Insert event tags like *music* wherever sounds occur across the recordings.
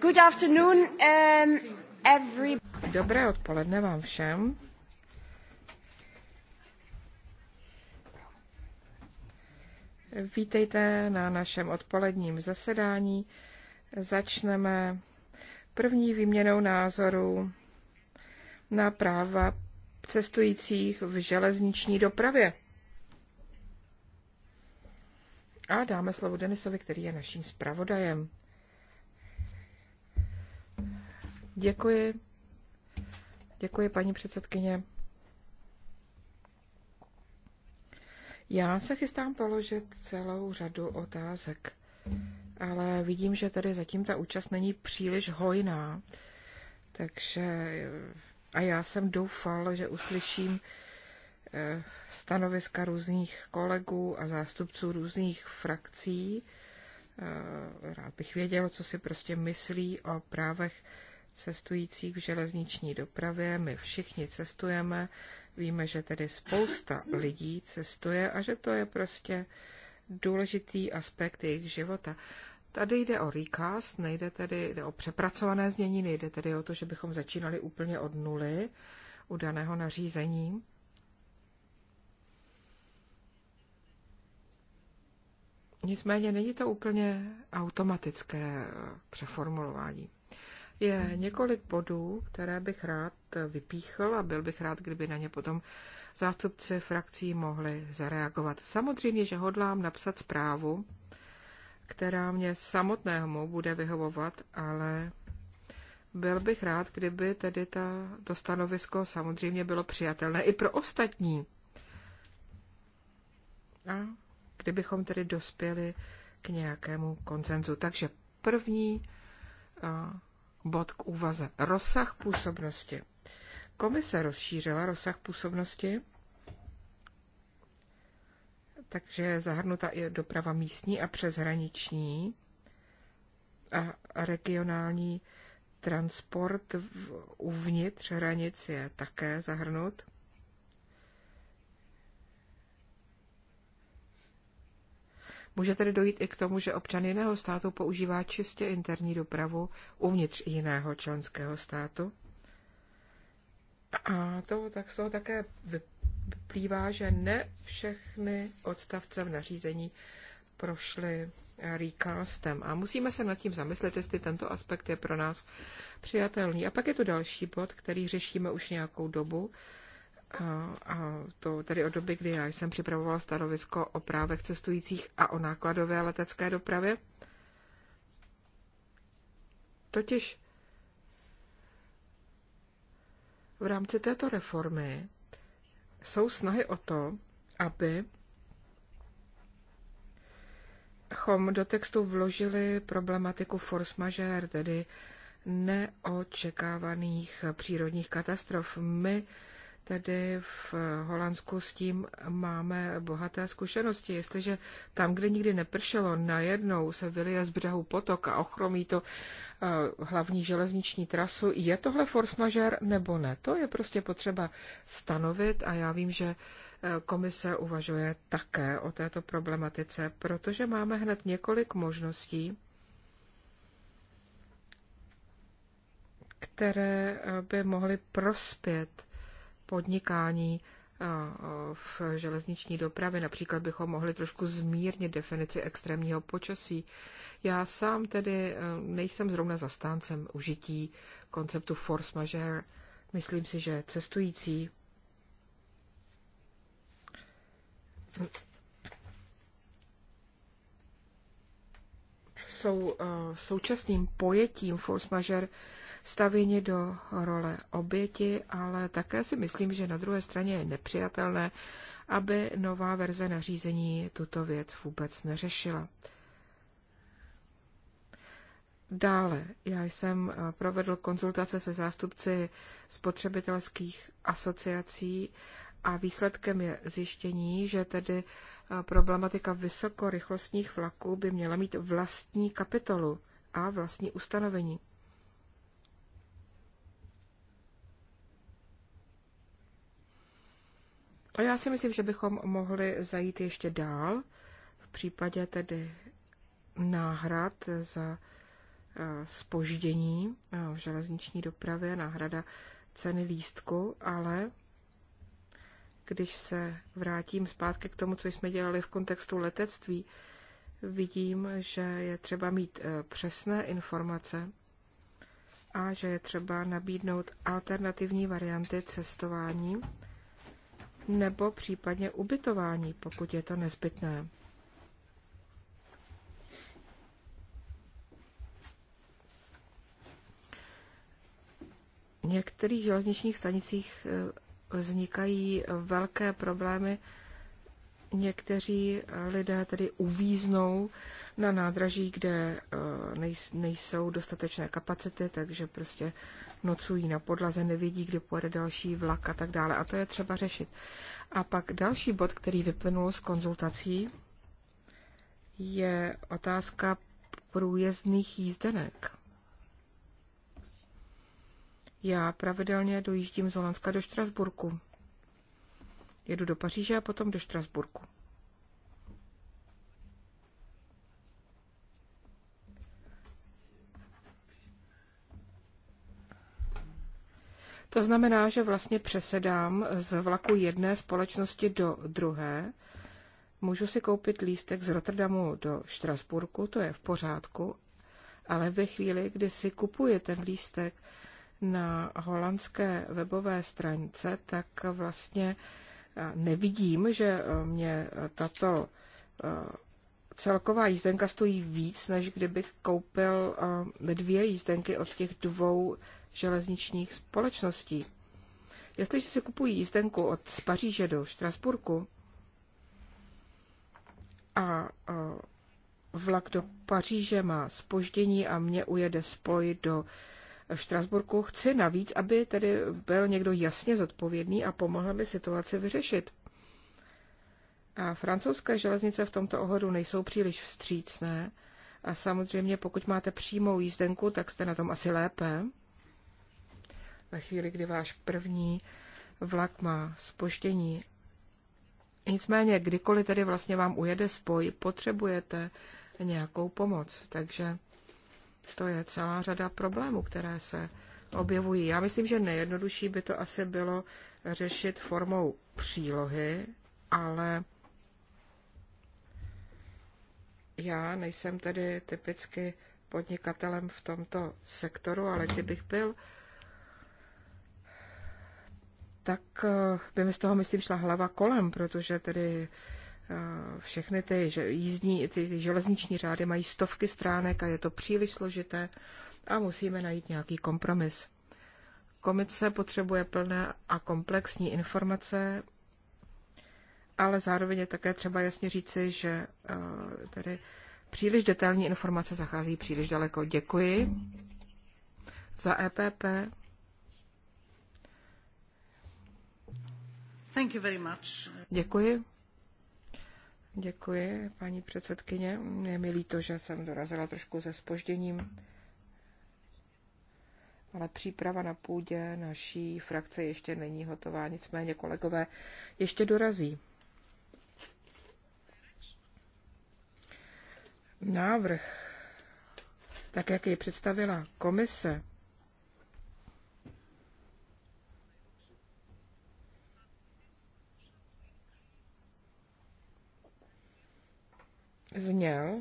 Good afternoon, um, every... Dobré odpoledne vám všem. Vítejte na našem odpoledním zasedání. Začneme první výměnou názorů na práva cestujících v železniční dopravě. A dáme slovo Denisovi, který je naším zpravodajem. Děkuji. Děkuji, paní předsedkyně. Já se chystám položit celou řadu otázek, ale vidím, že tady zatím ta účast není příliš hojná. Takže a já jsem doufal, že uslyším Eh, stanoviska různých kolegů a zástupců různých frakcí. Eh, rád bych věděl, co si prostě myslí o právech cestujících v železniční dopravě. My všichni cestujeme, víme, že tedy spousta lidí cestuje a že to je prostě důležitý aspekt jejich života. Tady jde o recast, nejde tedy jde o přepracované znění, nejde tedy o to, že bychom začínali úplně od nuly u daného nařízení. Nicméně není to úplně automatické přeformulování. Je několik bodů, které bych rád vypíchl a byl bych rád, kdyby na ně potom zástupci frakcí mohli zareagovat. Samozřejmě, že hodlám napsat zprávu, která mě samotnému bude vyhovovat, ale byl bych rád, kdyby tedy ta, to stanovisko samozřejmě bylo přijatelné i pro ostatní. A kdybychom tedy dospěli k nějakému koncenzu. Takže první bod k úvaze. Rozsah působnosti. Komise rozšířila rozsah působnosti, takže je zahrnuta i doprava místní a přeshraniční a regionální transport uvnitř hranic je také zahrnut. Může tedy dojít i k tomu, že občan jiného státu používá čistě interní dopravu uvnitř jiného členského státu. A to tak z toho také vyplývá, že ne všechny odstavce v nařízení prošly eh, recastem. A musíme se nad tím zamyslet, jestli tento aspekt je pro nás přijatelný. A pak je tu další bod, který řešíme už nějakou dobu, a to tedy od doby, kdy já jsem připravovala stanovisko o právech cestujících a o nákladové letecké dopravě. Totiž v rámci této reformy jsou snahy o to, aby chom do textu vložili problematiku force majeure, tedy neočekávaných přírodních katastrof. My tedy v Holandsku s tím máme bohaté zkušenosti. Jestliže tam, kde nikdy nepršelo, najednou se vylije z břehu potok a ochromí to eh, hlavní železniční trasu, je tohle force majeure nebo ne? To je prostě potřeba stanovit a já vím, že eh, komise uvažuje také o této problematice, protože máme hned několik možností, které eh, by mohly prospět podnikání eh, v železniční dopravě. Například bychom mohli trošku zmírnit definici extrémního počasí. Já sám tedy eh, nejsem zrovna zastáncem užití konceptu force majeure. Myslím si, že cestující jsou eh, současným pojetím force majeure stavěni do role oběti, ale také si myslím, že na druhé straně je nepřijatelné, aby nová verze nařízení tuto věc vůbec neřešila. Dále, já jsem eh, provedl konzultace se zástupci spotřebitelských asociací a výsledkem je zjištění, že tedy eh, problematika vysokorychlostních vlaků by měla mít vlastní kapitolu a vlastní ustanovení. A já si myslím, že bychom mohli zajít ještě dál v případě tedy náhrad za spoždění eh, eh, v železniční dopravě, náhrada ceny lístku, ale když se vrátím zpátky k tomu, co jsme dělali v kontextu letectví, vidím, že je třeba mít eh, přesné informace a že je třeba nabídnout alternativní varianty cestování nebo případně ubytování, pokud je to nezbytné. V některých železničních stanicích eh, vznikají velké problémy. Někteří lidé tedy uvíznou na nádraží, kde eh, nejsou dostatečné kapacity, takže prostě nocují na podlaze, nevidí, kdy pojede další vlak a tak dále. A to je třeba řešit. A pak další bod, který vyplynul z konzultací, je otázka průjezdných jízdenek. Já pravidelně dojíždím z Holandska do Štrasburku. Jedu do Paříže a potom do Štrasburku. To znamená, že vlastně přesedám z vlaku jedné společnosti do druhé. Můžu si koupit lístek z Rotterdamu do Štrasburku, to je v pořádku, ale ve chvíli, kdy si kupuje ten lístek na holandské webové stránce, tak vlastně eh, nevidím, že eh, mě eh, tato celková jízdenka stojí víc, než kdybych koupil dvě jízdenky od těch dvou železničních společností. Jestliže si kupují jízdenku od z Paříže do Štrasburku a vlak do Paříže má spoždění a mě ujede spoj do Štrasburku, chci navíc, aby tedy byl někdo jasně zodpovědný a pomohl mi situaci vyřešit. A francouzské železnice v tomto ohledu nejsou příliš vstřícné a samozřejmě pokud máte přímou jízdenku, tak jste na tom asi lépe ve chvíli, kdy váš první vlak má spoždění. Nicméně, kdykoliv tedy vlastně vám ujede spoj, potřebujete nějakou pomoc. Takže to je celá řada problémů, které se objevují. Já myslím, že nejjednodušší by to asi bylo řešit formou přílohy, ale já nejsem tedy typicky podnikatelem v tomto sektoru, ale kdybych byl tak eh, by mi z toho, myslím, šla hlava kolem, protože tedy eh, všechny ty jízdní, ty železniční řády mají stovky stránek a je to příliš složité a musíme najít nějaký kompromis. Komice potřebuje plné a komplexní informace, ale zároveň je také třeba jasně říci, že eh, tedy příliš detailní informace zachází příliš daleko. Děkuji za EPP. Děkuji. Děkuji, paní předsedkyně. Je mi líto, že jsem dorazila trošku se spožděním, ale příprava na půdě naší frakce ještě není hotová, nicméně kolegové ještě dorazí. Návrh, tak jak jej představila komise, zněl,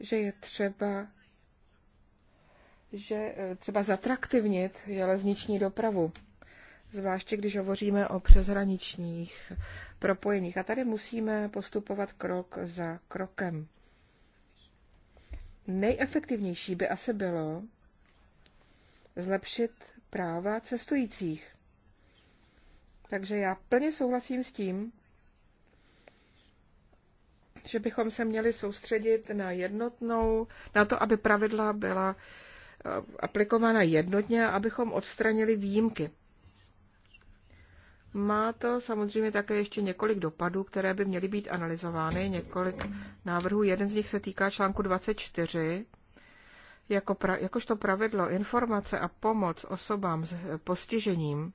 že je třeba že eh, třeba zatraktivnit železniční dopravu, zvláště když hovoříme o přeshraničních propojeních. A tady musíme postupovat krok za krokem. Nejefektivnější by asi bylo zlepšit práva cestujících. Takže já plně souhlasím s tím, že bychom se měli soustředit na jednotnou, na to, aby pravidla byla eh, aplikována jednotně a abychom odstranili výjimky. Má to samozřejmě také ještě několik dopadů, které by měly být analyzovány, několik návrhů. Jeden z nich se týká článku 24. Jako pra, jakožto pravidlo informace a pomoc osobám s postižením,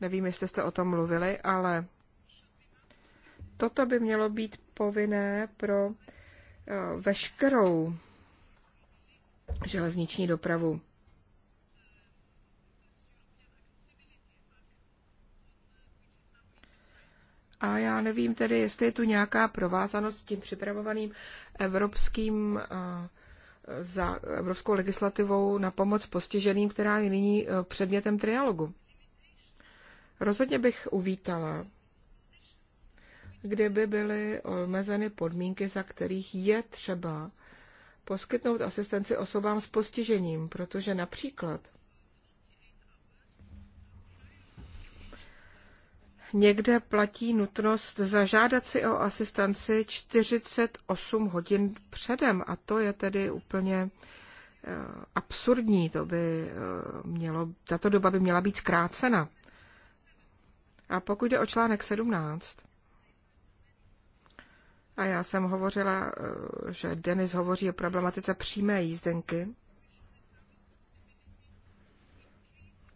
nevím, jestli jste o tom mluvili, ale Toto by mělo být povinné pro eh, veškerou železniční dopravu. A já nevím tedy, jestli je tu nějaká provázanost s tím připravovaným evropským eh, za evropskou legislativou na pomoc postiženým, která je nyní eh, předmětem trialogu. Rozhodně bych uvítala, kdyby byly omezeny podmínky, za kterých je třeba poskytnout asistenci osobám s postižením, protože například někde platí nutnost zažádat si o asistenci 48 hodin předem a to je tedy úplně eh, absurdní, to by eh, mělo, tato doba by měla být zkrácena. A pokud jde o článek 17, a já jsem hovořila, eh, že Denis hovoří o problematice přímé jízdenky.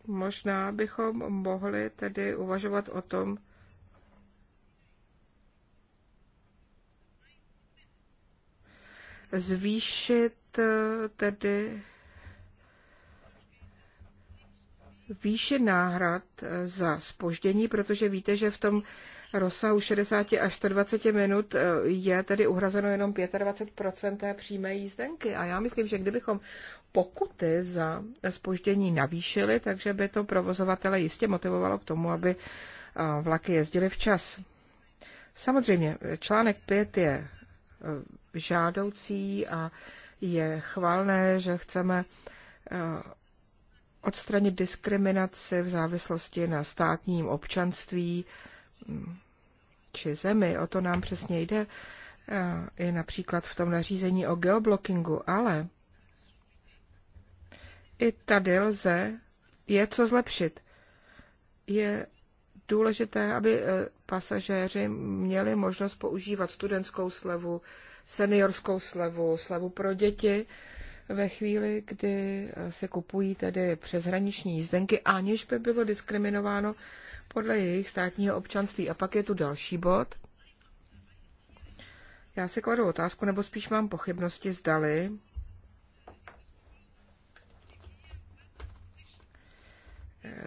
Možná bychom mohli tedy uvažovat o tom, zvýšit eh, tedy výši náhrad eh, za spoždění, protože víte, že v tom rozsahu 60 až 120 minut eh, je tedy uhrazeno jenom 25 té přímé jízdenky. A já myslím, že kdybychom pokuty za spoždění navýšili, takže by to provozovatele jistě motivovalo k tomu, aby eh, vlaky jezdily včas. Samozřejmě, článek 5 je eh, žádoucí a je chválné, že chceme odstranit diskriminaci v závislosti na státním občanství hmm či zemi, o to nám přesně jde, je eh, například v tom nařízení o geoblockingu, ale i tady lze je co zlepšit. Je důležité, aby eh, pasažéři měli možnost používat studentskou slevu, seniorskou slevu, slevu pro děti, ve chvíli, kdy se kupují tedy přeshraniční jízdenky, aniž by bylo diskriminováno podle jejich státního občanství. A pak je tu další bod. Já si kladu otázku, nebo spíš mám pochybnosti, zdali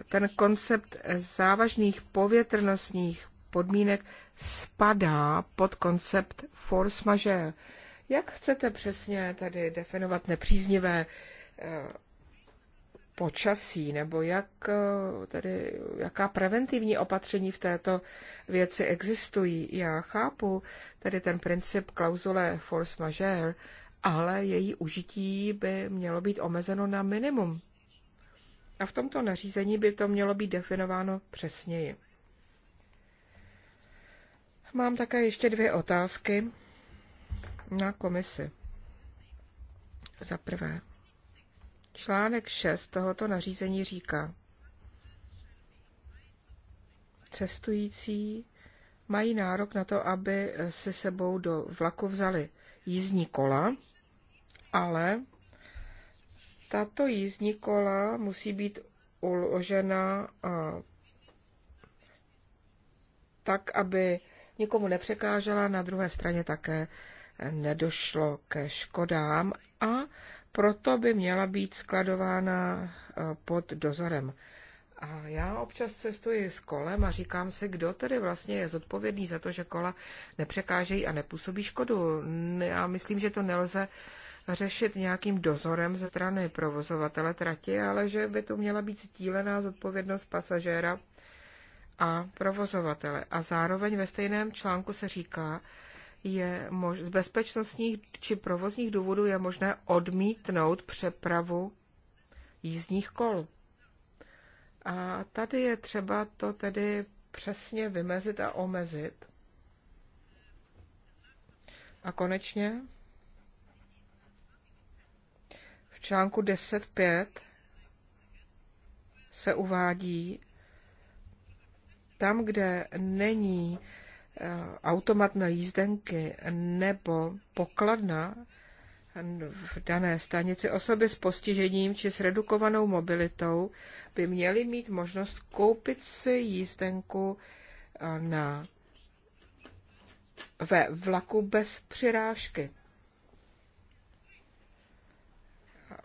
ten koncept závažných povětrnostních podmínek spadá pod koncept force majeure. Jak chcete přesně tady definovat nepříznivé eh, počasí, nebo jak, eh, tady jaká preventivní opatření v této věci existují. Já chápu tedy ten princip klauzule force majeure, ale její užití by mělo být omezeno na minimum. A v tomto nařízení by to mělo být definováno přesněji. Mám také ještě dvě otázky na komisi. Za prvé, článek 6 tohoto nařízení říká, cestující mají nárok na to, aby se sebou do vlaku vzali jízdní kola, ale tato jízdní kola musí být uložena tak, aby nikomu nepřekážela, na druhé straně také nedošlo ke škodám a proto by měla být skladována eh, pod dozorem. A já občas cestuji s kolem a říkám si, kdo tedy vlastně je zodpovědný za to, že kola nepřekážejí a nepůsobí škodu. Já myslím, že to nelze řešit nějakým dozorem ze strany provozovatele trati, ale že by tu měla být sdílená zodpovědnost pasažéra a provozovatele. A zároveň ve stejném článku se říká, je mož, z bezpečnostních či provozních důvodů je možné odmítnout přepravu jízdních kol. A tady je třeba to tedy přesně vymezit a omezit. A konečně v článku 10.5 se uvádí, tam, kde není automat na jízdenky nebo pokladna v dané stanici osoby s postižením či s redukovanou mobilitou by měly mít možnost koupit si jízdenku eh, na, ve vlaku bez přirážky.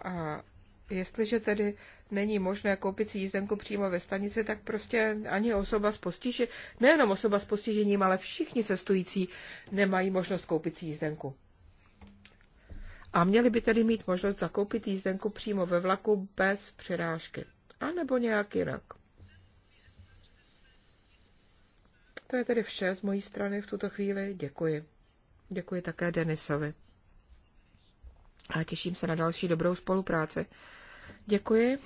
A jestliže tedy není možné koupit si jízdenku přímo ve stanici, tak prostě ani osoba s postižením, nejenom osoba s postižením, ale všichni cestující nemají možnost koupit si jízdenku. A měli by tedy mít možnost zakoupit jízdenku přímo ve vlaku bez přirážky. A nebo nějak jinak. To je tedy vše z mojí strany v tuto chvíli. Děkuji. Děkuji také Denisovi. A těším se na další dobrou spolupráci. Děkuji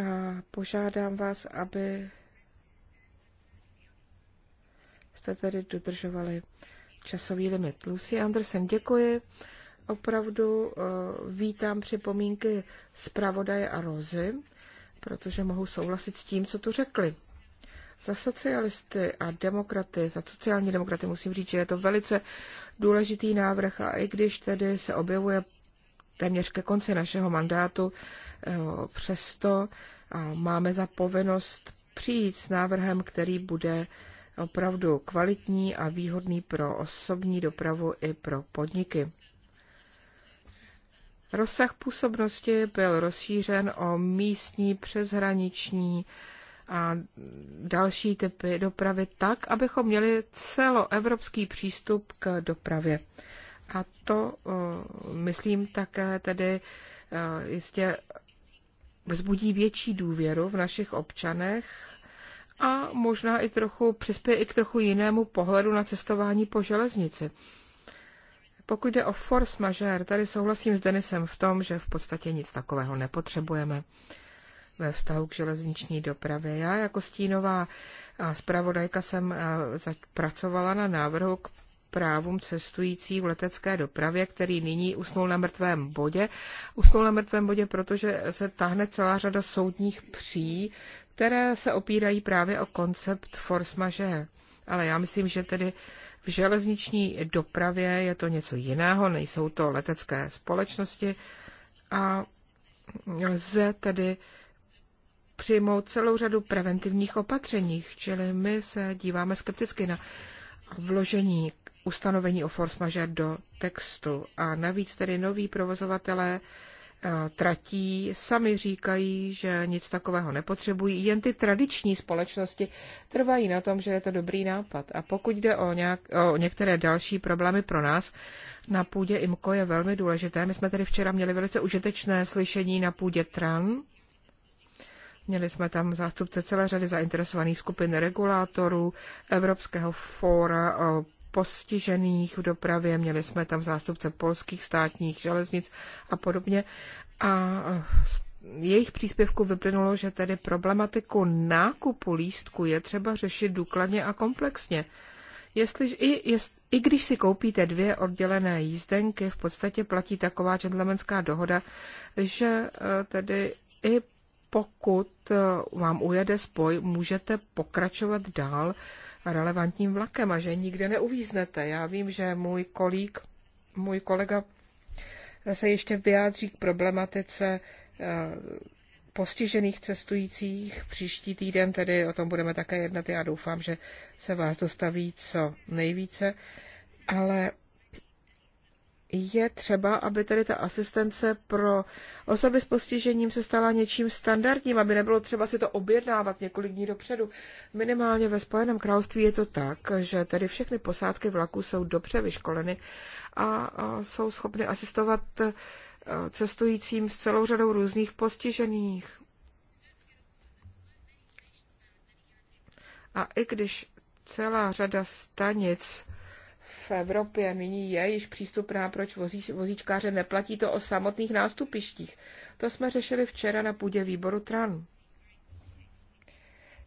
a požádám vás, aby jste tedy dodržovali časový limit. Lucy Andersen, děkuji. Opravdu eh, vítám připomínky zpravodaje a Rozy, protože mohu souhlasit s tím, co tu řekli. Za socialisty a demokraty, za sociální demokraty musím říct, že je to velice důležitý návrh a i když tedy se objevuje téměř ke konci našeho mandátu. Eh, přesto eh, máme za povinnost přijít s návrhem, který bude opravdu kvalitní a výhodný pro osobní dopravu i pro podniky. Rozsah působnosti byl rozšířen o místní, přeshraniční a další typy dopravy tak, abychom měli celoevropský přístup k dopravě. A to, eh, myslím, také tedy eh, jistě vzbudí větší důvěru v našich občanech a možná i trochu přispěje i k trochu jinému pohledu na cestování po železnici. Pokud jde o force majeure, tady souhlasím s Denisem v tom, že v podstatě nic takového nepotřebujeme ve vztahu k železniční dopravě. Já jako stínová eh, zpravodajka jsem pracovala na návrhu k právům cestující v letecké dopravě, který nyní usnul na mrtvém bodě. Usnul na mrtvém bodě, protože se tahne celá řada soudních pří, které se opírají právě o koncept force majeure. Ale já myslím, že tedy v železniční dopravě je to něco jiného, nejsou to letecké společnosti a lze tedy přijmout celou řadu preventivních opatřeních, čili my se díváme skepticky na vložení ustanovení o force majeure do textu. A navíc tedy noví provozovatelé eh, tratí sami říkají, že nic takového nepotřebují. Jen ty tradiční společnosti trvají na tom, že je to dobrý nápad. A pokud jde o, nějak, o některé další problémy pro nás, na půdě IMCO je velmi důležité. My jsme tady včera měli velice užitečné slyšení na půdě TRAN. Měli jsme tam zástupce celé řady zainteresovaných skupin regulátorů, Evropského fóra postižených v dopravě, měli jsme tam zástupce polských státních železnic a podobně. A eh, jejich příspěvku vyplynulo, že tedy problematiku nákupu lístku je třeba řešit důkladně a komplexně. Jestli, i, jest, i když si koupíte dvě oddělené jízdenky, v podstatě platí taková gentlemanská dohoda, že eh, tedy i pokud eh, vám ujede spoj, můžete pokračovat dál relevantním vlakem a že nikde neuvíznete. Já vím, že můj kolík, můj kolega se ještě vyjádří k problematice eh, postižených cestujících. Příští týden tedy o tom budeme také jednat. Já doufám, že se vás dostaví co nejvíce. Ale je třeba, aby tady ta asistence pro osoby s postižením se stala něčím standardním, aby nebylo třeba si to objednávat několik dní dopředu. Minimálně ve Spojeném království je to tak, že tedy všechny posádky vlaků jsou dobře vyškoleny a jsou schopny asistovat eh, cestujícím s celou řadou různých postižených. A i když celá řada stanic v Evropě nyní je již přístupná, proč vozí, vozíčkáře neplatí to o samotných nástupištích. To jsme řešili včera na půdě výboru TRAN.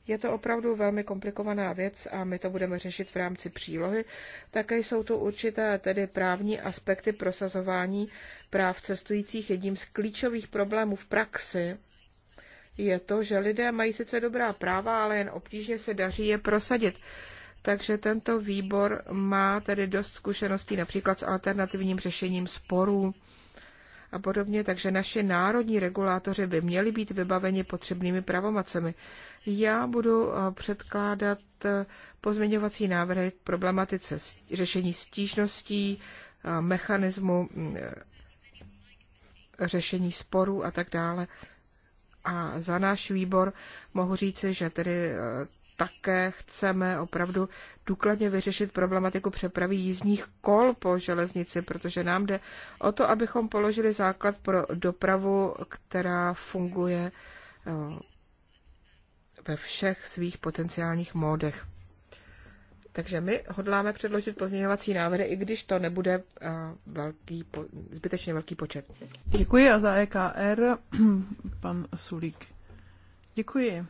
Je to opravdu velmi komplikovaná věc a my to budeme řešit v rámci přílohy. Také jsou tu určité tedy právní aspekty prosazování práv cestujících. Jedním z klíčových problémů v praxi je to, že lidé mají sice dobrá práva, ale jen obtížně se daří je prosadit. Takže tento výbor má tedy dost zkušeností například s alternativním řešením sporů a podobně, takže naše národní regulátoři by měli být vybaveni potřebnými pravomacemi. Já budu eh, předkládat eh, pozměňovací návrhy k problematice řešení stížností, eh, mechanismu mm, řešení sporů a tak dále. A za náš výbor mohu říci, že tedy také chceme opravdu důkladně vyřešit problematiku přepravy jízdních kol po železnici, protože nám jde o to, abychom položili základ pro dopravu, která funguje eh, ve všech svých potenciálních módech. Takže my hodláme předložit pozměňovací návrhy, i když to nebude eh, velký, zbytečně velký počet. Děkuji a za EKR *clears throat* pan Sulík. Děkuji.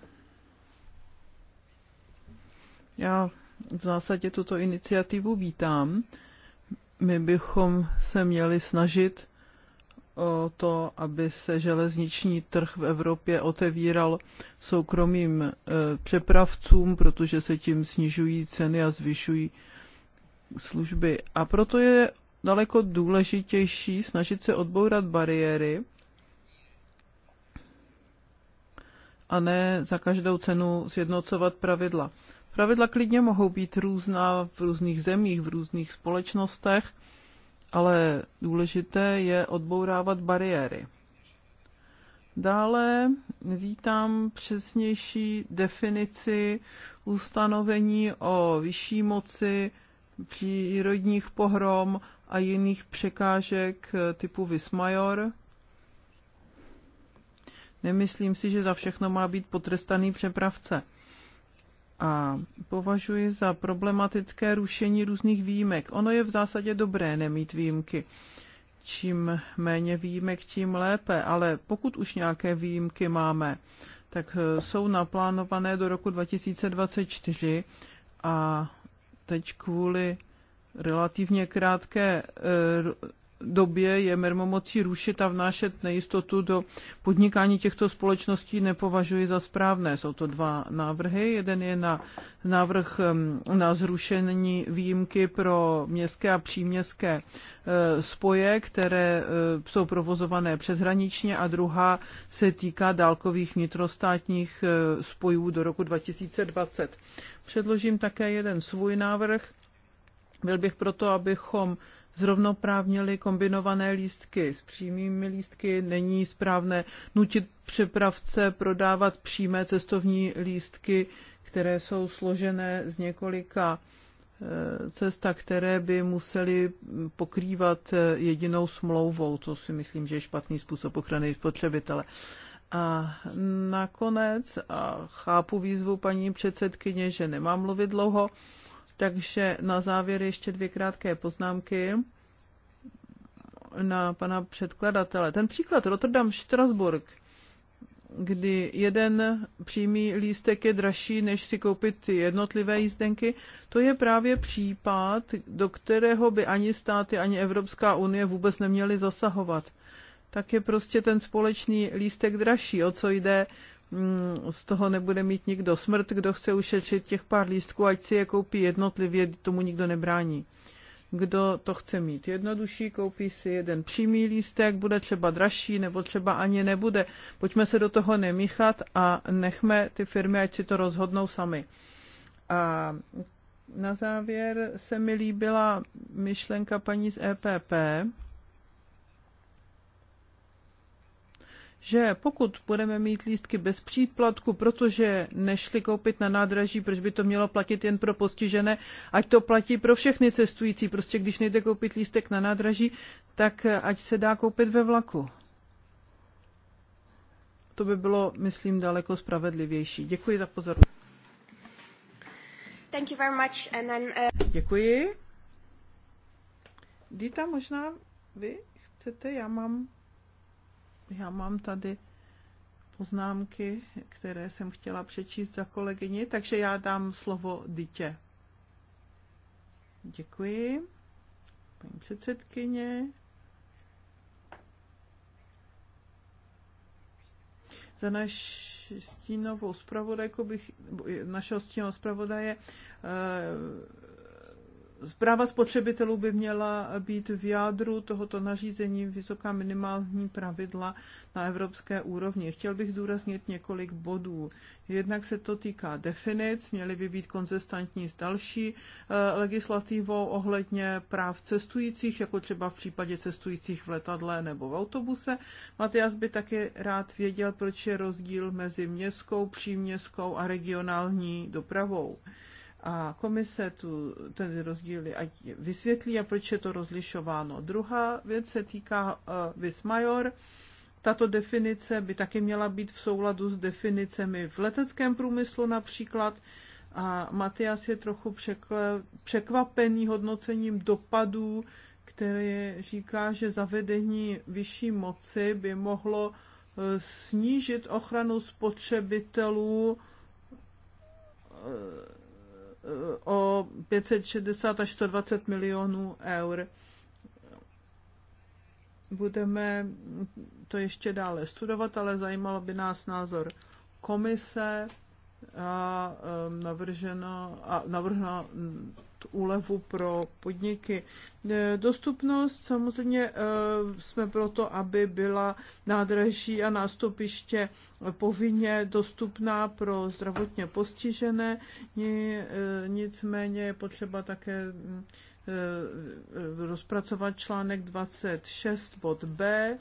Já v zásadě tuto iniciativu vítám. My bychom se měli snažit o to, aby se železniční trh v Evropě otevíral soukromým eh, přepravcům, protože se tím snižují ceny a zvyšují služby. A proto je daleko důležitější snažit se odbourat bariéry a ne za každou cenu sjednocovat pravidla. Pravidla klidně mohou být různá v různých zemích, v různých společnostech, ale důležité je odbourávat bariéry. Dále vítám přesnější definici ustanovení o vyšší moci, přírodních pohrom a jiných překážek typu Vismajor. Nemyslím si, že za všechno má být potrestaný přepravce a považuji za problematické rušení různých výjimek. Ono je v zásadě dobré nemít výjimky. Čím méně výjimek, tím lépe, ale pokud už nějaké výjimky máme, tak eh, jsou naplánované do roku 2024 a teď kvůli relativně krátké eh, době je mermomocí rušit a vnášet nejistotu do podnikání těchto společností nepovažuji za správné. Jsou to dva návrhy. Jeden je na návrh na zrušení výjimky pro městské a příměstské e, spoje, které e, jsou provozované přeshraničně a druhá se týká dálkových vnitrostátních e, spojů do roku 2020. Předložím také jeden svůj návrh. Byl bych proto, abychom zrovnoprávnili kombinované lístky s přímými lístky. Není správné nutit přepravce prodávat přímé cestovní lístky, které jsou složené z několika eh, cesta, které by museli pokrývat eh, jedinou smlouvou, co si myslím, že je špatný způsob ochrany spotřebitele. A nakonec, a chápu výzvu paní předsedkyně, že nemám mluvit dlouho, takže na závěr ještě dvě krátké poznámky na pana předkladatele. Ten příklad rotterdam Strasburg, kdy jeden přímý lístek je dražší, než si koupit ty jednotlivé jízdenky, to je právě případ, do kterého by ani státy, ani Evropská unie vůbec neměly zasahovat tak je prostě ten společný lístek dražší, o co jde Mm, z toho nebude mít nikdo smrt, kdo chce ušetřit těch pár lístků, ať si je koupí jednotlivě, tomu nikdo nebrání. Kdo to chce mít jednodušší, koupí si jeden přímý lístek, bude třeba dražší nebo třeba ani nebude. Pojďme se do toho nemíchat a nechme ty firmy, ať si to rozhodnou sami. A na závěr se mi líbila myšlenka paní z EPP, že pokud budeme mít lístky bez příplatku, protože nešli koupit na nádraží, proč by to mělo platit jen pro postižené, ať to platí pro všechny cestující. Prostě když nejde koupit lístek na nádraží, tak eh, ať se dá koupit ve vlaku. To by bylo, myslím, daleko spravedlivější. Děkuji za pozornost. Thank you very much. And then, uh... Děkuji. Dita, možná vy chcete, já mám já mám tady poznámky, které jsem chtěla přečíst za kolegyni, takže já dám slovo dítě. Děkuji, paní předsedkyně. Za naši stínovou zpravodajku bych, našeho stínového zpravodaje eh, Zpráva spotřebitelů by měla být v jádru tohoto nařízení vysoká minimální pravidla na evropské úrovni. Chtěl bych zdůraznit několik bodů. Jednak se to týká definic, měly by být konzistentní s další eh, legislativou ohledně práv cestujících, jako třeba v případě cestujících v letadle nebo v autobuse. Matias by také rád věděl, proč je rozdíl mezi městskou, příměstskou a regionální dopravou a komise tu ten rozdíly ať vysvětlí a proč je to rozlišováno. Druhá věc se týká uh, vis major. Tato definice by taky měla být v souladu s definicemi v leteckém průmyslu například. A Matias je trochu překle, překvapený hodnocením dopadů, které říká, že zavedení vyšší moci by mohlo uh, snížit ochranu spotřebitelů uh, Eh, o 560 až 120 milionů eur. Budeme to ještě dále studovat, ale zajímalo by nás názor komise a eh, navrženo a navrhno úlevu pro podniky. E, dostupnost samozřejmě e, jsme proto, aby byla nádraží a nástupiště povinně dostupná pro zdravotně postižené, e, nicméně je potřeba také mm, rozpracovat článek 26 bod B,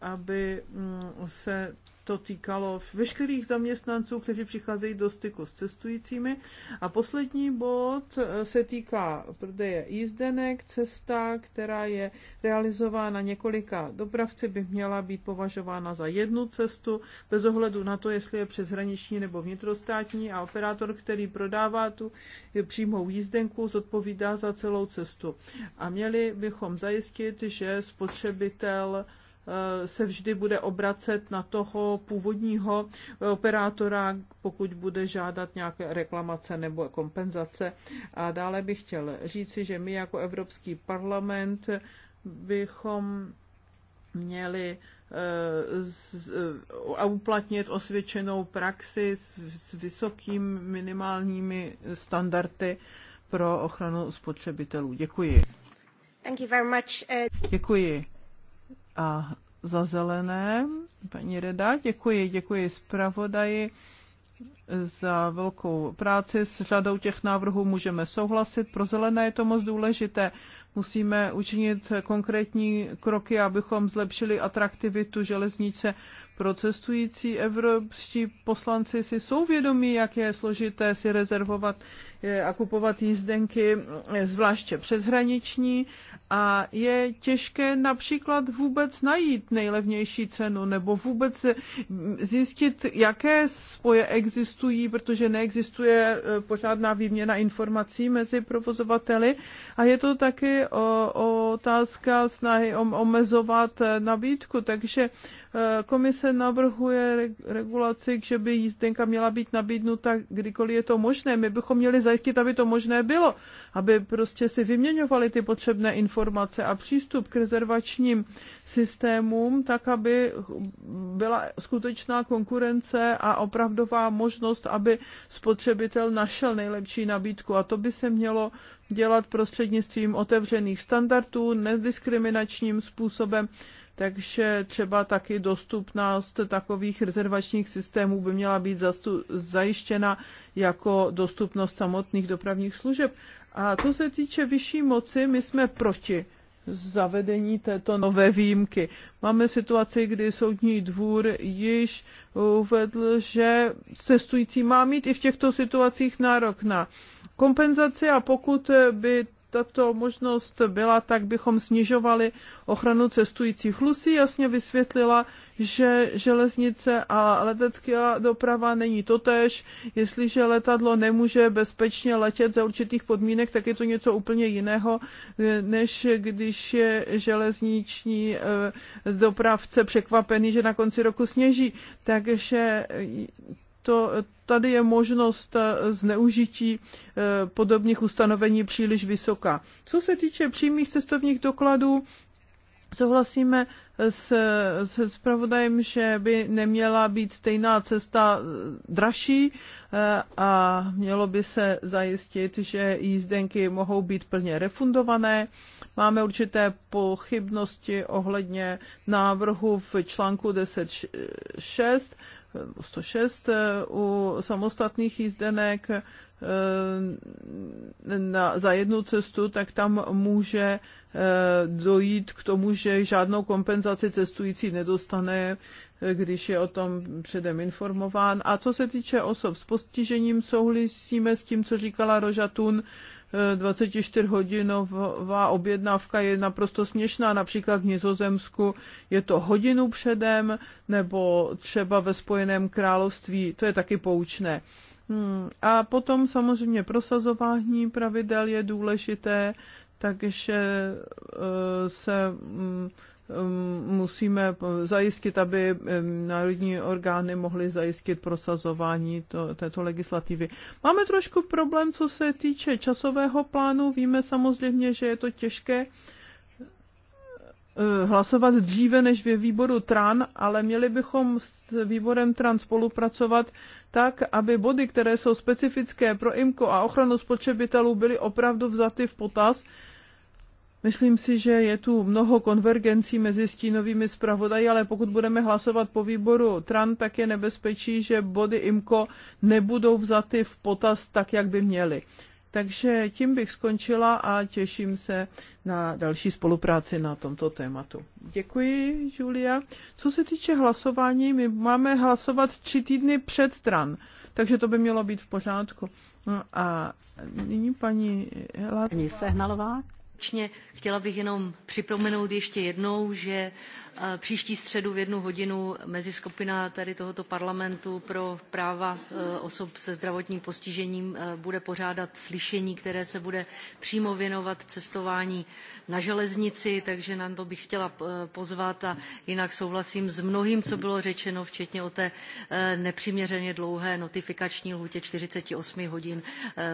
aby mm, se to týkalo veškerých zaměstnanců, kteří přicházejí do styku s cestujícími. A poslední bod eh, se týká prodeje jízdenek. Cesta, která je realizována několika dopravci, by měla být považována za jednu cestu, bez ohledu na to, jestli je přeshraniční nebo vnitrostátní a operátor, který prodává tu přímou jízdenku, zodpovídá za celou cestu. A měli bychom zajistit, že spotřebitel Eh, se vždy bude obracet na toho původního eh, operátora, pokud bude žádat nějaké reklamace nebo kompenzace. A dále bych chtěl říci, že my jako Evropský parlament bychom měli eh, a uplatnit osvědčenou praxi s vysokými minimálními standardy pro ochranu spotřebitelů. Děkuji. Thank you very much. Děkuji. A za zelené, paní Reda, děkuji, děkuji zpravodaji za velkou práci. S řadou těch návrhů můžeme souhlasit. Pro zelené je to moc důležité. Musíme učinit konkrétní kroky, abychom zlepšili atraktivitu železnice Procestující evropští poslanci si jsou vědomí, jak je složité si rezervovat eh, a kupovat jízdenky, eh, zvláště přeshraniční, a je těžké například vůbec najít nejlevnější cenu nebo vůbec eh, zjistit, jaké spoje existují, protože neexistuje pořádná výměna informací mezi provozovateli a je to taky o, o otázka snahy omezovat nabídku, takže Komise navrhuje regulaci, že by jízdenka měla být nabídnuta kdykoliv je to možné. My bychom měli zajistit, aby to možné bylo, aby prostě si vyměňovali ty potřebné informace a přístup k rezervačním systémům, tak aby byla skutečná konkurence a opravdová možnost, aby spotřebitel našel nejlepší nabídku. A to by se mělo dělat prostřednictvím otevřených standardů, nediskriminačním způsobem takže třeba taky dostupnost takových rezervačních systémů by měla být zajištěna jako dostupnost samotných dopravních služeb. A to se týče vyšší moci, my jsme proti zavedení této nové výjimky. Máme situaci, kdy soudní dvůr již uvedl, že cestující má mít i v těchto situacích nárok na kompenzaci a pokud by tato možnost byla, tak bychom snižovali ochranu cestujících. Lucy jasně vysvětlila, že železnice a letecká doprava není totéž. Jestliže letadlo nemůže bezpečně letět za určitých podmínek, tak je to něco úplně jiného, než když je železniční eh, dopravce překvapený, že na konci roku sněží. Takže to, tady je možnost eh, zneužití eh, podobných ustanovení příliš vysoká. Co se týče přímých cestovních dokladů, souhlasíme s, s zpravodajem, že by neměla být stejná cesta eh, dražší a mělo by se zajistit, že jízdenky mohou být plně refundované. Máme určité pochybnosti ohledně návrhu v článku 10.6, 106 eh, u samostatných jízdenek eh, na, za jednu cestu, tak tam může eh, dojít k tomu, že žádnou kompenzaci cestující nedostane, když je o tom předem informován. A co se týče osob s postižením, souhlasíme s tím, co říkala Rožatun, 24-hodinová objednávka je naprosto směšná. Například v Nizozemsku je to hodinu předem, nebo třeba ve Spojeném království, to je taky poučné. Hmm. A potom samozřejmě prosazování pravidel je důležité, takže eh, se hmm, Um, musíme zajistit, aby um, národní orgány mohly zajistit prosazování to, této legislativy. Máme trošku problém, co se týče časového plánu. Víme samozřejmě, že je to těžké uh, hlasovat dříve než ve výboru TRAN, ale měli bychom s výborem TRAN spolupracovat tak, aby body, které jsou specifické pro imko a ochranu spotřebitelů, byly opravdu vzaty v potaz Myslím si, že je tu mnoho konvergencí mezi stínovými zpravodaji, ale pokud budeme hlasovat po výboru TRAN, tak je nebezpečí, že body IMCO nebudou vzaty v potaz tak, jak by měly. Takže tím bych skončila a těším se na další spolupráci na tomto tématu. Děkuji, Julia. Co se týče hlasování, my máme hlasovat tři týdny před stran, takže to by mělo být v pořádku. No a nyní paní Hela. Paní Sehnalová, stručně. Chtěla bych jenom připomenout ještě jednou, že eh, příští středu v jednu hodinu mezi skupina tady tohoto parlamentu pro práva eh, osob se zdravotním postižením eh, bude pořádat slyšení, které se bude přímo věnovat cestování na železnici, takže nám to bych chtěla pozvat a jinak souhlasím s mnohým, co bylo řečeno, včetně o té nepřiměřeně dlouhé notifikační lhutě 48 hodin,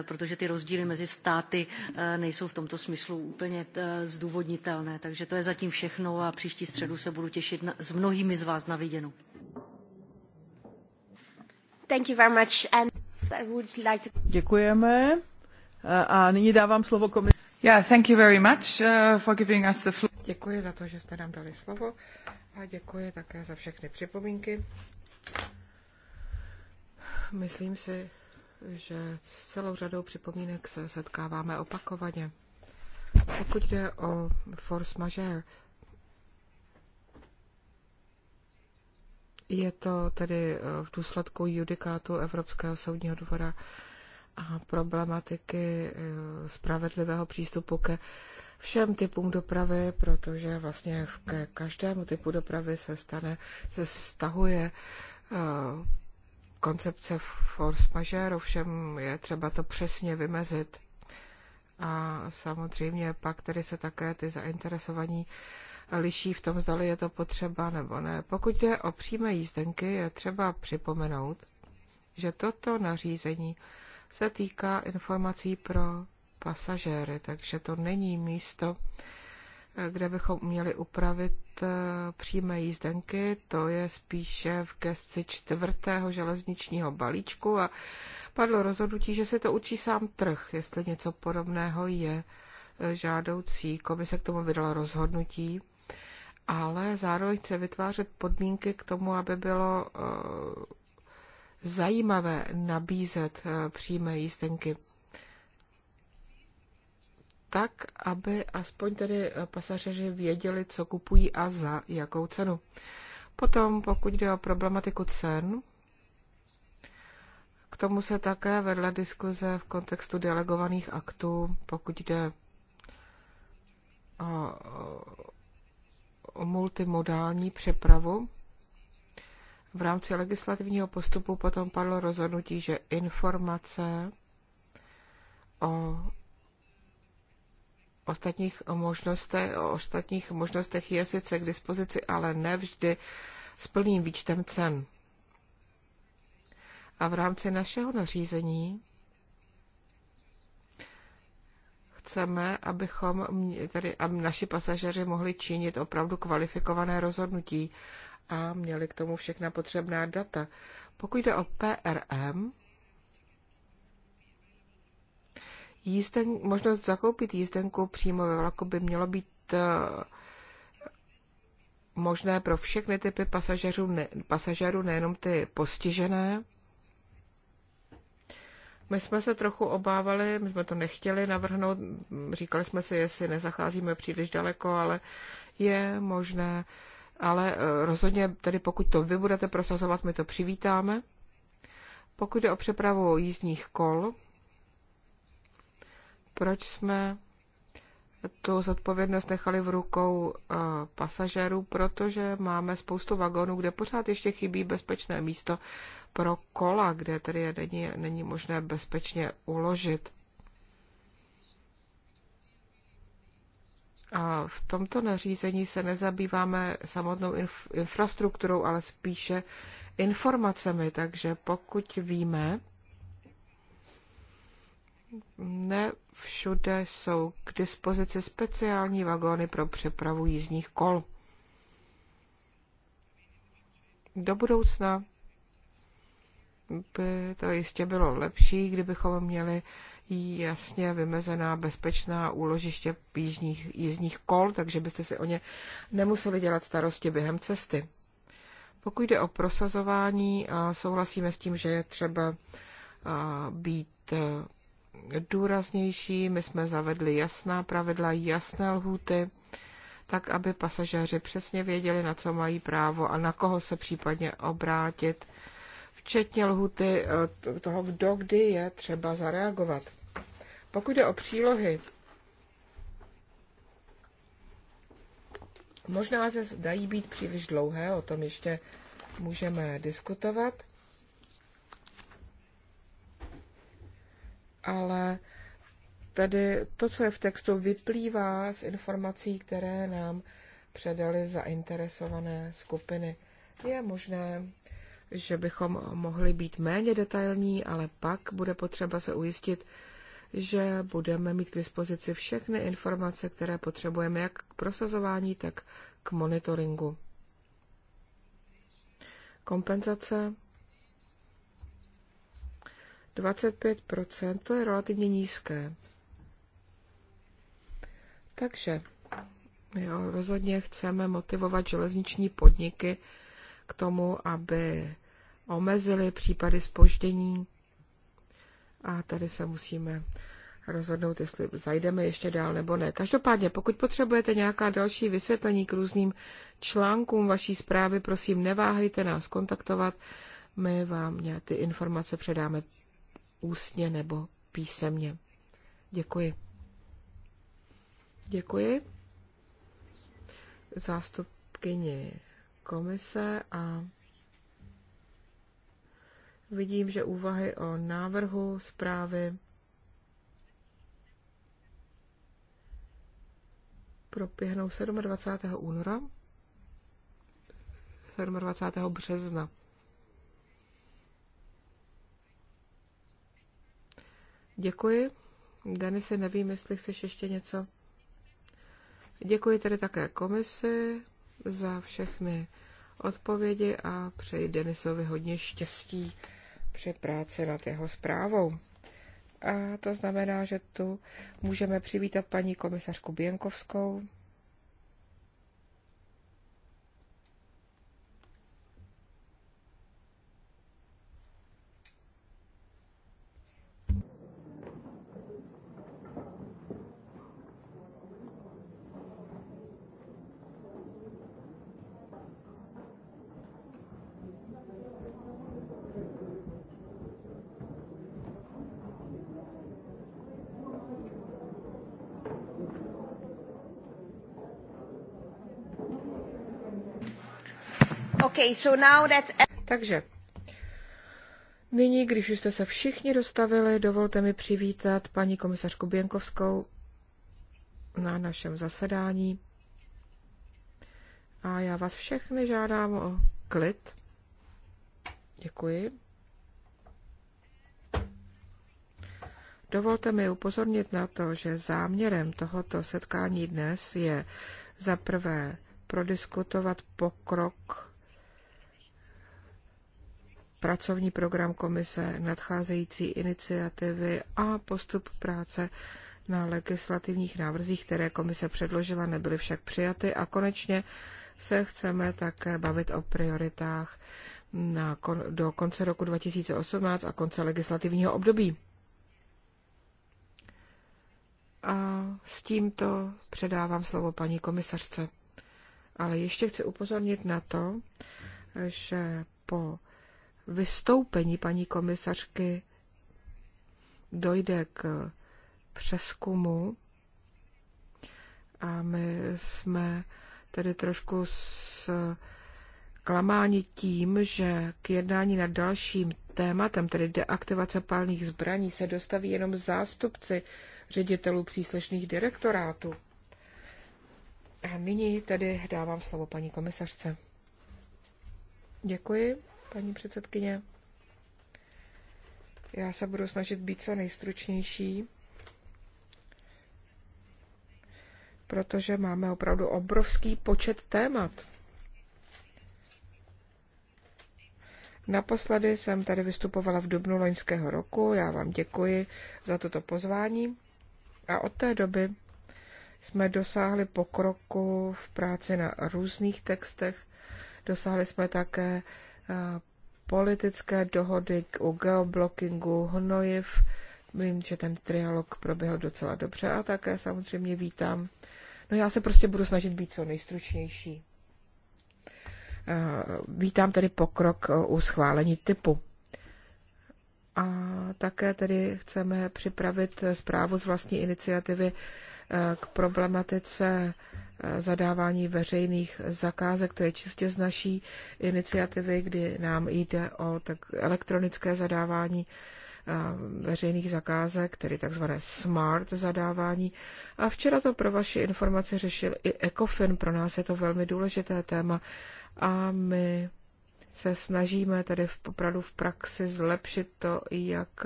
protože ty rozdíly mezi státy nejsou v tomto smyslu úplně eh, zdůvodnitelné. Takže to je zatím všechno a příští středu se budu těšit na, s mnohými z vás na viděnou. Thank you very much and I would like to... Děkujeme. A nyní dávám slovo komisi. Yeah, thank you very much uh, for giving us the floor. Děkuji za to, že jste nám dali slovo a děkuji také za všechny připomínky. Myslím si, že s celou řadou připomínek se setkáváme opakovaně. Pokud jde o force majeure, je to tedy eh, v důsledku judikátu Evropského soudního dvora a problematiky eh, spravedlivého přístupu ke všem typům dopravy, protože vlastně ke každému typu dopravy se stane, se stahuje eh, koncepce force majeure, ovšem je třeba to přesně vymezit a samozřejmě pak tedy se také ty zainteresovaní liší v tom, zdali je to potřeba nebo ne. Pokud je o přímé jízdenky, je třeba připomenout, že toto nařízení se týká informací pro pasažéry, takže to není místo kde bychom měli upravit eh, přímé jízdenky. To je spíše v gesci čtvrtého železničního balíčku a padlo rozhodnutí, že se to učí sám trh, jestli něco podobného je eh, žádoucí. Komise k tomu vydala rozhodnutí, ale zároveň chce vytvářet podmínky k tomu, aby bylo eh, zajímavé nabízet přímé jízdenky tak, aby aspoň tedy pasažeři věděli, co kupují a za jakou cenu. Potom, pokud jde o problematiku cen, k tomu se také vedla diskuze v kontextu delegovaných aktů, pokud jde o, o multimodální přepravu. V rámci legislativního postupu potom padlo rozhodnutí, že informace o ostatních možnostech, o ostatních možnostech je sice k dispozici, ale ne vždy s plným výčtem cen. A v rámci našeho nařízení chceme, abychom tedy, aby naši pasažeři mohli činit opravdu kvalifikované rozhodnutí a měli k tomu všechna potřebná data. Pokud jde o PRM, jízden, možnost zakoupit jízdenku přímo ve vlaku by mělo být eh, možné pro všechny typy pasažerů, ne, pasažerů nejenom ty postižené. My jsme se trochu obávali, my jsme to nechtěli navrhnout, říkali jsme si, jestli nezacházíme příliš daleko, ale je možné. Ale eh, rozhodně, tedy pokud to vy budete prosazovat, my to přivítáme. Pokud je o přepravu jízdních kol, proč jsme tu zodpovědnost nechali v rukou eh, pasažérů, protože máme spoustu vagónů, kde pořád ještě chybí bezpečné místo pro kola, kde tedy je není, není možné bezpečně uložit. A v tomto nařízení se nezabýváme samotnou inf- infrastrukturou, ale spíše informacemi, takže pokud víme, ne všude jsou k dispozici speciální vagóny pro přepravu jízdních kol. Do budoucna by to jistě bylo lepší, kdybychom měli jasně vymezená bezpečná úložiště jízdních, jízdních kol, takže byste si o ně nemuseli dělat starosti během cesty. Pokud jde o prosazování, souhlasíme s tím, že je třeba být důraznější. My jsme zavedli jasná pravidla, jasné lhůty, tak aby pasažéři přesně věděli, na co mají právo a na koho se případně obrátit, včetně lhuty eh, toho, kdo kdy je třeba zareagovat. Pokud jde o přílohy, možná se zdají být příliš dlouhé, o tom ještě můžeme diskutovat. ale tedy to, co je v textu, vyplývá z informací, které nám předali zainteresované skupiny. Je možné, že bychom mohli být méně detailní, ale pak bude potřeba se ujistit, že budeme mít k dispozici všechny informace, které potřebujeme jak k prosazování, tak k monitoringu. Kompenzace 25%, to je relativně nízké. Takže jo, rozhodně chceme motivovat železniční podniky k tomu, aby omezili případy spoždění. A tady se musíme rozhodnout, jestli zajdeme ještě dál nebo ne. Každopádně, pokud potřebujete nějaká další vysvětlení k různým článkům vaší zprávy, prosím, neváhejte nás kontaktovat. My vám ty informace předáme ústně nebo písemně. Děkuji. Děkuji zástupkyni komise a vidím, že úvahy o návrhu zprávy proběhnou 27. února, 27. března. Děkuji. Denise, nevím, jestli chceš ještě něco. Děkuji tedy také komisi za všechny odpovědi a přeji Denisovi hodně štěstí při práci nad jeho zprávou. A to znamená, že tu můžeme přivítat paní komisařku Běnkovskou, Takže nyní, když už jste se všichni dostavili, dovolte mi přivítat paní komisařku Běnkovskou na našem zasedání. A já vás všechny žádám o klid. Děkuji. Dovolte mi upozornit na to, že záměrem tohoto setkání dnes je za prvé prodiskutovat pokrok pracovní program komise, nadcházející iniciativy a postup práce na legislativních návrzích, které komise předložila, nebyly však přijaty a konečně se chceme také bavit o prioritách na kon, do konce roku 2018 a konce legislativního období. A s tímto předávám slovo paní komisařce. Ale ještě chci upozornit na to, že po vystoupení paní komisařky dojde k přeskumu a my jsme tedy trošku s klamání tím, že k jednání nad dalším tématem, tedy deaktivace palných zbraní, se dostaví jenom zástupci ředitelů příslušných direktorátů. A nyní tedy dávám slovo paní komisařce. Děkuji paní předsedkyně. Já se budu snažit být co nejstručnější, protože máme opravdu obrovský počet témat. Naposledy jsem tady vystupovala v dubnu loňského roku. Já vám děkuji za toto pozvání. A od té doby jsme dosáhli pokroku v práci na různých textech. Dosáhli jsme také Eh, politické dohody o geoblockingu hnojiv. Vím, že ten trialog proběhl docela dobře a také samozřejmě vítám. No já se prostě budu snažit být co nejstručnější. Eh, vítám tedy pokrok eh, u schválení typu. A také tedy chceme připravit zprávu z vlastní iniciativy k problematice zadávání veřejných zakázek. To je čistě z naší iniciativy, kdy nám jde o tak elektronické zadávání veřejných zakázek, tedy takzvané smart zadávání. A včera to pro vaši informaci řešil i ECOFIN. Pro nás je to velmi důležité téma a my se snažíme tady v, opravdu v praxi zlepšit to, jak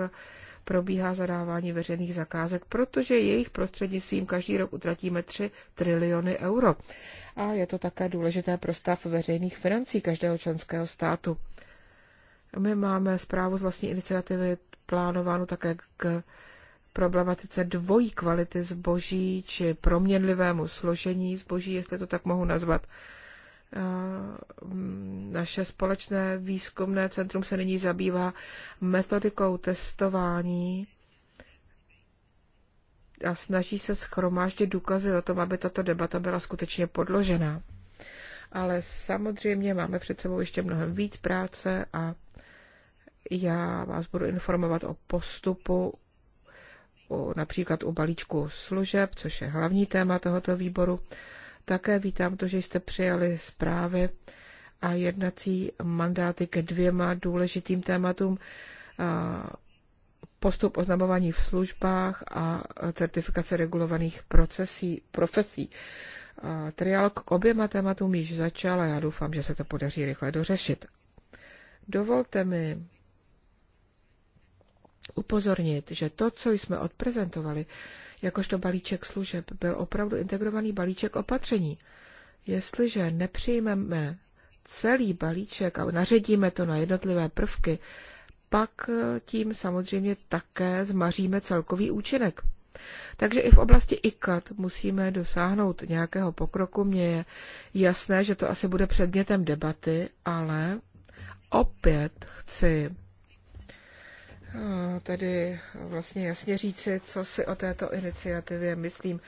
probíhá zadávání veřejných zakázek, protože jejich prostřednictvím každý rok utratíme 3 triliony euro. A je to také důležité pro stav veřejných financí každého členského státu. My máme zprávu z vlastní iniciativy plánovanou také k problematice dvojí kvality zboží či proměnlivému složení zboží, jestli to tak mohu nazvat. Eh, naše společné výzkumné centrum se nyní zabývá metodikou testování a snaží se schromáždit důkazy o tom, aby tato debata byla skutečně podložená. Ale samozřejmě máme před sebou ještě mnohem víc práce a já vás budu informovat o postupu například u balíčku služeb, což je hlavní téma tohoto výboru. Také vítám to, že jste přijali zprávy a jednací mandáty ke dvěma důležitým tématům postup oznamování v službách a certifikace regulovaných procesí, profesí. Trialog k oběma tématům již začal a já doufám, že se to podaří rychle dořešit. Dovolte mi upozornit, že to, co jsme odprezentovali, jakožto balíček služeb, byl opravdu integrovaný balíček opatření. Jestliže nepřijmeme celý balíček a naředíme to na jednotlivé prvky, pak eh, tím samozřejmě také zmaříme celkový účinek. Takže i v oblasti ikat musíme dosáhnout nějakého pokroku. Mně je jasné, že to asi bude předmětem debaty, ale opět chci tedy vlastně jasně říci, co si o této iniciativě myslím.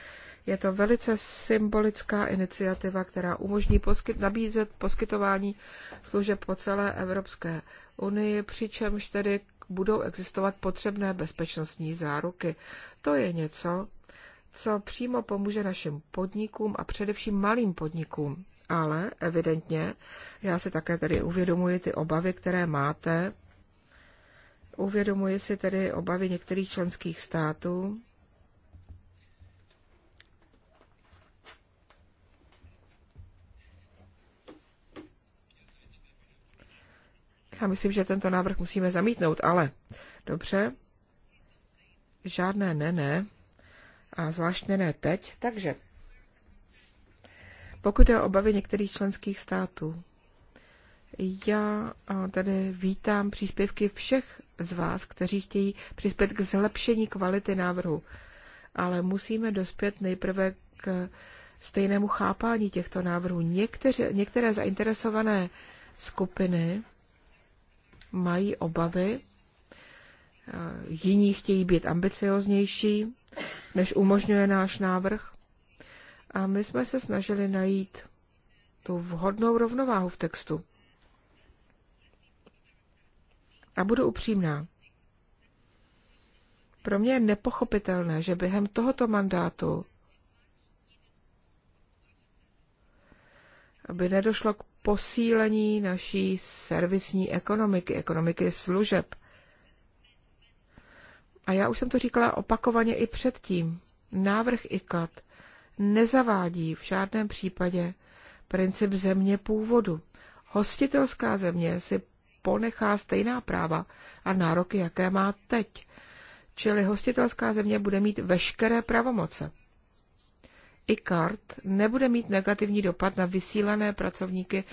Je to velice symbolická iniciativa, která umožní poskyt, nabízet poskytování služeb po celé Evropské unii, přičemž tedy budou existovat potřebné bezpečnostní záruky. To je něco, co přímo pomůže našim podnikům a především malým podnikům. Ale evidentně, já si také tedy uvědomuji ty obavy, které máte, Uvědomuje si tedy obavy některých členských států, Já myslím, že tento návrh musíme zamítnout, ale dobře, žádné ne, ne, a zvlášť ne, ne teď, takže pokud je o obavy některých členských států, já tady vítám příspěvky všech z vás, kteří chtějí přispět k zlepšení kvality návrhu. Ale musíme dospět nejprve k stejnému chápání těchto návrhů. Někteře, některé zainteresované skupiny mají obavy, jiní chtějí být ambicioznější, než umožňuje náš návrh. A my jsme se snažili najít tu vhodnou rovnováhu v textu. A budu upřímná. Pro mě je nepochopitelné, že během tohoto mandátu aby nedošlo k posílení naší servisní ekonomiky, ekonomiky služeb. A já už jsem to říkala opakovaně i předtím. Návrh IKAT nezavádí v žádném případě princip země původu. Hostitelská země si ponechá stejná práva a nároky, jaké má teď. Čili hostitelská země bude mít veškeré pravomoce. ICART nebude mít negativní dopad na vysílané pracovníky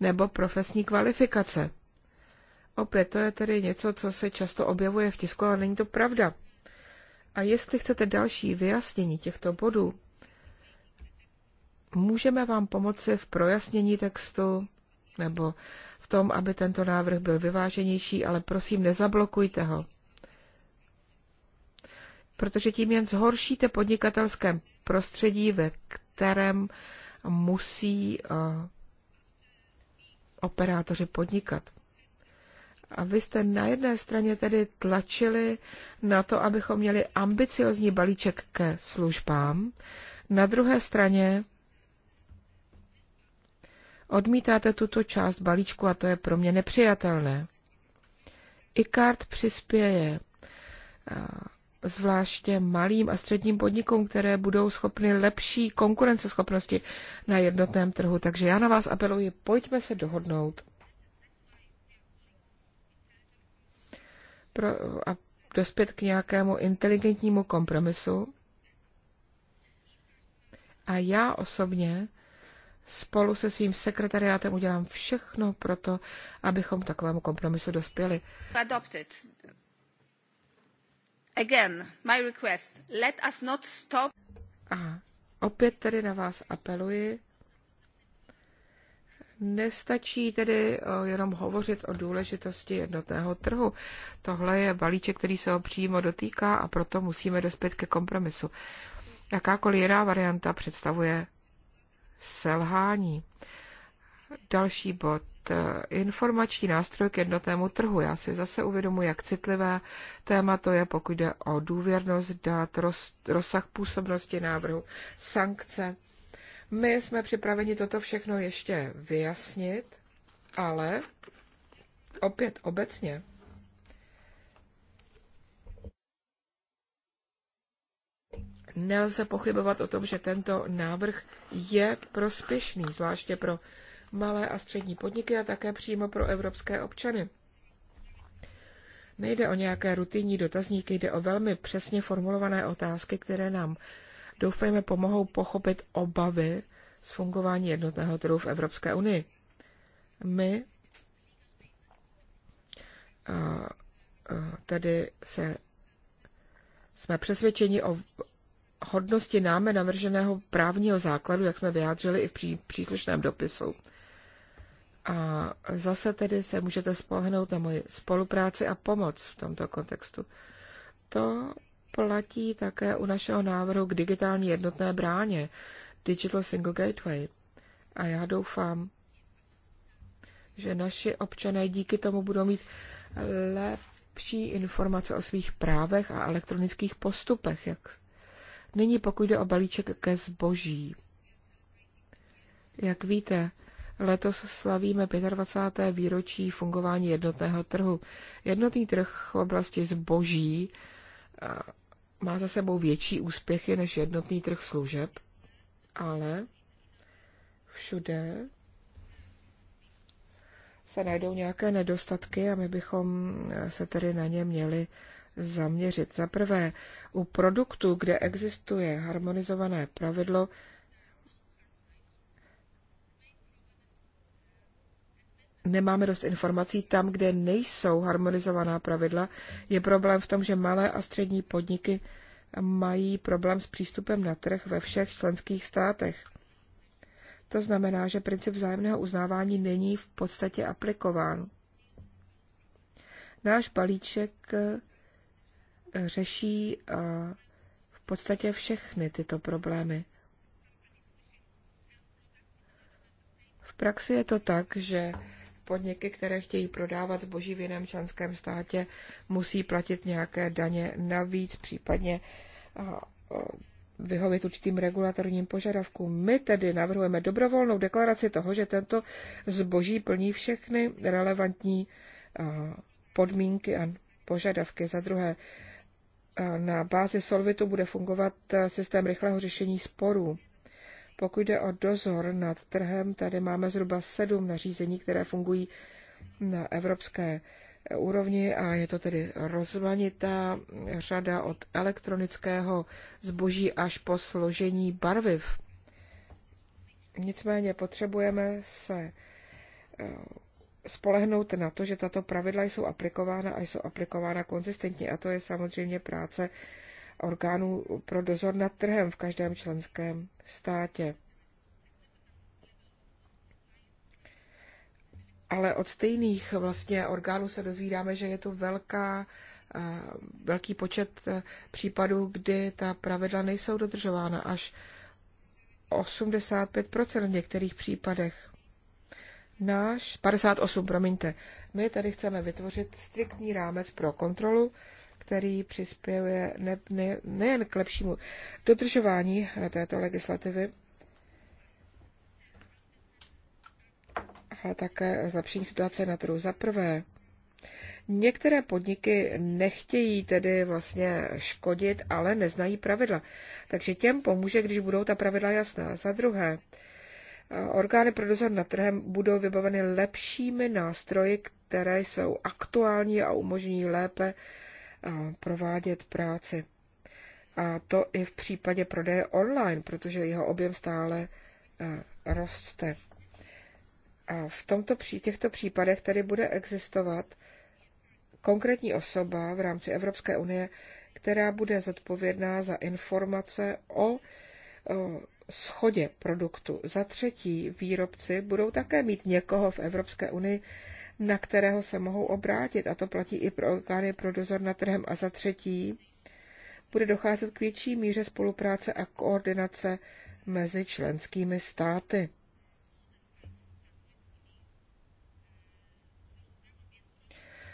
nebo profesní kvalifikace. Opět to je tedy něco, co se často objevuje v tisku, ale není to pravda. A jestli chcete další vyjasnění těchto bodů, můžeme vám pomoci v projasnění textu nebo v tom, aby tento návrh byl vyváženější, ale prosím, nezablokujte ho. Protože tím jen zhoršíte podnikatelské prostředí, ve kterém musí eh, operátoři podnikat. A vy jste na jedné straně tedy tlačili na to, abychom měli ambiciozní balíček ke službám, na druhé straně Odmítáte tuto část balíčku a to je pro mě nepřijatelné. ICART přispěje eh, zvláště malým a středním podnikům, které budou schopny lepší konkurenceschopnosti na jednotném trhu. Takže já na vás apeluji, pojďme se dohodnout. Pro, a dospět k nějakému inteligentnímu kompromisu. A já osobně Spolu se svým sekretariátem udělám všechno pro to, abychom takovému kompromisu dospěli. Adopted. Again, my request. Let us not stop. A opět tedy na vás apeluji. Nestačí tedy eh, jenom hovořit o důležitosti jednotného trhu. Tohle je balíček, který se ho přímo dotýká a proto musíme dospět ke kompromisu. Jakákoliv jiná varianta představuje selhání. Další bod. Informační nástroj k jednotnému trhu. Já si zase uvědomuji, jak citlivé téma to je, pokud jde o důvěrnost dát, roz, rozsah působnosti návrhu, sankce. My jsme připraveni toto všechno ještě vyjasnit, ale opět obecně nelze pochybovat o tom, že tento návrh je prospěšný, zvláště pro malé a střední podniky a také přímo pro evropské občany. Nejde o nějaké rutinní dotazníky, jde o velmi přesně formulované otázky, které nám doufejme pomohou pochopit obavy z fungování jednotného trhu v Evropské unii. My eh, eh, tedy se jsme přesvědčeni o hodnosti náme navrženého právního základu, jak jsme vyjádřili i v pří, příslušném dopisu. A zase tedy se můžete spolehnout na moji spolupráci a pomoc v tomto kontextu. To platí také u našeho návrhu k digitální jednotné bráně, Digital Single Gateway. A já doufám, že naši občané díky tomu budou mít lepší informace o svých právech a elektronických postupech, jak Nyní pokud jde o balíček ke zboží. Jak víte, letos slavíme 25. výročí fungování jednotného trhu. Jednotný trh v oblasti zboží eh, má za sebou větší úspěchy než jednotný trh služeb, ale všude se najdou nějaké nedostatky a my bychom eh, se tedy na ně měli zaměřit. Za prvé, u produktů, kde existuje harmonizované pravidlo, nemáme dost informací. Tam, kde nejsou harmonizovaná pravidla, je problém v tom, že malé a střední podniky mají problém s přístupem na trh ve všech členských státech. To znamená, že princip vzájemného uznávání není v podstatě aplikován. Náš balíček řeší eh, v podstatě všechny tyto problémy. V praxi je to tak, že podniky, které chtějí prodávat zboží v jiném členském státě, musí platit nějaké daně navíc, případně eh, eh, vyhovět určitým regulatorním požadavkům. My tedy navrhujeme dobrovolnou deklaraci toho, že tento zboží plní všechny relevantní podmínky a požadavky. Za druhé, na bázi Solvitu bude fungovat e, systém rychlého řešení sporů. Pokud jde o dozor nad trhem, tady máme zhruba sedm nařízení, které fungují na evropské e, úrovni a je to tedy rozmanitá e, řada od elektronického zboží až po složení barviv. Nicméně potřebujeme se spolehnout na to, že tato pravidla jsou aplikována a jsou aplikována konzistentně. A to je samozřejmě práce orgánů pro dozor nad trhem v každém členském státě. Ale od stejných vlastně orgánů se dozvídáme, že je tu velká, eh, velký počet eh, případů, kdy ta pravidla nejsou dodržována až 85% v některých případech náš 58, promiňte. My tady chceme vytvořit striktní rámec pro kontrolu, který přispěje ne, ne, nejen k lepšímu dodržování této legislativy, ale také zlepšení situace na trhu. Za prvé, Některé podniky nechtějí tedy vlastně škodit, ale neznají pravidla. Takže těm pomůže, když budou ta pravidla jasná. Za druhé, Eh, orgány pro dozor nad trhem budou vybaveny lepšími nástroji, které jsou aktuální a umožní lépe eh, provádět práci. A to i v případě prodeje online, protože jeho objem stále eh, roste. A v tomto, pří, těchto případech tedy bude existovat konkrétní osoba v rámci Evropské unie, která bude zodpovědná za informace o, o schodě produktu. Za třetí, výrobci budou také mít někoho v Evropské unii, na kterého se mohou obrátit, a to platí i pro orgány pro dozor nad trhem. A za třetí, bude docházet k větší míře spolupráce a koordinace mezi členskými státy.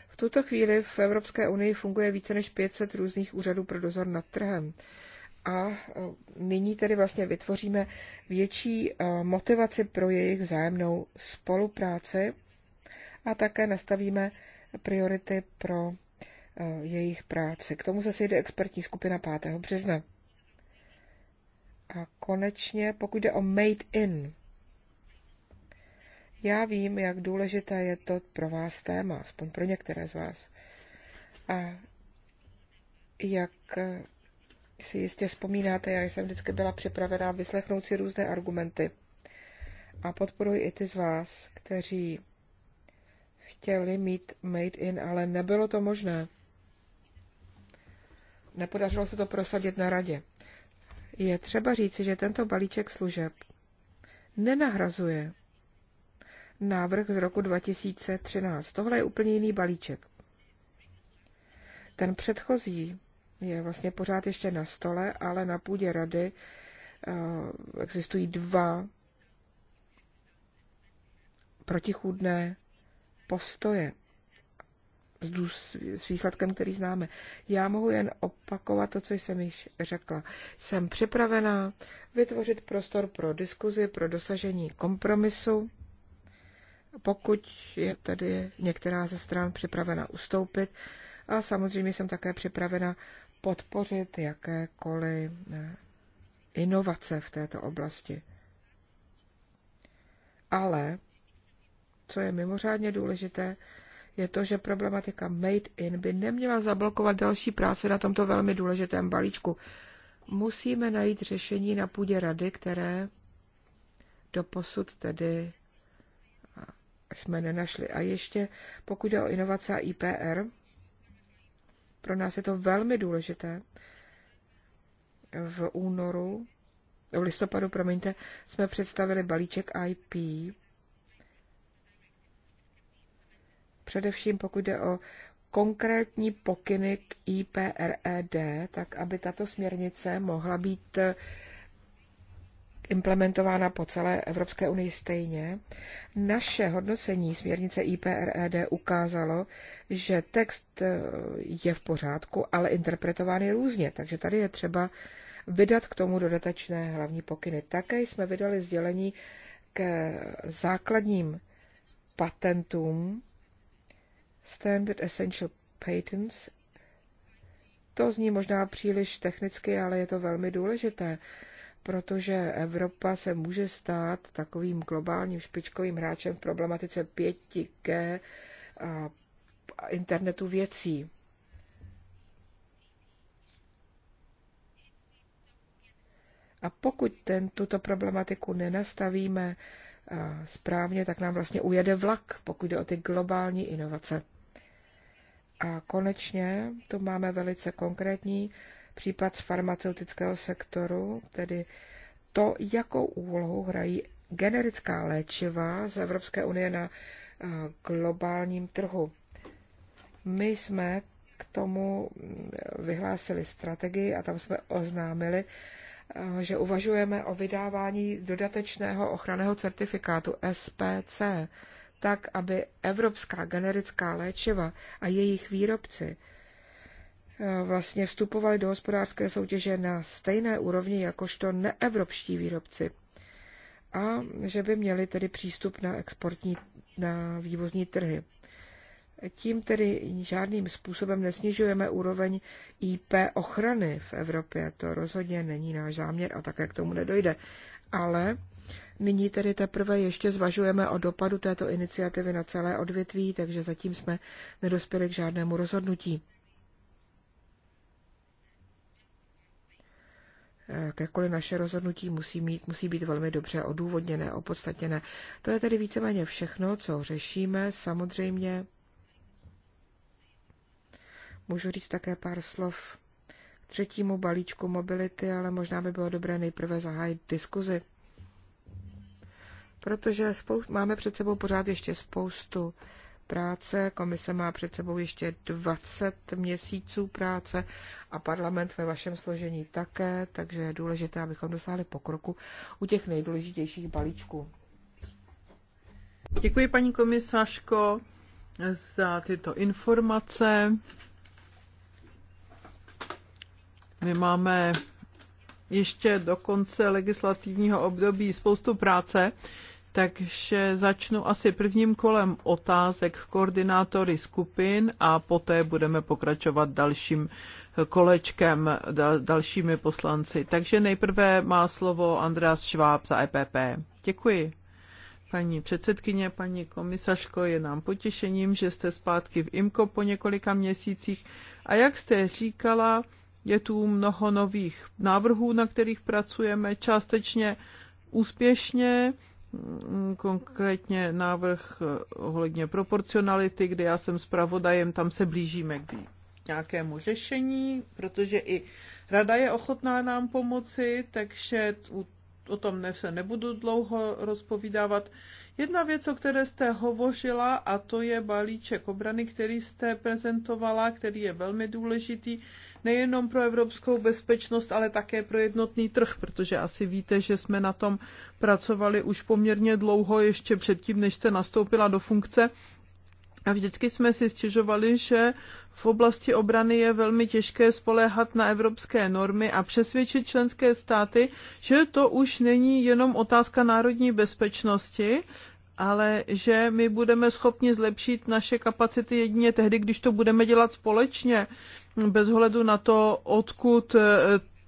V tuto chvíli v Evropské unii funguje více než 500 různých úřadů pro dozor nad trhem a e, nyní tedy vlastně vytvoříme větší e, motivaci pro jejich vzájemnou spolupráci a také nastavíme priority pro e, jejich práci. K tomu se sejde expertní skupina 5. března. A konečně, pokud jde o Made In, já vím, jak důležité je to pro vás téma, aspoň pro některé z vás. A jak si jistě vzpomínáte, já jsem vždycky byla připravená vyslechnout si různé argumenty. A podporuji i ty z vás, kteří chtěli mít made in, ale nebylo to možné. Nepodařilo se to prosadit na radě. Je třeba říci, že tento balíček služeb nenahrazuje návrh z roku 2013. Tohle je úplně jiný balíček. Ten předchozí je vlastně pořád ještě na stole, ale na půdě rady eh, existují dva protichůdné postoje s výsledkem, který známe. Já mohu jen opakovat to, co jsem již řekla. Jsem připravená vytvořit prostor pro diskuzi, pro dosažení kompromisu, pokud je tady některá ze stran připravena ustoupit. A samozřejmě jsem také připravena podpořit jakékoliv eh, inovace v této oblasti. Ale, co je mimořádně důležité, je to, že problematika Made in by neměla zablokovat další práce na tomto velmi důležitém balíčku. Musíme najít řešení na půdě rady, které doposud tedy eh, jsme nenašli. A ještě pokud jde o inovace a IPR, pro nás je to velmi důležité. V únoru, v listopadu, promiňte, jsme představili balíček IP, především pokud jde o konkrétní pokyny k IPRED, tak aby tato směrnice mohla být implementována po celé Evropské unii stejně. Naše hodnocení směrnice IPRED ukázalo, že text eh, je v pořádku, ale interpretován je různě, takže tady je třeba vydat k tomu dodatečné hlavní pokyny. Také jsme vydali sdělení k základním patentům Standard Essential Patents. To zní možná příliš technicky, ale je to velmi důležité protože Evropa se může stát takovým globálním špičkovým hráčem v problematice 5G a internetu věcí. A pokud ten, tuto problematiku nenastavíme eh, správně, tak nám vlastně ujede vlak, pokud jde o ty globální inovace. A konečně tu máme velice konkrétní případ z farmaceutického sektoru, tedy to, jakou úlohu hrají generická léčiva z Evropské unie na eh, globálním trhu. My jsme k tomu mm, vyhlásili strategii a tam jsme oznámili, eh, že uvažujeme o vydávání dodatečného ochranného certifikátu SPC, tak aby evropská generická léčiva a jejich výrobci Eh, vlastně vstupovali do hospodářské soutěže na stejné úrovni jakožto neevropští výrobci a že by měli tedy přístup na exportní, na vývozní trhy. Tím tedy žádným způsobem nesnižujeme úroveň IP ochrany v Evropě. To rozhodně není náš záměr a také k tomu nedojde. Ale nyní tedy teprve ještě zvažujeme o dopadu této iniciativy na celé odvětví, takže zatím jsme nedospěli k žádnému rozhodnutí. jakékoliv naše rozhodnutí musí, mít, musí být velmi dobře odůvodněné, opodstatněné. To je tedy víceméně všechno, co řešíme. Samozřejmě můžu říct také pár slov k třetímu balíčku mobility, ale možná by bylo dobré nejprve zahájit diskuzi. Protože spou- máme před sebou pořád ještě spoustu práce. Komise má před sebou ještě 20 měsíců práce a parlament ve vašem složení také, takže je důležité, abychom dosáhli pokroku u těch nejdůležitějších balíčků. Děkuji, paní komisařko, za tyto informace. My máme ještě do konce legislativního období spoustu práce takže začnu asi prvním kolem otázek koordinátory skupin a poté budeme pokračovat dalším kolečkem, dalšími poslanci. Takže nejprve má slovo Andreas Šváb za EPP. Děkuji. Paní předsedkyně, paní komisařko, je nám potěšením, že jste zpátky v IMKO po několika měsících. A jak jste říkala, je tu mnoho nových návrhů, na kterých pracujeme částečně úspěšně konkrétně návrh eh, ohledně proporcionality, kde já jsem zpravodajem, tam se blížíme k nějakému řešení, protože i rada je ochotná nám pomoci, takže o tom se nebudu dlouho rozpovídávat. Jedna věc, o které jste hovořila, a to je balíček obrany, který jste prezentovala, který je velmi důležitý nejenom pro evropskou bezpečnost, ale také pro jednotný trh, protože asi víte, že jsme na tom pracovali už poměrně dlouho, ještě předtím, než jste nastoupila do funkce. A vždycky jsme si stěžovali, že v oblasti obrany je velmi těžké spoléhat na evropské normy a přesvědčit členské státy, že to už není jenom otázka národní bezpečnosti, ale že my budeme schopni zlepšit naše kapacity jedině tehdy, když to budeme dělat společně, bez ohledu na to, odkud eh,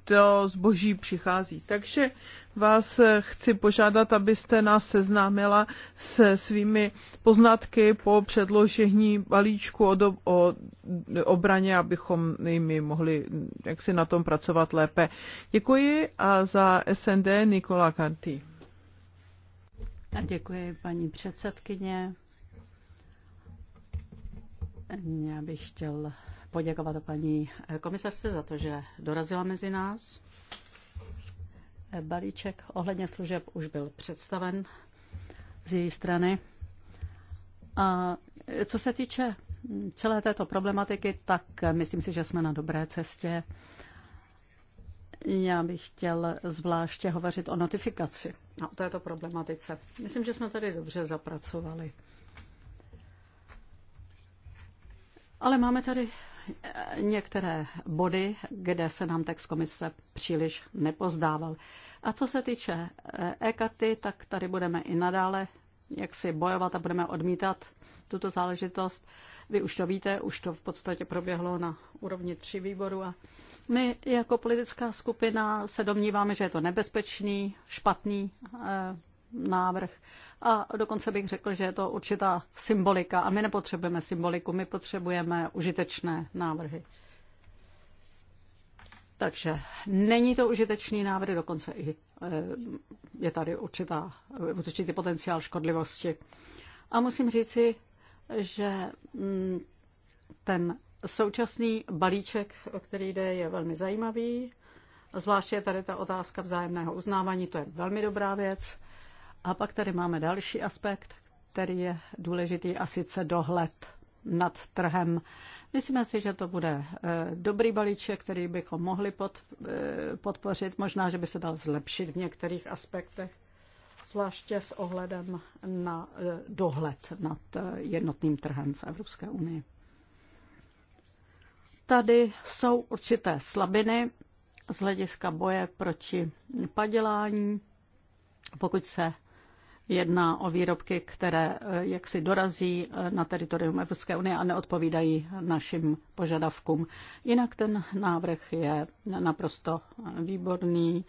to zboží přichází. Takže vás eh, chci požádat, abyste nás seznámila se svými poznatky po předložení balíčku o, do, o obraně, abychom jimi mohli jaksi na tom pracovat lépe. Děkuji a za SND Nikola Kanty. Děkuji, paní předsedkyně. Já bych chtěl poděkovat paní komisařce za to, že dorazila mezi nás. Balíček ohledně služeb už byl představen z její strany. A co se týče celé této problematiky, tak myslím si, že jsme na dobré cestě. Já bych chtěl zvláště hovořit o notifikaci a o této problematice. Myslím, že jsme tady dobře zapracovali. Ale máme tady eh, některé body, kde se nám text komise příliš nepozdával. A co se týče eh, e-karty, tak tady budeme i nadále jak si bojovat a budeme odmítat tuto záležitost. Vy už to víte, už to v podstatě proběhlo na úrovni tři výboru a my jako politická skupina se domníváme, že je to nebezpečný, špatný eh, návrh. A dokonce bych řekl, že je to určitá symbolika. A my nepotřebujeme symboliku, my potřebujeme užitečné návrhy. Takže není to užitečný návrh, dokonce i eh, je tady určitá, určitý potenciál škodlivosti. A musím říci, že mm, ten současný balíček, o který jde, je velmi zajímavý. Zvláště je tady ta otázka vzájemného uznávání, to je velmi dobrá věc. A pak tady máme další aspekt, který je důležitý, a sice dohled nad trhem. Myslíme si, že to bude eh, dobrý balíček, který bychom mohli pod, eh, podpořit. Možná, že by se dal zlepšit v některých aspektech zvláště s ohledem na e, dohled nad e, jednotným trhem v Evropské unii. Tady jsou určité slabiny z hlediska boje proti padělání. Pokud se jedná o výrobky, které e, jaksi dorazí na teritorium Evropské unie a neodpovídají našim požadavkům. Jinak ten návrh je naprosto výborný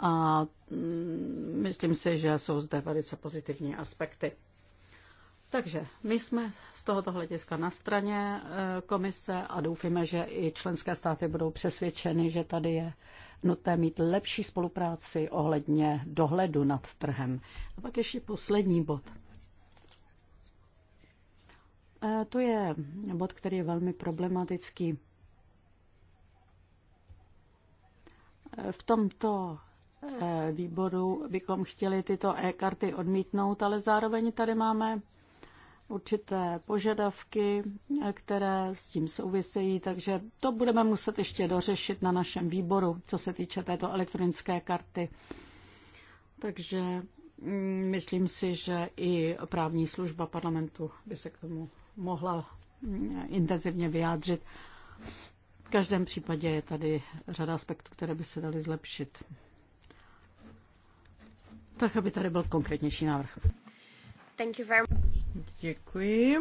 a mm, myslím si, že jsou zde velice pozitivní aspekty. Takže my jsme z tohoto hlediska na straně e, komise a doufíme, že i členské státy budou přesvědčeny, že tady je nutné mít lepší spolupráci ohledně dohledu nad trhem. A pak ještě poslední bod. E, to je bod, který je velmi problematický. E, v tomto Eh, výboru bychom chtěli tyto e-karty odmítnout, ale zároveň tady máme určité požadavky, eh, které s tím souvisejí, takže to budeme muset ještě dořešit na našem výboru, co se týče této elektronické karty. Takže mm, myslím si, že i právní služba parlamentu by se k tomu mohla mm, intenzivně vyjádřit. V každém případě je tady řada aspektů, které by se daly zlepšit tak aby tady byl konkrétnější návrh. Thank you very much. Děkuji.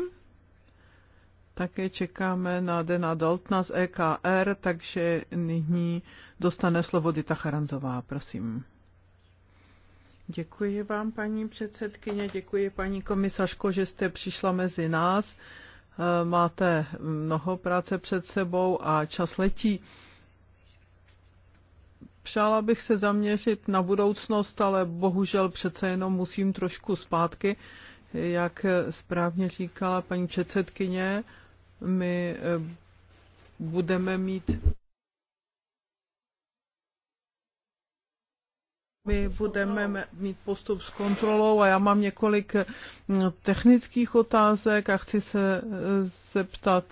Také čekáme na Dena Daltna z EKR, takže nyní dostane slovo Dita Charanzová, prosím. Děkuji vám, paní předsedkyně, děkuji paní komisařko, že jste přišla mezi nás. E, máte mnoho práce před sebou a čas letí. Přála bych se zaměřit na budoucnost, ale bohužel přece jenom musím trošku zpátky. Jak správně říkala paní předsedkyně, my eh, budeme mít my budeme mít postup s kontrolou a já mám několik hm, technických otázek a chci se eh, zeptat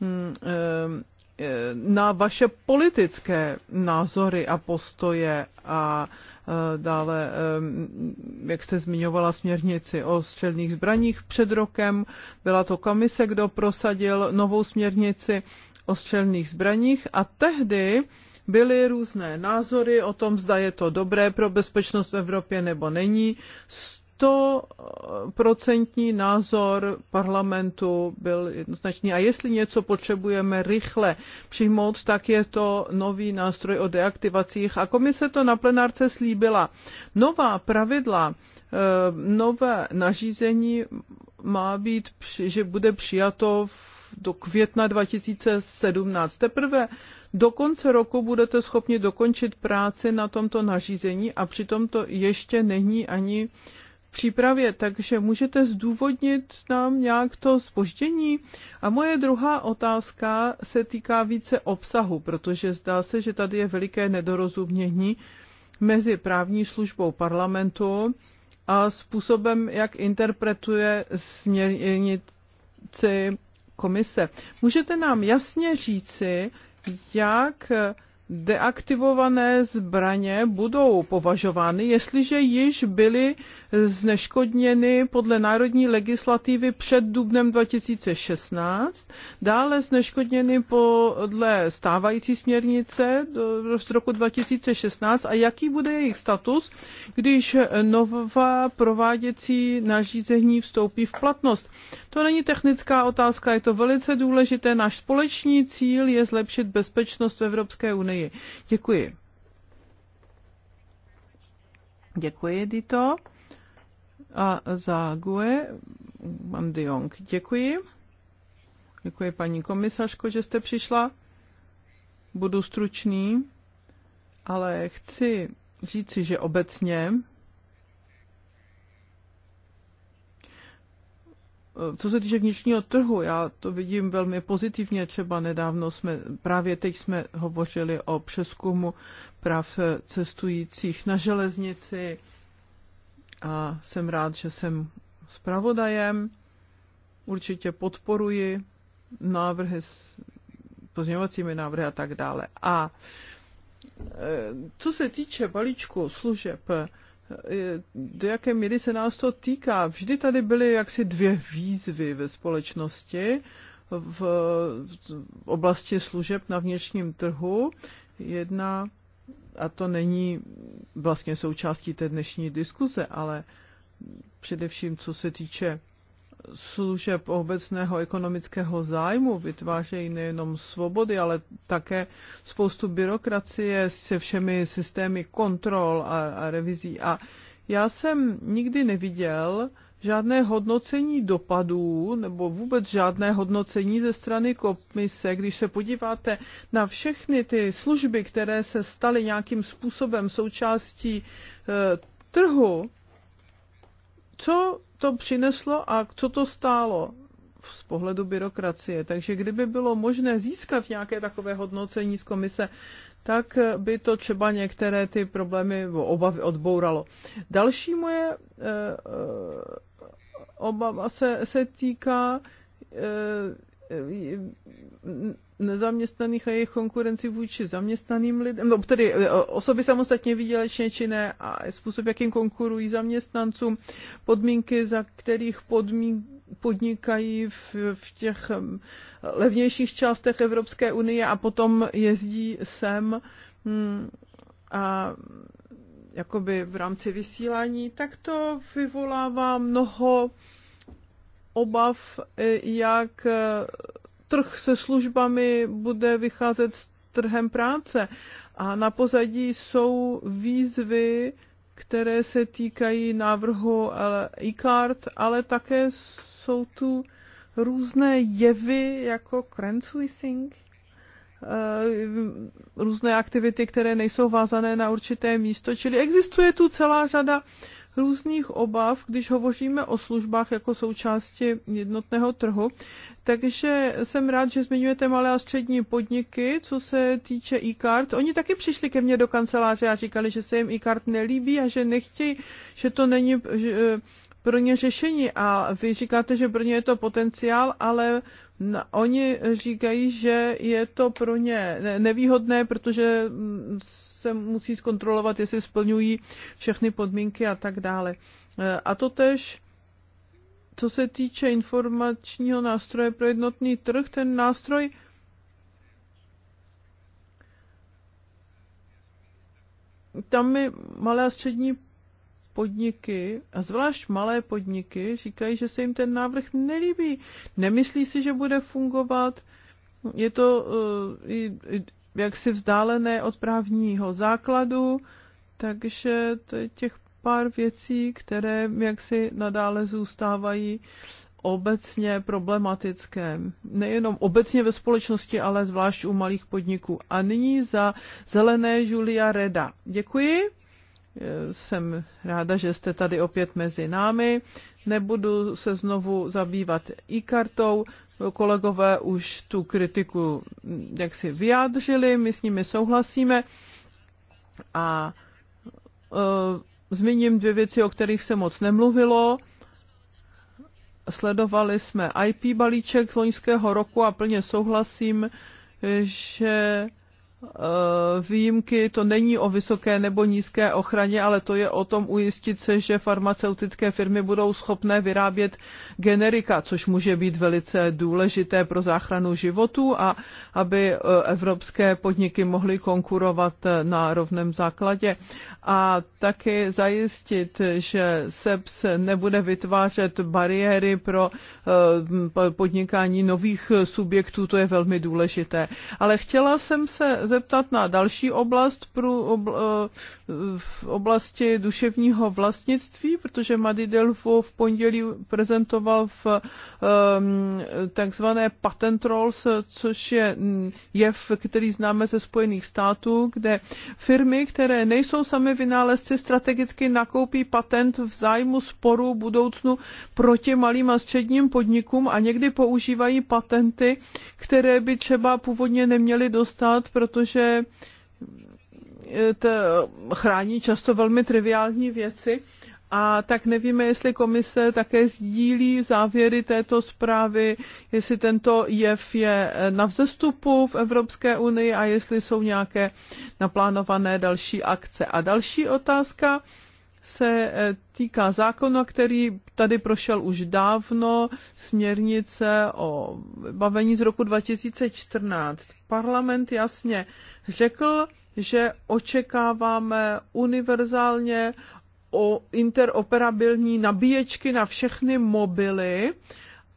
hm, eh, na vaše politické názory a postoje a e, dále, e, jak jste zmiňovala směrnici o střelných zbraních před rokem, byla to komise, kdo prosadil novou směrnici o střelných zbraních a tehdy byly různé názory o tom, zda je to dobré pro bezpečnost v Evropě nebo není. Z procentní názor parlamentu byl jednoznačný. A jestli něco potřebujeme rychle přijmout, tak je to nový nástroj o deaktivacích. A komise to na plenárce slíbila. Nová pravidla, eh, nové nařízení má být, že bude přijato do května 2017. Teprve do konce roku budete schopni dokončit práci na tomto nařízení a přitom to ještě není ani přípravě, takže můžete zdůvodnit nám nějak to zpoždění? A moje druhá otázka se týká více obsahu, protože zdá se, že tady je veliké nedorozumění mezi právní službou parlamentu a způsobem, jak interpretuje směrnici komise. Můžete nám jasně říci, jak deaktivované zbraně budou považovány, jestliže již byly zneškodněny podle národní legislativy před dubnem 2016, dále zneškodněny podle stávající směrnice z roku 2016 a jaký bude jejich status, když nová prováděcí nařízení vstoupí v platnost. To není technická otázka, je to velice důležité. Náš společný cíl je zlepšit bezpečnost v Evropské unii zpravodaji. Děkuji. Děkuji, Dito. A za GUE mám De Děkuji. Děkuji, paní komisařko, že jste přišla. Budu stručný, ale chci říci, že obecně Co se týče vnitřního trhu, já to vidím velmi pozitivně. Třeba nedávno jsme, právě teď jsme hovořili o přeskumu práv cestujících na železnici a jsem rád, že jsem zpravodajem. Určitě podporuji návrhy s pozměňovacími návrhy a tak dále. A e, co se týče balíčku služeb, Eh, do jaké míry se nás to týká. Vždy tady byly jaksi dvě výzvy ve společnosti v oblasti služeb na vnitřním trhu. Jedna, a to není vlastně součástí té dnešní diskuze, ale především co se týče služeb obecného ekonomického zájmu vytvářejí nejenom svobody, ale také spoustu byrokracie se všemi systémy kontrol a, a revizí. A já jsem nikdy neviděl žádné hodnocení dopadů nebo vůbec žádné hodnocení ze strany komise. Když se podíváte na všechny ty služby, které se staly nějakým způsobem součástí e, trhu, co to přineslo a co to stálo z pohledu byrokracie. Takže kdyby bylo možné získat nějaké takové hodnocení z komise, tak by to třeba některé ty problémy obavy odbouralo. Další moje eh, eh, obava se, se týká eh, nezaměstnaných a jejich konkurenci vůči zaměstnaným lidem, no, tedy eh, osoby samostatně výdělečně činné a způsob, jakým konkurují zaměstnancům, podmínky, za kterých podmín, podnikají v, v těch eh, levnějších částech Evropské unie a potom jezdí sem hm, a jakoby v rámci vysílání, tak to vyvolává mnoho obav, eh, jak trh se službami bude vycházet s trhem práce. A na pozadí jsou výzvy, které se týkají návrhu e-card, ale také jsou tu různé jevy jako crowdsourcing, eh, různé aktivity, které nejsou vázané na určité místo, čili existuje tu celá řada různých obav, když hovoříme o službách jako součásti jednotného trhu. Takže jsem rád, že zmiňujete malé a střední podniky, co se týče e-card. Oni taky přišli ke mně do kanceláře a říkali, že se jim e-card nelíbí a že nechtějí, že to není... Že, eh, pro ně řešení a vy říkáte, že pro ně je to potenciál, ale No, oni říkají, že je to pro ně nevýhodné, protože mm, se musí zkontrolovat, jestli splňují všechny podmínky a tak dále. E, a to tež, co se týče informačního nástroje pro jednotný trh, ten nástroj tam mi malé a střední podniky, a zvlášť malé podniky, říkají, že se jim ten návrh nelíbí. Nemyslí si, že bude fungovat. Je to eh, jaksi vzdálené od právního základu, takže to je těch pár věcí, které jaksi nadále zůstávají obecně problematické. Nejenom obecně ve společnosti, ale zvlášť u malých podniků. A nyní za zelené Julia Reda. Děkuji jsem ráda, že jste tady opět mezi námi. Nebudu se znovu zabývat i kartou. Kolegové už tu kritiku jak si vyjádřili, my s nimi souhlasíme. A e, zmíním dvě věci, o kterých se moc nemluvilo. Sledovali jsme IP balíček z loňského roku a plně souhlasím, že Eh, výjimky, to není o vysoké nebo nízké ochraně, ale to je o tom ujistit se, že farmaceutické firmy budou schopné vyrábět generika, což může být velice důležité pro záchranu životů a aby eh, evropské podniky mohly konkurovat eh, na rovném základě a taky zajistit, že SEPS nebude vytvářet bariéry pro podnikání nových subjektů, to je velmi důležité. Ale chtěla jsem se zeptat na další oblast pro obl, eh, v oblasti duševního vlastnictví, protože Madi Delfo v pondělí prezentoval v ehm, takzvané patent rolls, což je mm, jev, který známe ze Spojených států, kde firmy, které nejsou sami vynálezci, strategicky nakoupí patent v zájmu sporu budoucnu proti malým a středním podnikům a někdy používají patenty, které by třeba původně neměly dostat, protože protože e, chrání často velmi triviální věci a tak nevíme, jestli komise také sdílí závěry této zprávy, jestli tento jev je e, na vzestupu v Evropské unii a jestli jsou nějaké naplánované další akce. A další otázka, se eh, týká zákona, který tady prošel už dávno, směrnice o bavení z roku 2014. Parlament jasně řekl, že očekáváme univerzálně o interoperabilní nabíječky na všechny mobily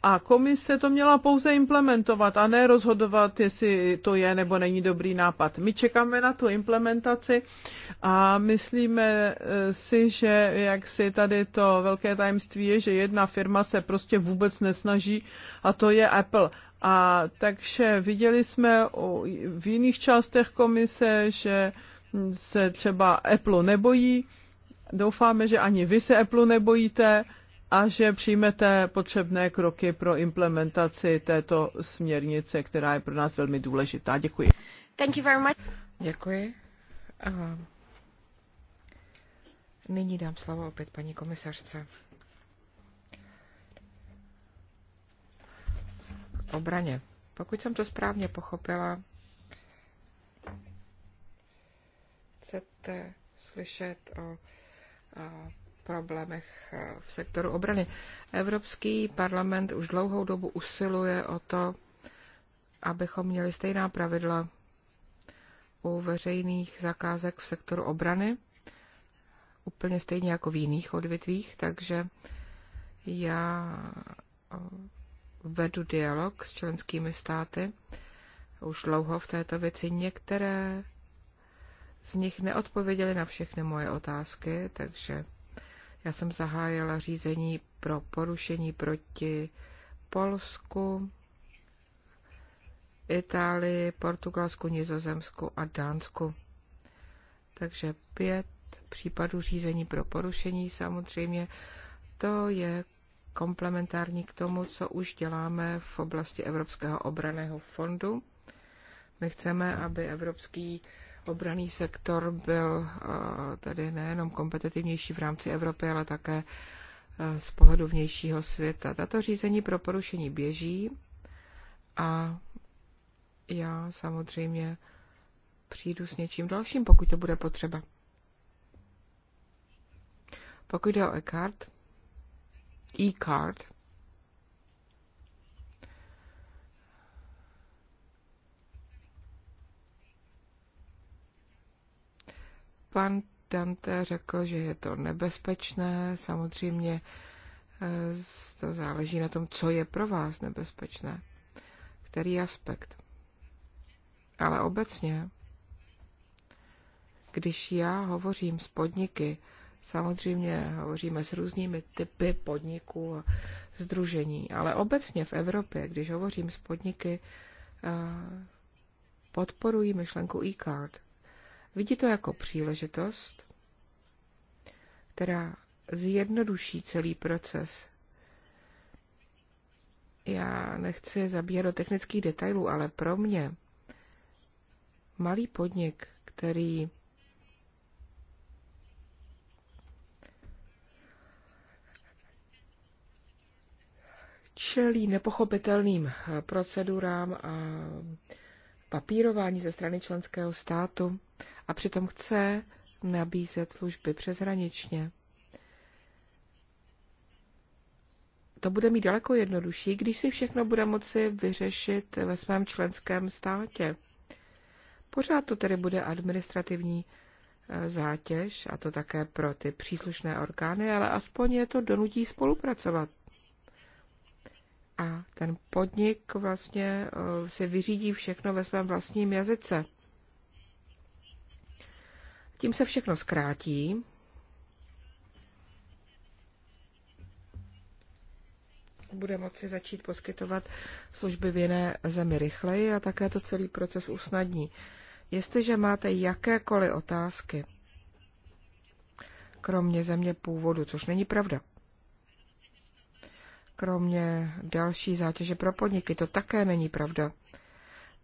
a komise to měla pouze implementovat a ne rozhodovat, jestli to je nebo není dobrý nápad. My čekáme na tu implementaci a myslíme eh, si, že jak si tady to velké tajemství je, že jedna firma se prostě vůbec nesnaží a to je Apple. A takže viděli jsme v jiných částech komise, že se třeba Apple nebojí. Doufáme, že ani vy se Apple nebojíte a že přijmete potřebné kroky pro implementaci této směrnice, která je pro nás velmi důležitá. Děkuji. Thank you very much. Děkuji. A nyní dám slovo opět paní komisařce. Obraně. Pokud jsem to správně pochopila, chcete slyšet o problémech eh, v sektoru obrany. Evropský parlament už dlouhou dobu usiluje o to, abychom měli stejná pravidla u veřejných zakázek v sektoru obrany, úplně stejně jako v jiných odvětvích, takže já eh, vedu dialog s členskými státy už dlouho v této věci. Některé z nich neodpověděly na všechny moje otázky, takže já jsem zahájila řízení pro porušení proti Polsku, Itálii, Portugalsku, Nizozemsku a Dánsku. Takže pět případů řízení pro porušení samozřejmě. To je komplementární k tomu, co už děláme v oblasti Evropského obraného fondu. My chceme, aby Evropský Obraný sektor byl eh, tedy nejenom kompetitivnější v rámci Evropy, ale také eh, z pohledu vnějšího světa. Tato řízení pro porušení běží a já samozřejmě přijdu s něčím dalším, pokud to bude potřeba. Pokud jde o e-card, e-card, Pan Dante řekl, že je to nebezpečné, samozřejmě eh, to záleží na tom, co je pro vás nebezpečné, který aspekt. Ale obecně, když já hovořím s podniky, samozřejmě hovoříme s různými typy podniků a združení, ale obecně v Evropě, když hovořím s podniky, eh, podporují myšlenku e-card. Vidí to jako příležitost, která zjednoduší celý proces. Já nechci zabíhat do technických detailů, ale pro mě malý podnik, který čelí nepochopitelným procedurám a papírování ze strany členského státu, a přitom chce nabízet služby přeshraničně. To bude mít daleko jednodušší, když si všechno bude moci vyřešit ve svém členském státě. Pořád to tedy bude administrativní eh, zátěž, a to také pro ty příslušné orgány, ale aspoň je to donutí spolupracovat. A ten podnik vlastně eh, si vyřídí všechno ve svém vlastním jazyce. Tím se všechno zkrátí. Bude moci začít poskytovat služby v jiné zemi rychleji a také to celý proces usnadní. Jestliže máte jakékoliv otázky, kromě země původu, což není pravda, kromě další zátěže pro podniky, to také není pravda.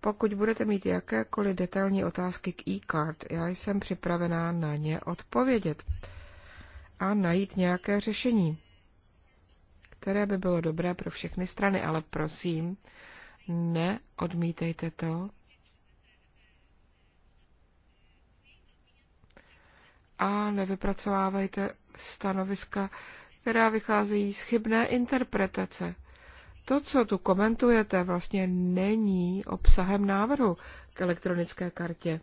Pokud budete mít jakékoliv detailní otázky k e-card, já jsem připravená na ně odpovědět a najít nějaké řešení, které by bylo dobré pro všechny strany, ale prosím, neodmítejte to. A nevypracovávejte stanoviska, která vycházejí z chybné interpretace. To, co tu komentujete, vlastně není obsahem návrhu k elektronické kartě.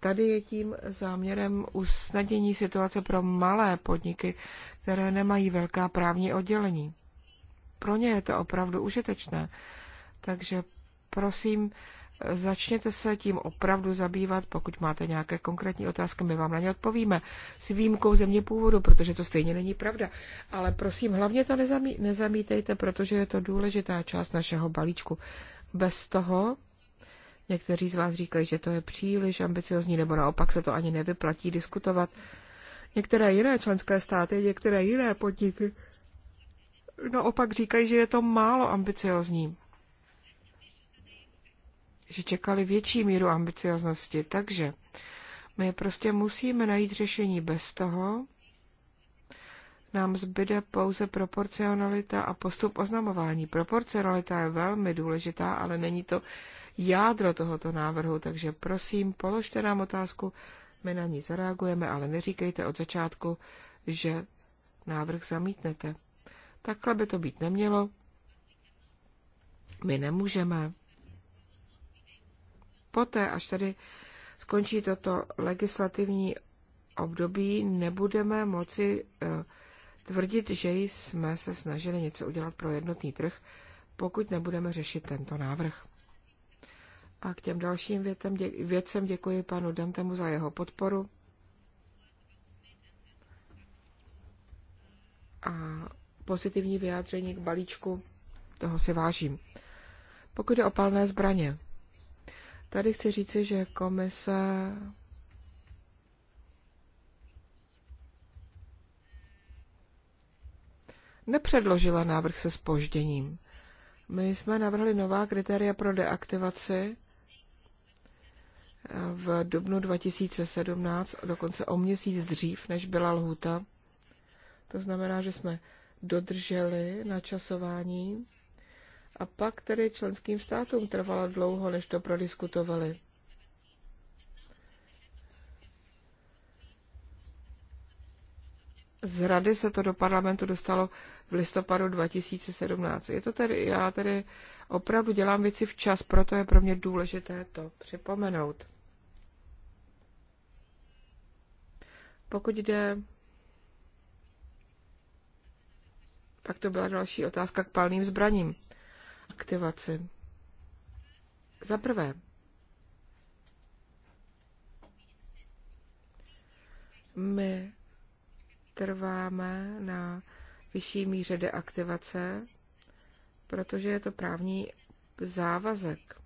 Tady je tím záměrem usnadnění situace pro malé podniky, které nemají velká právní oddělení. Pro ně je to opravdu užitečné. Takže prosím, Začněte se tím opravdu zabývat, pokud máte nějaké konkrétní otázky, my vám na ně odpovíme. S výjimkou země původu, protože to stejně není pravda. Ale prosím, hlavně to nezamí, nezamítejte, protože je to důležitá část našeho balíčku. Bez toho Někteří z vás říkají, že to je příliš ambiciozní, nebo naopak se to ani nevyplatí diskutovat. Některé jiné členské státy, některé jiné podniky naopak říkají, že je to málo ambiciozní že čekali větší míru ambicioznosti. Takže my prostě musíme najít řešení bez toho, nám zbyde pouze proporcionalita a postup oznamování. Proporcionalita je velmi důležitá, ale není to jádro tohoto návrhu, takže prosím, položte nám otázku, my na ní zareagujeme, ale neříkejte od začátku, že návrh zamítnete. Takhle by to být nemělo. My nemůžeme poté, až tady skončí toto legislativní období, nebudeme moci eh, tvrdit, že jsme se snažili něco udělat pro jednotný trh, pokud nebudeme řešit tento návrh. A k těm dalším větem, dě, věcem děkuji panu Dantemu za jeho podporu. A pozitivní vyjádření k balíčku, toho si vážím. Pokud je o palné zbraně, Tady chci říci, že komise nepředložila návrh se spožděním. My jsme navrhli nová kritéria pro deaktivaci v dubnu 2017, dokonce o měsíc dřív, než byla lhůta. To znamená, že jsme dodrželi načasování a pak tedy členským státům trvalo dlouho, než to prodiskutovali. Z rady se to do parlamentu dostalo v listopadu 2017. Je to tedy, já tedy opravdu dělám věci včas, proto je pro mě důležité to připomenout. Pokud jde pak to byla další otázka k palným zbraním aktivaci. Za prvé, my trváme na vyšší míře deaktivace, protože je to právní závazek.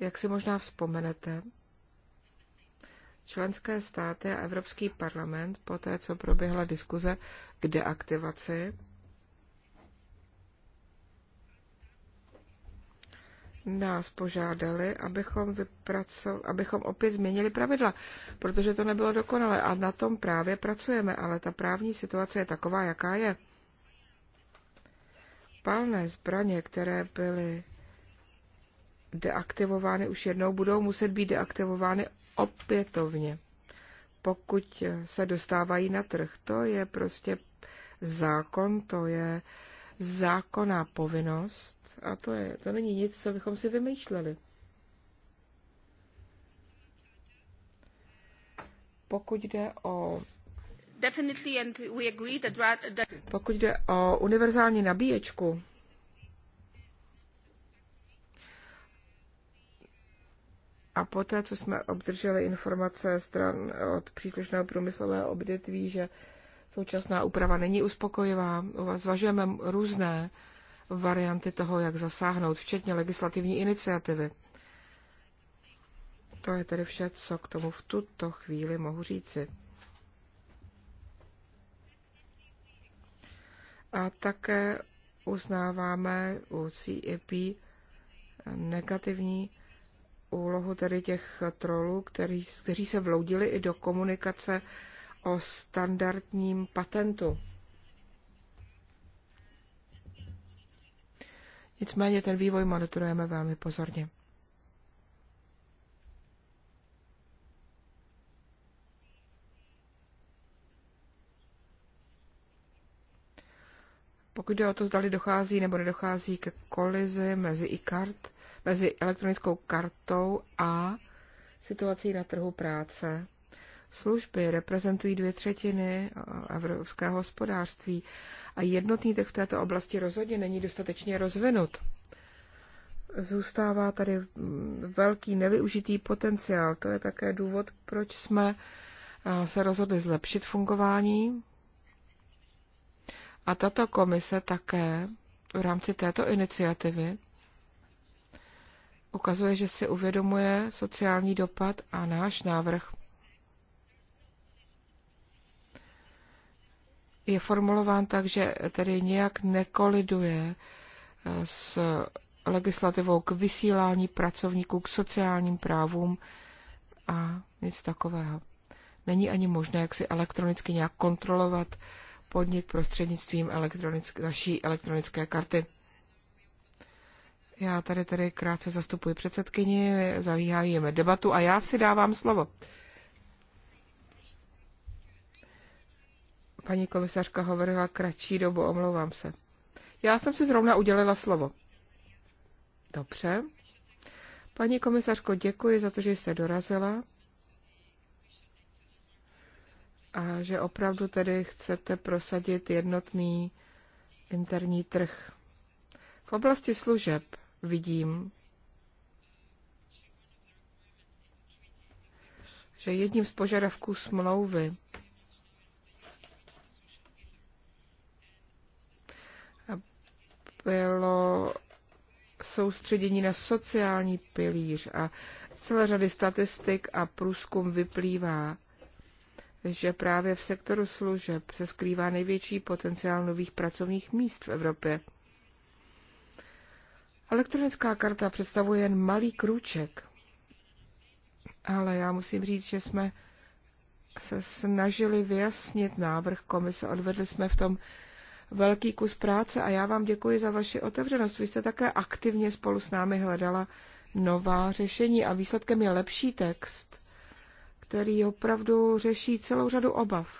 Jak si možná vzpomenete, členské státy a Evropský parlament, po té, co proběhla diskuze k deaktivaci, nás požádali, abychom, vypracov, abychom opět změnili pravidla, protože to nebylo dokonalé a na tom právě pracujeme, ale ta právní situace je taková, jaká je. Palné zbraně, které byly deaktivovány už jednou, budou muset být deaktivovány opětovně, pokud se dostávají na trh. To je prostě zákon, to je uh, zákonná povinnost a to, je, to není nic, co bychom si vymýšleli. Pokud jde o pokud jde o univerzální nabíječku, A poté, co jsme obdrželi informace stran od příslušného průmyslového obdětví, že Současná úprava není uspokojivá, zvažujeme různé varianty toho, jak zasáhnout, včetně legislativní iniciativy. To je tedy vše, co k tomu v tuto chvíli mohu říci. A také uznáváme u CEP negativní úlohu tedy těch trolů, který, kteří se vloudili i do komunikace o standardním patentu. Nicméně ten vývoj monitorujeme velmi pozorně. Pokud jde o to, zdali dochází nebo nedochází ke kolizi mezi e-kart, mezi elektronickou kartou a situací na trhu práce, služby reprezentují dvě třetiny eh, evropského hospodářství a jednotný trh v této oblasti rozhodně není dostatečně rozvinut. Zůstává tady velký nevyužitý potenciál. To je také důvod, proč jsme eh, se rozhodli zlepšit fungování. A tato komise také v rámci této iniciativy ukazuje, že si uvědomuje sociální dopad a náš návrh je formulován tak, že tedy nějak nekoliduje eh, s legislativou k vysílání pracovníků, k sociálním právům a nic takového. Není ani možné, jak si elektronicky nějak kontrolovat podnik prostřednictvím elektronick, naší elektronické karty. Já tady tedy krátce zastupuji předsedkyni, zavíhájíme debatu a já si dávám slovo. Paní komisařka hovorila kratší dobu, omlouvám se. Já jsem si zrovna udělala slovo. Dobře. Paní komisařko, děkuji za to, že jste dorazila a že opravdu tedy chcete prosadit jednotný interní trh. V oblasti služeb vidím, že jedním z požadavků smlouvy bylo soustředění na sociální pilíř a celé řady statistik a průzkum vyplývá, že právě v sektoru služeb se skrývá největší potenciál nových pracovních míst v Evropě. Elektronická karta představuje jen malý krůček, ale já musím říct, že jsme se snažili vyjasnit návrh komise, odvedli jsme v tom velký kus práce a já vám děkuji za vaši otevřenost. Vy jste také aktivně spolu s námi hledala nová řešení a výsledkem je lepší text, který opravdu řeší celou řadu obav,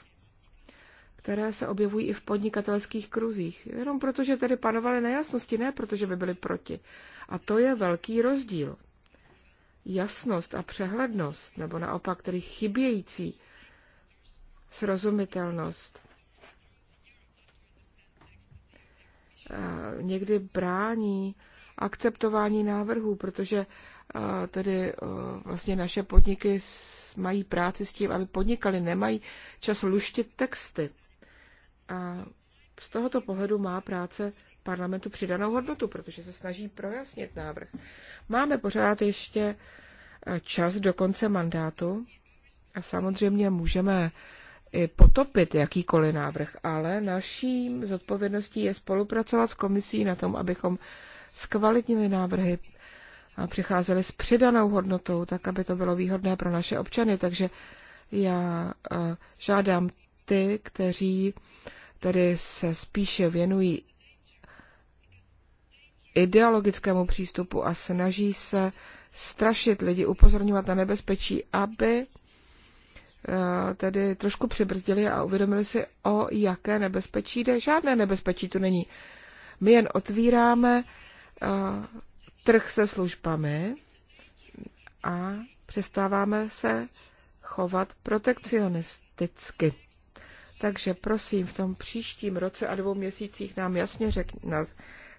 které se objevují i v podnikatelských kruzích. Jenom proto, že tedy panovaly nejasnosti, ne protože by byly proti. A to je velký rozdíl. Jasnost a přehlednost, nebo naopak tedy chybějící srozumitelnost, Eh, někdy brání akceptování návrhů, protože eh, tedy eh, vlastně naše podniky mají práci s tím, aby podnikali, nemají čas luštit texty. A z tohoto pohledu má práce parlamentu přidanou hodnotu, protože se snaží projasnit návrh. Máme pořád ještě čas do konce mandátu a samozřejmě můžeme potopit jakýkoliv návrh, ale naším zodpovědností je spolupracovat s komisí na tom, abychom zkvalitnili návrhy a přicházeli s přidanou hodnotou, tak aby to bylo výhodné pro naše občany. Takže já eh, žádám ty, kteří tedy se spíše věnují ideologickému přístupu a snaží se strašit lidi, upozorňovat na nebezpečí, aby Eh, tedy trošku přibrzdili a uvědomili si, o jaké nebezpečí jde. Žádné nebezpečí tu není. My jen otvíráme eh, trh se službami a přestáváme se chovat protekcionisticky. Takže prosím, v tom příštím roce a dvou měsících nám jasně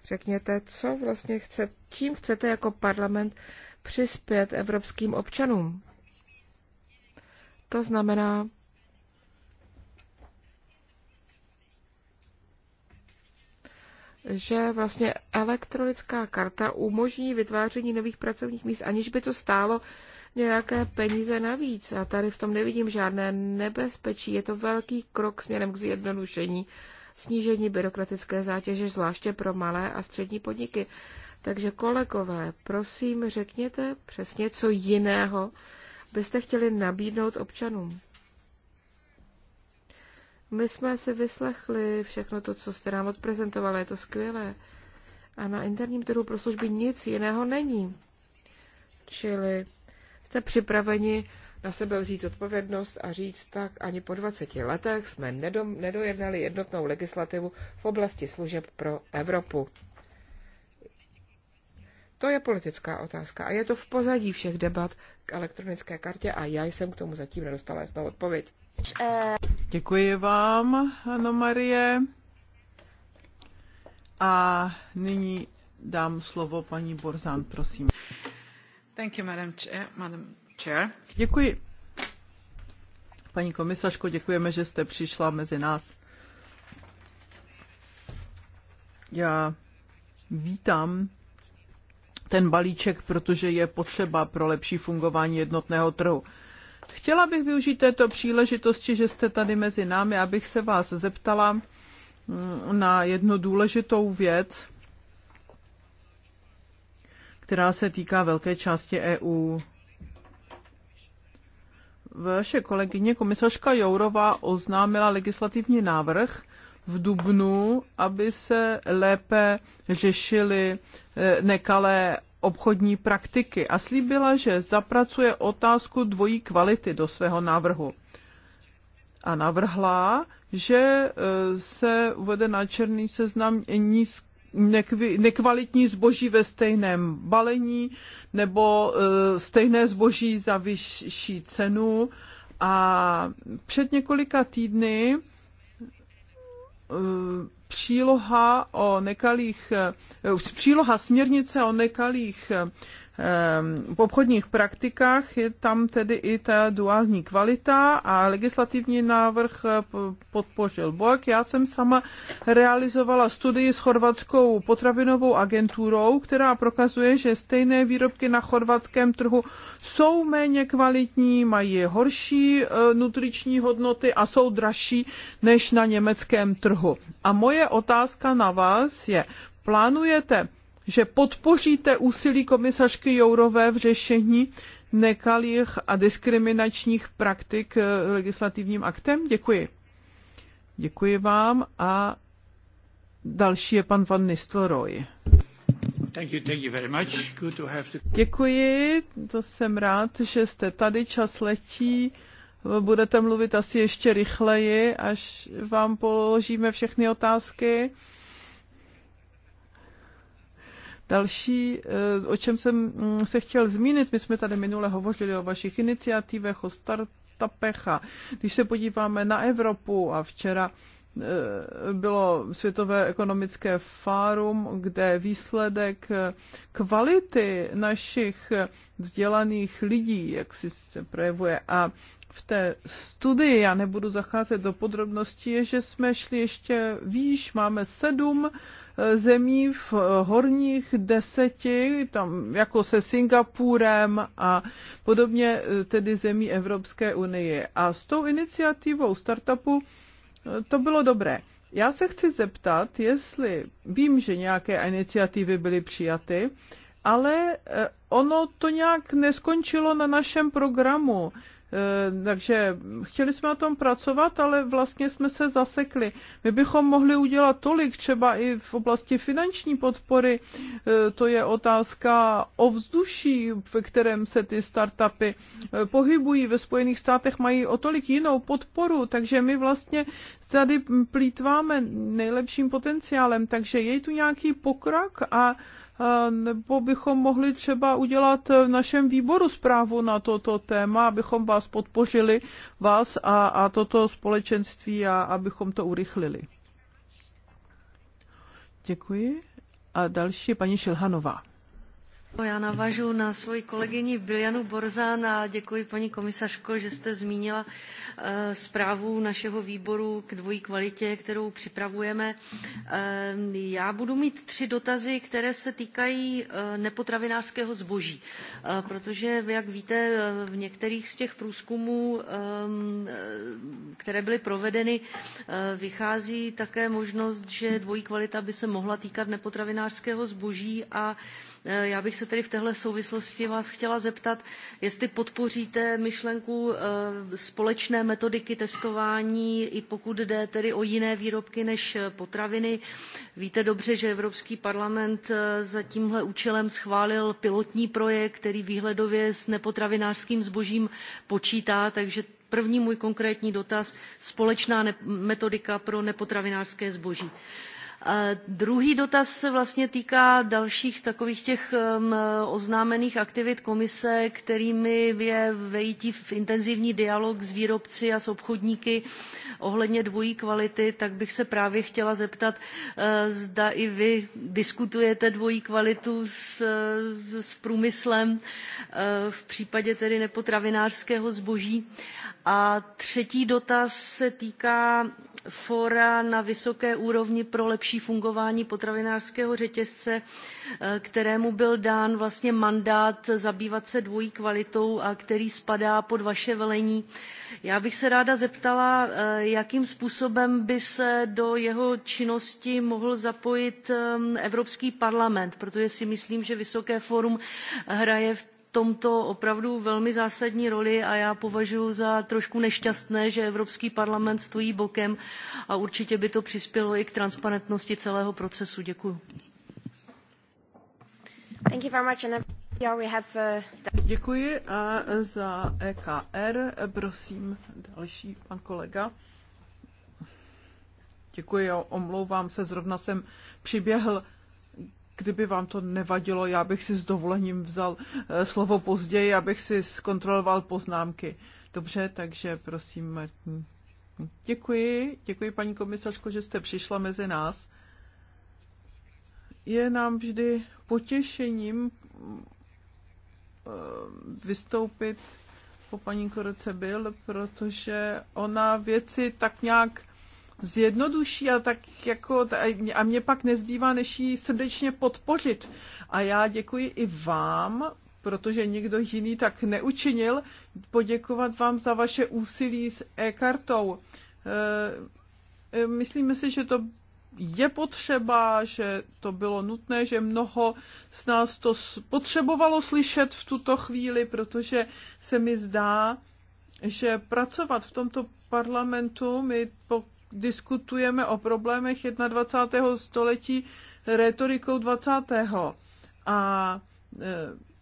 řekněte, co vlastně chcete, čím chcete jako parlament přispět evropským občanům. To znamená, že vlastně elektronická karta umožní vytváření nových pracovních míst, aniž by to stálo nějaké peníze navíc. A tady v tom nevidím žádné nebezpečí. Je to velký krok směrem k zjednodušení, snížení byrokratické zátěže, zvláště pro malé a střední podniky. Takže kolegové, prosím, řekněte přesně, co jiného byste chtěli nabídnout občanům? My jsme si vyslechli všechno to, co jste nám odprezentovali, je to skvělé. A na interním trhu pro služby nic jiného není. Čili jste připraveni na sebe vzít odpovědnost a říct tak, ani po 20 letech jsme nedojednali jednotnou legislativu v oblasti služeb pro Evropu. To je politická otázka a je to v pozadí všech debat elektronické kartě a já jsem k tomu zatím nedostala jasnou odpověď. Děkuji vám, Ano Marie. A nyní dám slovo paní Borzán, prosím. Thank you, madam chair, madam chair. Děkuji. Paní komisařko, děkujeme, že jste přišla mezi nás. Já vítám ten balíček, protože je potřeba pro lepší fungování jednotného trhu. Chtěla bych využít této příležitosti, že jste tady mezi námi, abych se vás zeptala mm, na jednu důležitou věc, která se týká velké části EU. Vaše kolegyně komisařka Jourová oznámila legislativní návrh, v Dubnu, aby se lépe řešily eh, nekalé obchodní praktiky a slíbila, že zapracuje otázku dvojí kvality do svého návrhu. A navrhla, že eh, se uvede na černý seznam nízký nekvalitní zboží ve stejném balení nebo eh, stejné zboží za vyšší cenu. A před několika týdny Eh, příloha o nekalých, eh, příloha směrnice o nekalých eh, Ehm, v obchodních praktikách. Je tam tedy i ta duální kvalita a legislativní návrh eh, podpořil BOK. Já jsem sama realizovala studii s chorvatskou potravinovou agenturou, která prokazuje, že stejné výrobky na chorvatském trhu jsou méně kvalitní, mají horší eh, nutriční hodnoty a jsou dražší než na německém trhu. A moje otázka na vás je, plánujete že podpoříte úsilí komisařky Jourové v řešení nekalých a diskriminačních praktik eh, legislativním aktem? Děkuji. Děkuji vám a další je pan Van Nistelrooy. Thank you, thank you very much. Good to have to... Děkuji, to jsem rád, že jste tady, čas letí budete mluvit asi ještě rychleji, až vám položíme všechny otázky. Další, eh, o čem jsem mm, se chtěl zmínit, my jsme tady minule hovořili o vašich iniciativech, o startupech a když se podíváme na Evropu a včera eh, bylo Světové ekonomické fórum, kde výsledek eh, kvality našich vzdělaných lidí, jak si se projevuje. A v té studii, já nebudu zacházet do podrobností, je, že jsme šli ještě výš, máme sedm zemí v horních deseti, tam jako se Singapurem a podobně tedy zemí Evropské unie. A s tou iniciativou startupu to bylo dobré. Já se chci zeptat, jestli vím, že nějaké iniciativy byly přijaty, ale eh, ono to nějak neskončilo na našem programu. Eh, takže chtěli jsme na tom pracovat, ale vlastně jsme se zasekli. My bychom mohli udělat tolik, třeba i v oblasti finanční podpory. Eh, to je otázka o vzduší, ve kterém se ty startupy eh, pohybují. Ve Spojených státech mají o tolik jinou podporu, takže my vlastně tady plítváme nejlepším potenciálem, takže je tu nějaký pokrok a nebo bychom mohli třeba udělat v našem výboru zprávu na toto téma, abychom vás podpořili, vás a, a toto společenství a abychom to urychlili. Děkuji. A další paní Šilhanová. No, já navážu na svoji kolegyni Biljanu Borzán a děkuji paní komisařko, že jste zmínila eh, zprávu našeho výboru k dvojí kvalitě, kterou připravujeme. Eh, já budu mít tři dotazy, které se týkají eh, nepotravinářského zboží, protože, jak víte, v některých z těch průzkumů, které byly provedeny, vychází také možnost, že dvojí kvalita by se mohla týkat nepotravinářského zboží a Eh, já bych se tedy v téhle souvislosti vás chtěla zeptat, jestli podpoříte myšlenku eh, společné metodiky testování, i pokud jde tedy o jiné výrobky než eh, potraviny. Víte dobře, že Evropský parlament za tímhle účelem schválil pilotní projekt, který výhledově s nepotravinářským zbožím počítá, takže první můj konkrétní dotaz společná metodika pro nepotravinářské zboží. Druhý dotaz se vlastně týká dalších takových těch um, oznámených aktivit komise, kterými je vejítí v intenzivní dialog s výrobci a s obchodníky ohledně dvojí kvality, tak bych se právě chtěla zeptat, uh, zda i vy diskutujete dvojí kvalitu s, s průmyslem uh, v případě tedy nepotravinářského zboží. A třetí dotaz se týká fóra na vysoké úrovni pro lepší fungování potravinářského řetězce, eh, kterému byl dán vlastně mandát zabývat se dvojí kvalitou a který spadá pod vaše velení. Já bych se ráda zeptala, eh, jakým způsobem by se do jeho činnosti mohl zapojit eh, Evropský parlament, protože si myslím, že Vysoké fórum hraje v tomto opravdu velmi zásadní roli a já považuji za trošku nešťastné, že Evropský parlament stojí bokem a určitě by to přispělo i k transparentnosti celého procesu. Děkuji. Uh, Děkuji a za EKR. Prosím, další pan kolega. Děkuji, omlouvám se, zrovna jsem přiběhl kdyby vám to nevadilo, já bych si s dovolením vzal eh, slovo později, abych si zkontroloval poznámky. Dobře, takže prosím, Martin. Děkuji, děkuji paní komisařko, že jste přišla mezi nás. Je nám vždy potěšením eh, vystoupit po paní Koroce byl, protože ona věci tak nějak zjednoduší a tak jako, a mě pak nezbývá, než ji srdečně podpořit. A já děkuji i vám, protože nikdo jiný tak neučinil, poděkovat vám za vaše úsilí s e-kartou. E, e, myslíme si, že to je potřeba, že to bylo nutné, že mnoho z nás to potřebovalo slyšet v tuto chvíli, protože se mi zdá, že pracovat v tomto parlamentu, my po diskutujeme o problémech 21. století retorikou 20. A e,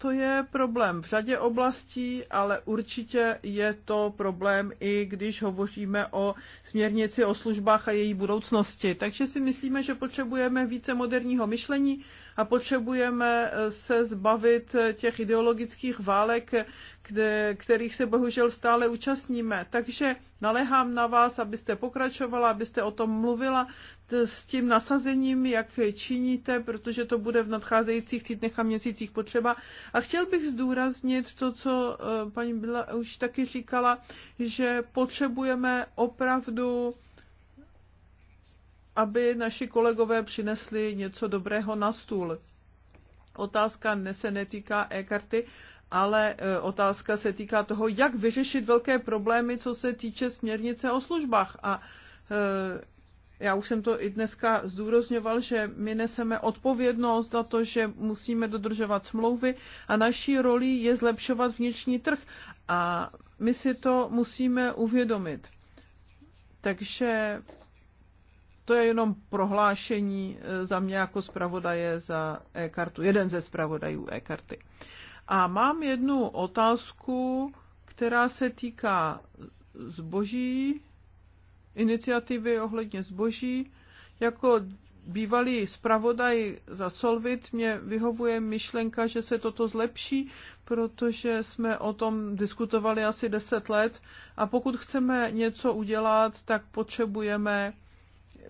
to je problém v řadě oblastí, ale určitě je to problém i když hovoříme o směrnici o službách a její budoucnosti. Takže si myslíme, že potřebujeme více moderního myšlení a potřebujeme eh, se zbavit eh, těch ideologických válek, kde, kterých se bohužel stále účastníme. Takže naléhám na vás, abyste pokračovala, abyste o tom mluvila, s tím nasazením, jak činíte, protože to bude v nadcházejících týdnech a měsících potřeba. A chtěl bych zdůraznit to, co eh, paní byla už taky říkala, že potřebujeme opravdu aby naši kolegové přinesli něco dobrého na stůl. Otázka se netýká e-karty, ale eh, otázka se týká toho, jak vyřešit velké problémy, co se týče směrnice o službách. A eh, já už jsem to i dneska zdůrozňoval, že my neseme odpovědnost za to, že musíme dodržovat smlouvy a naší roli je zlepšovat vnitřní trh. A my si to musíme uvědomit. Takže to je jenom prohlášení eh, za mě jako zpravodaje za e-kartu, jeden ze zpravodajů e-karty. A mám jednu otázku, která se týká zboží, iniciativy ohledně zboží. Jako bývalý zpravodaj za Solvit mě vyhovuje myšlenka, že se toto zlepší, protože jsme o tom diskutovali asi 10 let a pokud chceme něco udělat, tak potřebujeme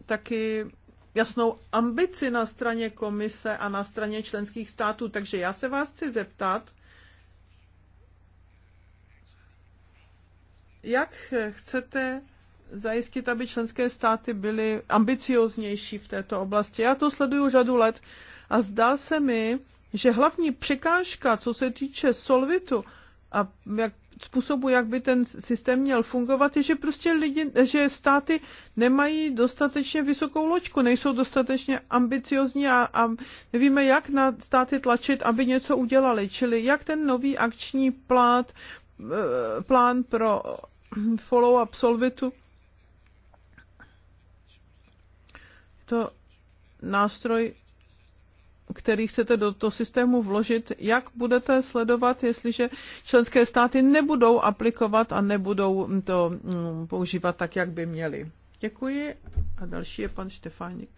taky jasnou ambici na straně komise a na straně členských států. Takže já se vás chci zeptat, jak chcete zajistit, aby členské státy byly ambicioznější v této oblasti. Já to sleduju řadu let a zdá se mi, že hlavní překážka, co se týče solvitu a jak, způsobu, jak by ten systém měl fungovat, je, že prostě lidi, že státy nemají dostatečně vysokou loďku, nejsou dostatečně ambiciozní a, a nevíme, jak na státy tlačit, aby něco udělali. Čili jak ten nový akční plát, eh, plán pro follow-up solvitu to nástroj, který chcete do toho systému vložit, jak budete sledovat, jestliže členské státy nebudou aplikovat a nebudou to mm, používat tak, jak by měli. Děkuji a další je pan Štefánik.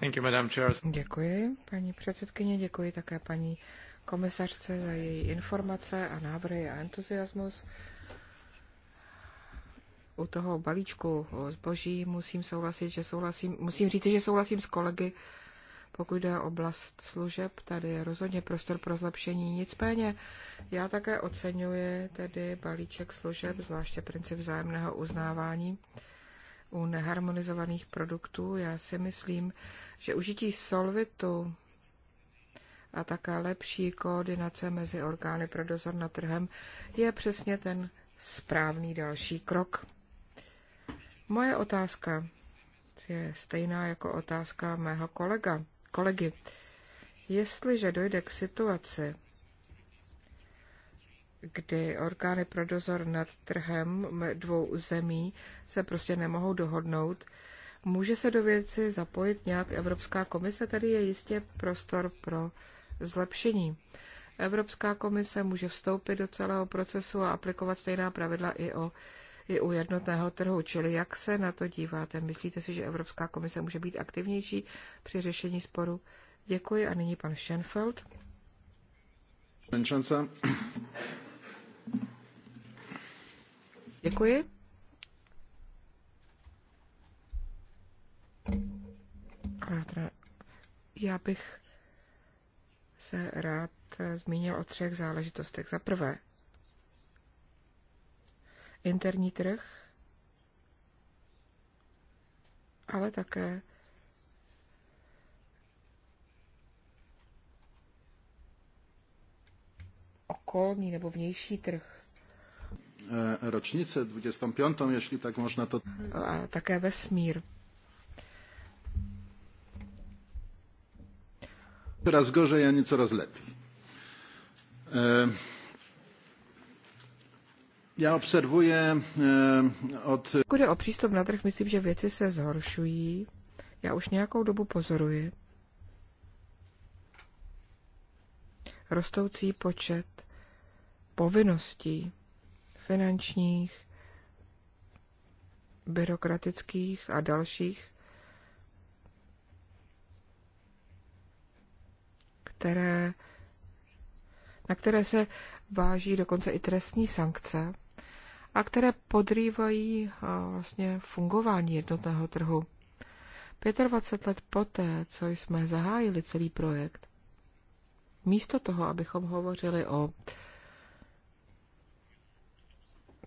Thank you, Madam Chair. Děkuji, paní předsedkyně, děkuji také paní komisařce za její informace a návrhy a entuziasmus u toho balíčku zboží musím souhlasit, že souhlasím, musím říct, že souhlasím s kolegy, pokud jde o oblast služeb, tady je rozhodně prostor pro zlepšení. Nicméně já také oceňuji tedy balíček služeb, zvláště princip vzájemného uznávání u neharmonizovaných produktů. Já si myslím, že užití solvitu a také lepší koordinace mezi orgány pro dozor nad trhem je přesně ten správný další krok. Moje otázka je stejná jako otázka mého kolega, kolegy. Jestliže dojde k situaci, kdy orgány pro dozor nad trhem dvou zemí se prostě nemohou dohodnout, může se do věci zapojit nějak Evropská komise, tady je jistě prostor pro zlepšení. Evropská komise může vstoupit do celého procesu a aplikovat stejná pravidla i o i u jednotného trhu. Čili jak se na to díváte? Myslíte si, že Evropská komise může být aktivnější při řešení sporu? Děkuji a nyní pan Schenfeld. Děkuji. Já bych se rád zmínil o třech záležitostech. Za prvé, interní trh, ale také okolní nebo vnější trh. Ročnice 25, jestli tak možná to... A také vesmír. Coraz gorzej, a nie coraz lepiej. E... Já observuji eh, od... Pokud je o přístup na trh, myslím, že věci se zhoršují. Já už nějakou dobu pozoruji rostoucí počet povinností finančních, byrokratických a dalších, které, na které se váží dokonce i trestní sankce a které podrývají eh, vlastně fungování jednotného trhu. 25 let poté, co jsme zahájili celý projekt, místo toho, abychom hovořili o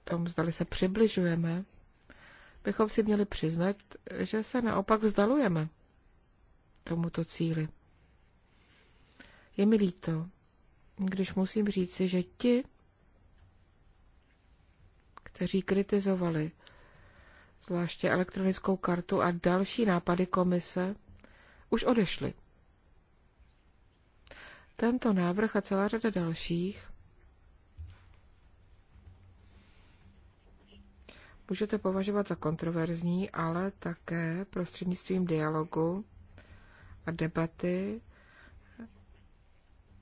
tom, zdali se přibližujeme, bychom si měli přiznat, že se naopak vzdalujeme tomuto cíli. Je mi líto, když musím říci, že ti, kteří kritizovali zvláště elektronickou kartu a další nápady komise, už odešli. Tento návrh a celá řada dalších můžete považovat za kontroverzní, ale také prostřednictvím dialogu a debaty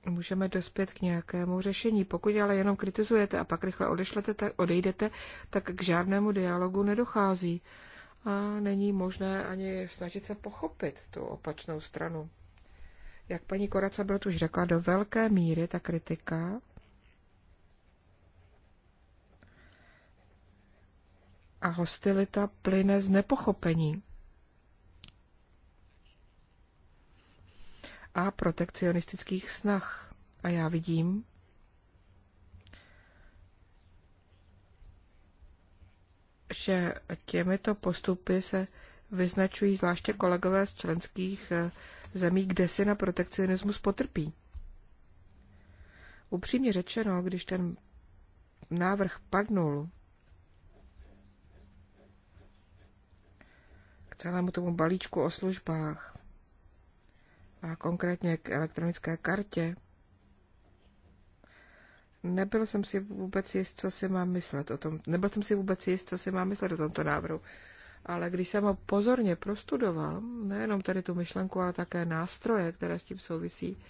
můžeme dospět k nějakému řešení. Pokud ale jenom kritizujete a pak rychle odešlete, tak odejdete, tak k žádnému dialogu nedochází. A není možné ani snažit se pochopit tu opačnou stranu. Jak paní Koraca byla už řekla, do velké míry ta kritika a hostilita plyne z nepochopení. a protekcionistických snah. A já vidím, že těmito postupy se vyznačují zvláště kolegové z členských eh, zemí, kde si na protekcionismus potrpí. Upřímně řečeno, když ten návrh padnul k celému tomu balíčku o službách, a konkrétně k elektronické kartě, nebyl jsem si vůbec jist, co si mám myslet o tom, nebyl jsem si vůbec jist, co si mám myslet o tomto návrhu. Ale když jsem ho pozorně prostudoval, nejenom tady tu myšlenku, ale také nástroje, které s tím souvisí,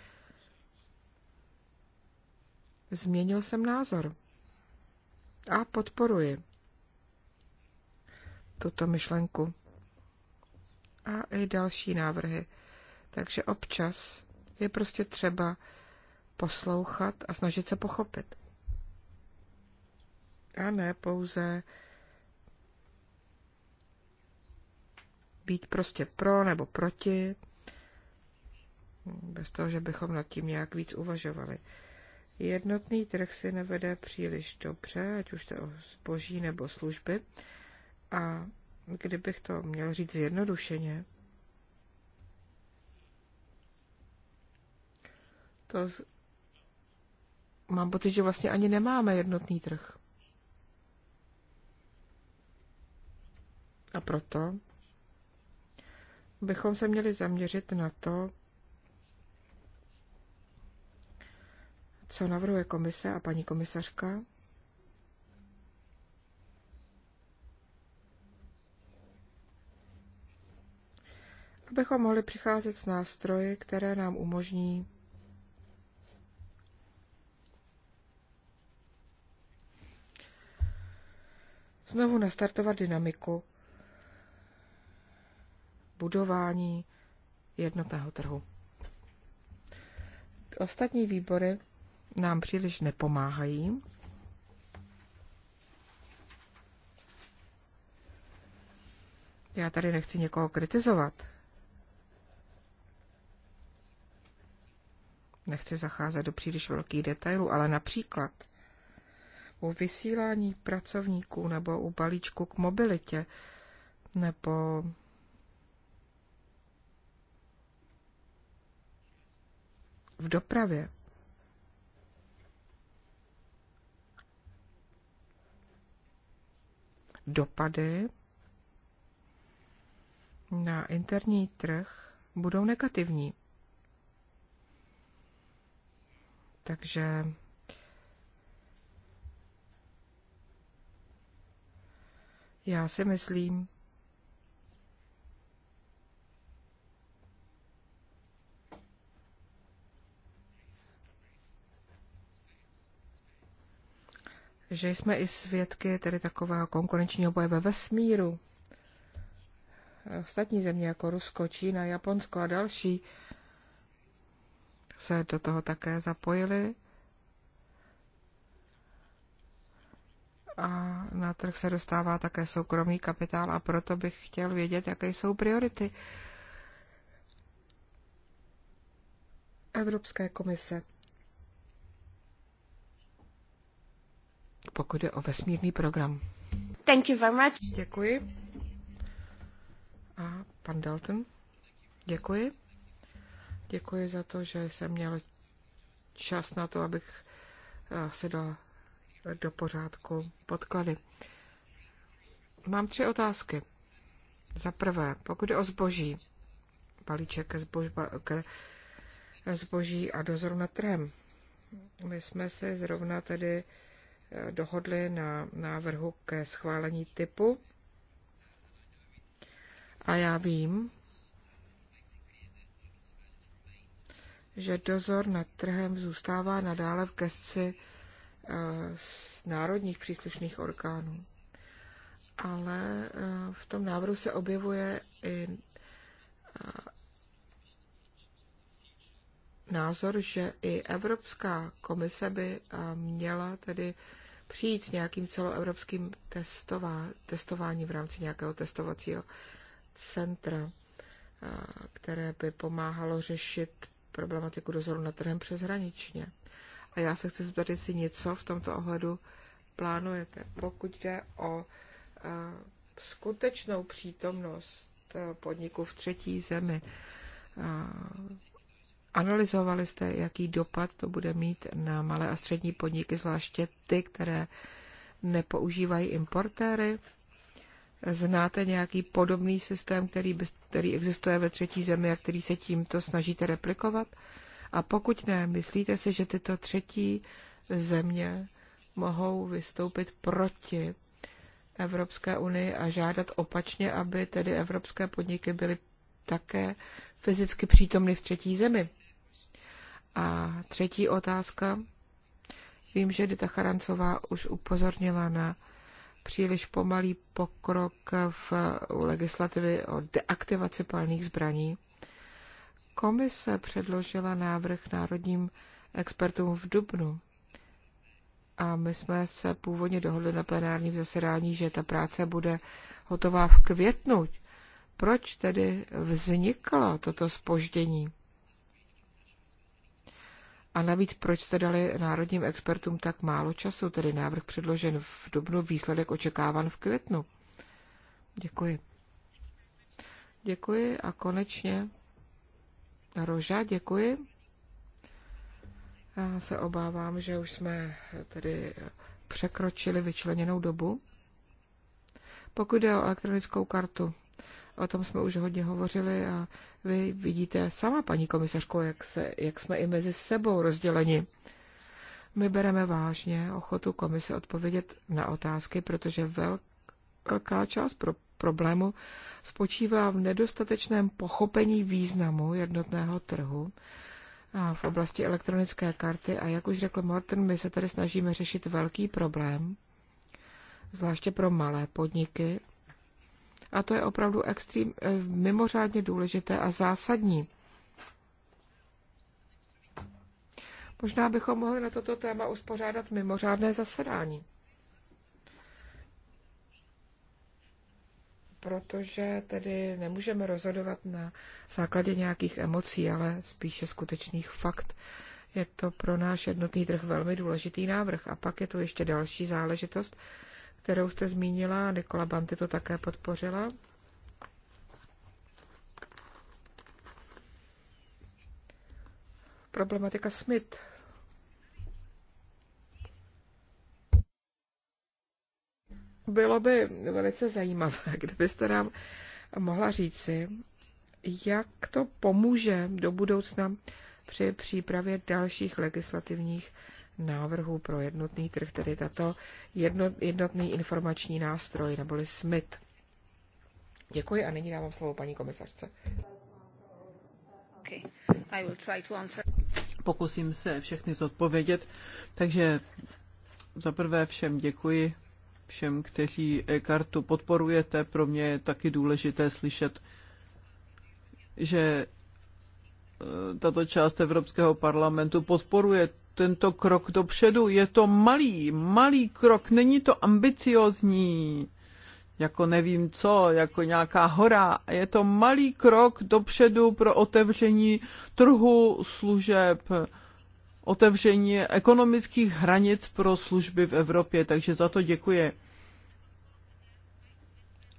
změnil jsem názor. A podporuji tuto myšlenku. A i další návrhy. Takže občas je prostě třeba poslouchat a snažit se pochopit. A ne pouze být prostě pro nebo proti, bez toho, že bychom nad tím nějak víc uvažovali. Jednotný trh si nevede příliš dobře, ať už to o zboží nebo služby. A kdybych to měl říct zjednodušeně, To mám pocit, že vlastně ani nemáme jednotný trh. A proto bychom se měli zaměřit na to, co navrhuje komise a paní komisařka. Abychom mohli přicházet s nástroji, které nám umožní znovu nastartovat dynamiku budování jednotného trhu. Ostatní výbory nám příliš nepomáhají. Já tady nechci někoho kritizovat. Nechci zacházet do příliš velkých detailů, ale například u vysílání pracovníků nebo u balíčku k mobilitě nebo v dopravě. Dopady na interní trh budou negativní. Takže Já si myslím, že jsme i svědky tedy takového konkurenčního boje ve vesmíru. Ostatní země jako Rusko, Čína, Japonsko a další se do toho také zapojili. a na trh se dostává také soukromý kapitál a proto bych chtěl vědět, jaké jsou priority Evropské komise. Pokud je o vesmírný program. Thank you very much. Děkuji. A pan Dalton, děkuji. Děkuji za to, že jsem měl čas na to, abych eh, se dala do pořádku podklady. Mám tři otázky. Za prvé, pokud je o zboží, balíček ke, zbož, ke zboží a dozoru nad trhem. My jsme se zrovna tedy eh, dohodli na návrhu ke schválení typu. A já vím, že dozor nad trhem zůstává nadále v gestci z národních příslušných orgánů. Ale e, v tom návrhu se objevuje i e, názor, že i Evropská komise by e, měla tedy přijít s nějakým celoevropským testová, testováním v rámci nějakého testovacího centra, které by pomáhalo řešit problematiku dozoru nad trhem přeshraničně. A já se chci zeptat, jestli něco v tomto ohledu plánujete. Pokud jde o eh, skutečnou přítomnost eh, podniku v třetí zemi, eh, analyzovali jste, jaký dopad to bude mít na malé a střední podniky, zvláště ty, které nepoužívají importéry? Znáte nějaký podobný systém, který, by, který existuje ve třetí zemi a který se tímto snažíte replikovat? A pokud ne, myslíte si, že tyto třetí země mohou vystoupit proti Evropské unii a žádat opačně, aby tedy evropské podniky byly také fyzicky přítomny v třetí zemi? A třetí otázka. Vím, že Dita Charancová už upozornila na příliš pomalý pokrok v legislativě o deaktivaci palných zbraní. Komise předložila návrh národním expertům v Dubnu. A my jsme se původně dohodli na plenárním zasedání, že ta práce bude hotová v květnu. Proč tedy vzniklo toto spoždění? A navíc, proč jste dali národním expertům tak málo času, tedy návrh předložen v dubnu, výsledek očekávan v květnu? Děkuji. Děkuji a konečně Roža, děkuji. Já se obávám, že už jsme tedy překročili vyčleněnou dobu. Pokud jde o elektronickou kartu, o tom jsme už hodně hovořili a vy vidíte sama, paní komisařko, jak, se, jak jsme i mezi sebou rozděleni. My bereme vážně ochotu komise odpovědět na otázky, protože velká část pro problému spočívá v nedostatečném pochopení významu jednotného trhu v oblasti elektronické karty a jak už řekl Martin, my se tady snažíme řešit velký problém, zvláště pro malé podniky. A to je opravdu extrém, eh, mimořádně důležité a zásadní. Možná bychom mohli na toto téma uspořádat mimořádné zasedání. protože tedy nemůžeme rozhodovat na základě nějakých emocí, ale spíše skutečných fakt. Je to pro náš jednotný trh velmi důležitý návrh. A pak je tu ještě další záležitost, kterou jste zmínila, Nikola Banty to také podpořila. Problematika SMIT, Bylo by velice zajímavé, *laughs* kdybyste nám mohla říci, jak to pomůže do budoucna při přípravě dalších legislativních návrhů pro jednotný trh, tedy tato jednotný informační nástroj, neboli SMIT. Děkuji a nyní dávám slovo paní komisařce. Okay. I will try to answer. Pokusím se všechny zodpovědět. Takže za prvé všem děkuji všem, kteří kartu podporujete. Pro mě je taky důležité slyšet, že e, tato část Evropského parlamentu podporuje tento krok dopředu. Je to malý, malý krok, není to ambiciozní, jako nevím co, jako nějaká hora. Je to malý krok dopředu pro otevření trhu služeb otevření ekonomických hranic pro služby v Evropě, takže za to děkuji.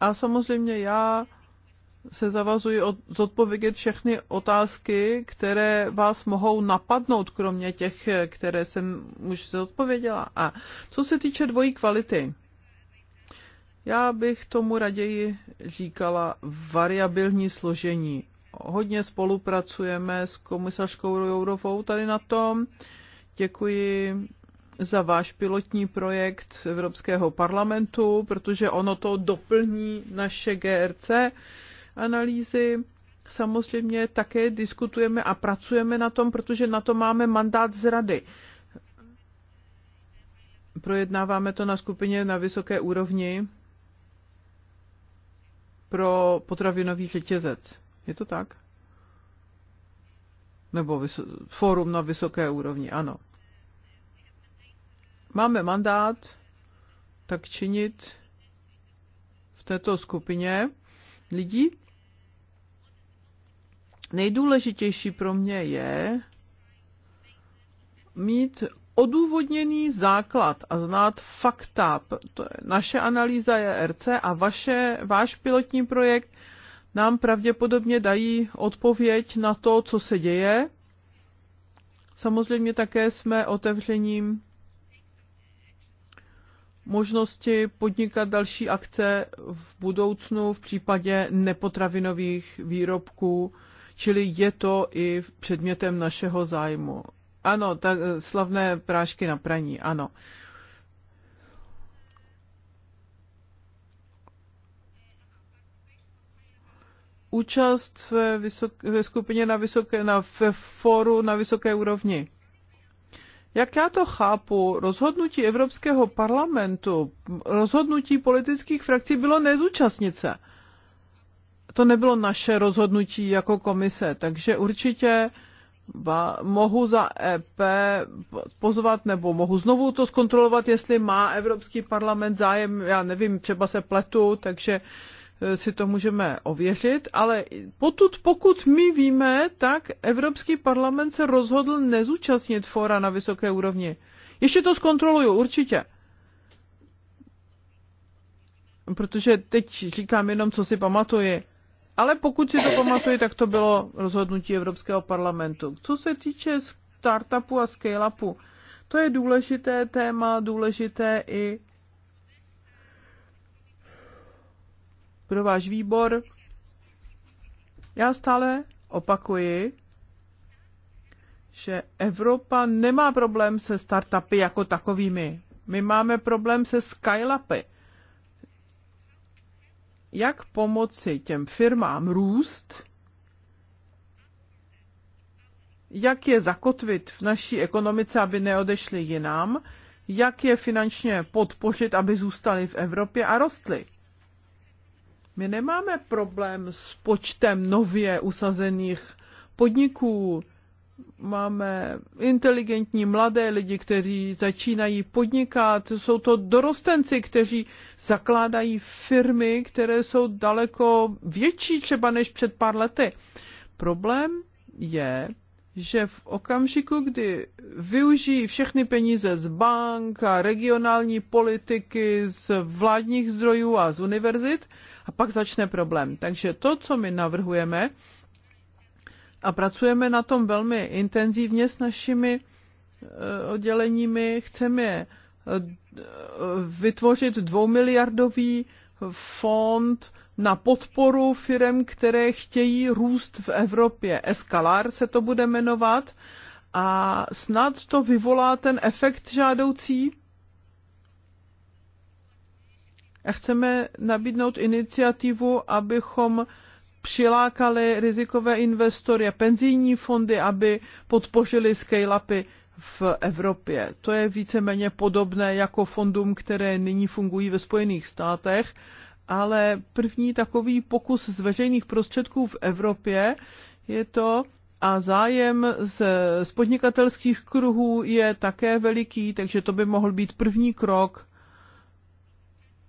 A samozřejmě já se zavazuji od, zodpovědět všechny otázky, které vás mohou napadnout, kromě těch, které jsem už zodpověděla. A co se týče dvojí kvality, já bych tomu raději říkala variabilní složení hodně spolupracujeme s komisařkou Jourovou tady na tom. Děkuji za váš pilotní projekt Evropského parlamentu, protože ono to doplní naše GRC analýzy. Samozřejmě také diskutujeme a pracujeme na tom, protože na to máme mandát z rady. Projednáváme to na skupině na vysoké úrovni pro potravinový řetězec. Je to tak? Nebo fórum na vysoké úrovni, ano. Máme mandát tak činit v této skupině lidí. Nejdůležitější pro mě je mít odůvodněný základ a znát fakta. To je, naše analýza je RC a vaše, váš pilotní projekt nám pravděpodobně dají odpověď na to, co se děje. Samozřejmě také jsme otevřením možnosti podnikat další akce v budoucnu v případě nepotravinových výrobků, čili je to i předmětem našeho zájmu. Ano, tak slavné prášky na praní, ano. Uh, účast ve, vysok, ve skupině na vysoké, na, ve foru na vysoké úrovni. Jak já to chápu, rozhodnutí Evropského parlamentu, rozhodnutí politických frakcí bylo nezúčastnit se. To nebylo naše rozhodnutí jako komise, takže určitě ba, mohu za EP pozvat nebo mohu znovu to zkontrolovat, jestli má Evropský parlament zájem, já nevím, třeba se pletu, takže uh, Eh, si to můžeme ověřit, ale potud, pokud my víme, tak Evropský parlament se rozhodl nezúčastnit fora na vysoké úrovni. Ještě to zkontroluju, určitě. Protože teď říkám jenom, co si pamatuji. Ale pokud si to pamatuji, tak to bylo rozhodnutí Evropského parlamentu. Co se týče startupu a scale-upu, to je důležité téma, důležité i pro váš výbor. Já stále opakuji, že Evropa nemá problém se startupy jako takovými. My máme problém se skylapy. Jak pomoci těm firmám růst, jak je zakotvit v naší ekonomice, aby neodešly jinam, jak je finančně podpořit, aby zůstali v Evropě a rostly. My nemáme problém s počtem nově usazených podniků. Máme inteligentní mladé lidi, kteří začínají podnikat. Jsou to dorostenci, kteří zakládají firmy, které jsou daleko větší třeba než před pár lety. Problém je, že v okamžiku, kdy využijí všechny peníze z bank a regionální politiky, z vládních zdrojů a z univerzit, a pak začne problém. Takže to, co my navrhujeme, a pracujeme na tom velmi intenzivně s našimi e, odděleními, chceme e, vytvořit dvoumiliardový fond na podporu firm, které chtějí růst v Evropě. Escalar se to bude jmenovat a snad to vyvolá ten efekt žádoucí. A chceme nabídnout iniciativu, abychom přilákali rizikové investory a penzijní fondy, aby podpořili scale-upy v Evropě. To je víceméně podobné jako fondům, které nyní fungují ve Spojených státech ale první takový pokus z veřejných prostředků v Evropě je to, a zájem z, z podnikatelských kruhů je také veliký, takže to by mohl být první krok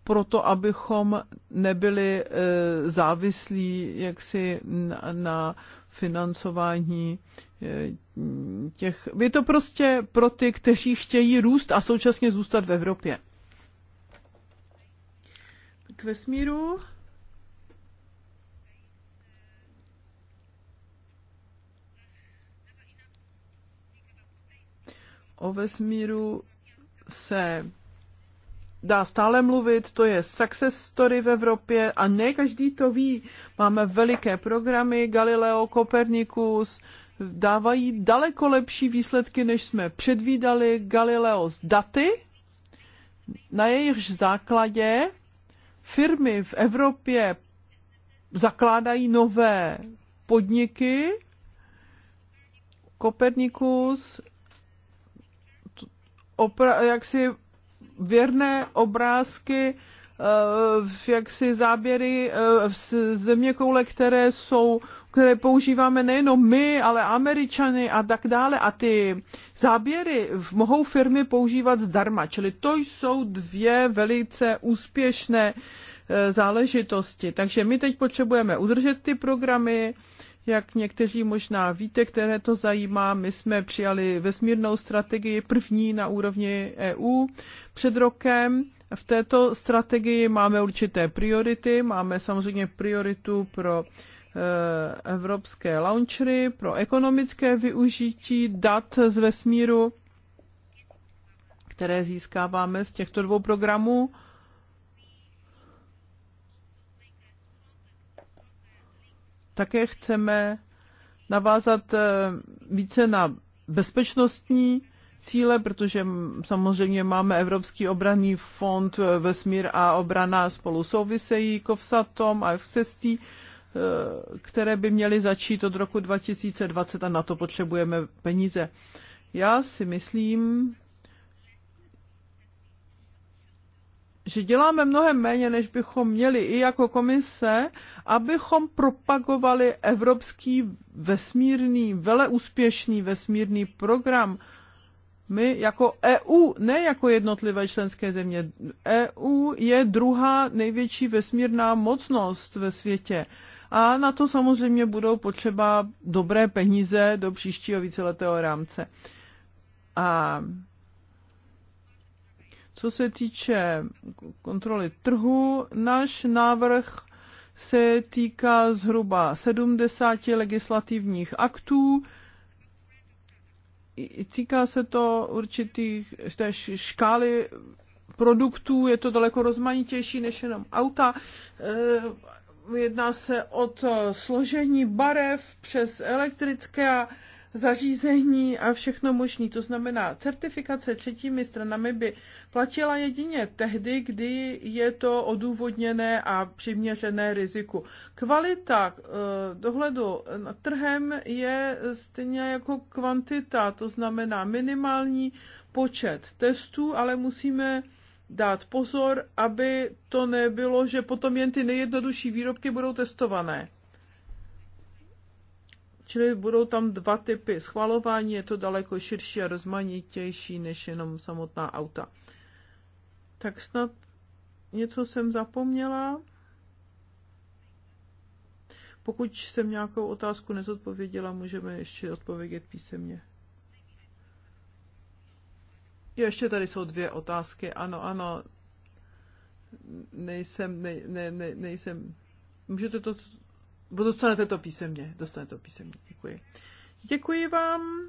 pro to, abychom nebyli e, závislí jaksi na, na financování e, těch. Je to prostě pro ty, kteří chtějí růst a současně zůstat v Evropě k vesmíru. O vesmíru se dá stále mluvit, to je success story v Evropě a ne každý to ví. Máme veliké programy, Galileo, Copernicus, dávají daleko lepší výsledky, než jsme předvídali Galileo z daty, na jejich základě firmy v Evropě zakládají nové podniky. Kopernikus opra- jaksi věrné obrázky, eh, jaksi záběry eh, z koule které jsou které používáme nejenom my, ale američany a tak dále. A ty záběry mohou firmy používat zdarma. Čili to jsou dvě velice úspěšné e, záležitosti. Takže my teď potřebujeme udržet ty programy, jak někteří možná víte, které to zajímá, my jsme přijali vesmírnou strategii první na úrovni EU před rokem. V této strategii máme určité priority. Máme samozřejmě prioritu pro Eh, evropské launchery pro ekonomické využití dat z vesmíru, které získáváme z těchto dvou programů. Také chceme navázat eh, více na bezpečnostní cíle, protože samozřejmě máme Evropský obranný fond, eh, vesmír a obrana spolu souvisejí, Kovsatom a FSESTI. Eh, které by měly začít od roku 2020 a na to potřebujeme peníze. Já si myslím, že děláme mnohem méně, než bychom měli i jako komise, abychom propagovali evropský vesmírný, veleúspěšný vesmírný program. My jako EU, ne jako jednotlivé členské země, EU je druhá největší vesmírná mocnost ve světě a na to samozřejmě budou potřeba dobré peníze do příštího víceletého rámce. A co se týče kontroly trhu, náš návrh se týká zhruba 70 legislativních aktů. Týká se to určitých té škály produktů, je to daleko rozmanitější než jenom auta e, jedná se od složení barev přes elektrické zařízení a všechno možné. To znamená, certifikace třetími stranami by platila jedině tehdy, kdy je to odůvodněné a přiměřené riziku. Kvalita eh, dohledu nad trhem je stejně jako kvantita, to znamená minimální počet testů, ale musíme dát pozor, aby to nebylo, že potom jen ty nejjednodušší výrobky budou testované. Čili budou tam dva typy schvalování, je to daleko širší a rozmanitější než jenom samotná auta. Tak snad něco jsem zapomněla. Pokud jsem nějakou otázku nezodpověděla, můžeme ještě odpovědět písemně. Ještě tady jsou dvě otázky. Ano, ano. Nejsem, ne, ne, ne, nejsem. Můžete to, bo dostanete to písemně. Dostanete to písemně. Děkuji. Děkuji vám,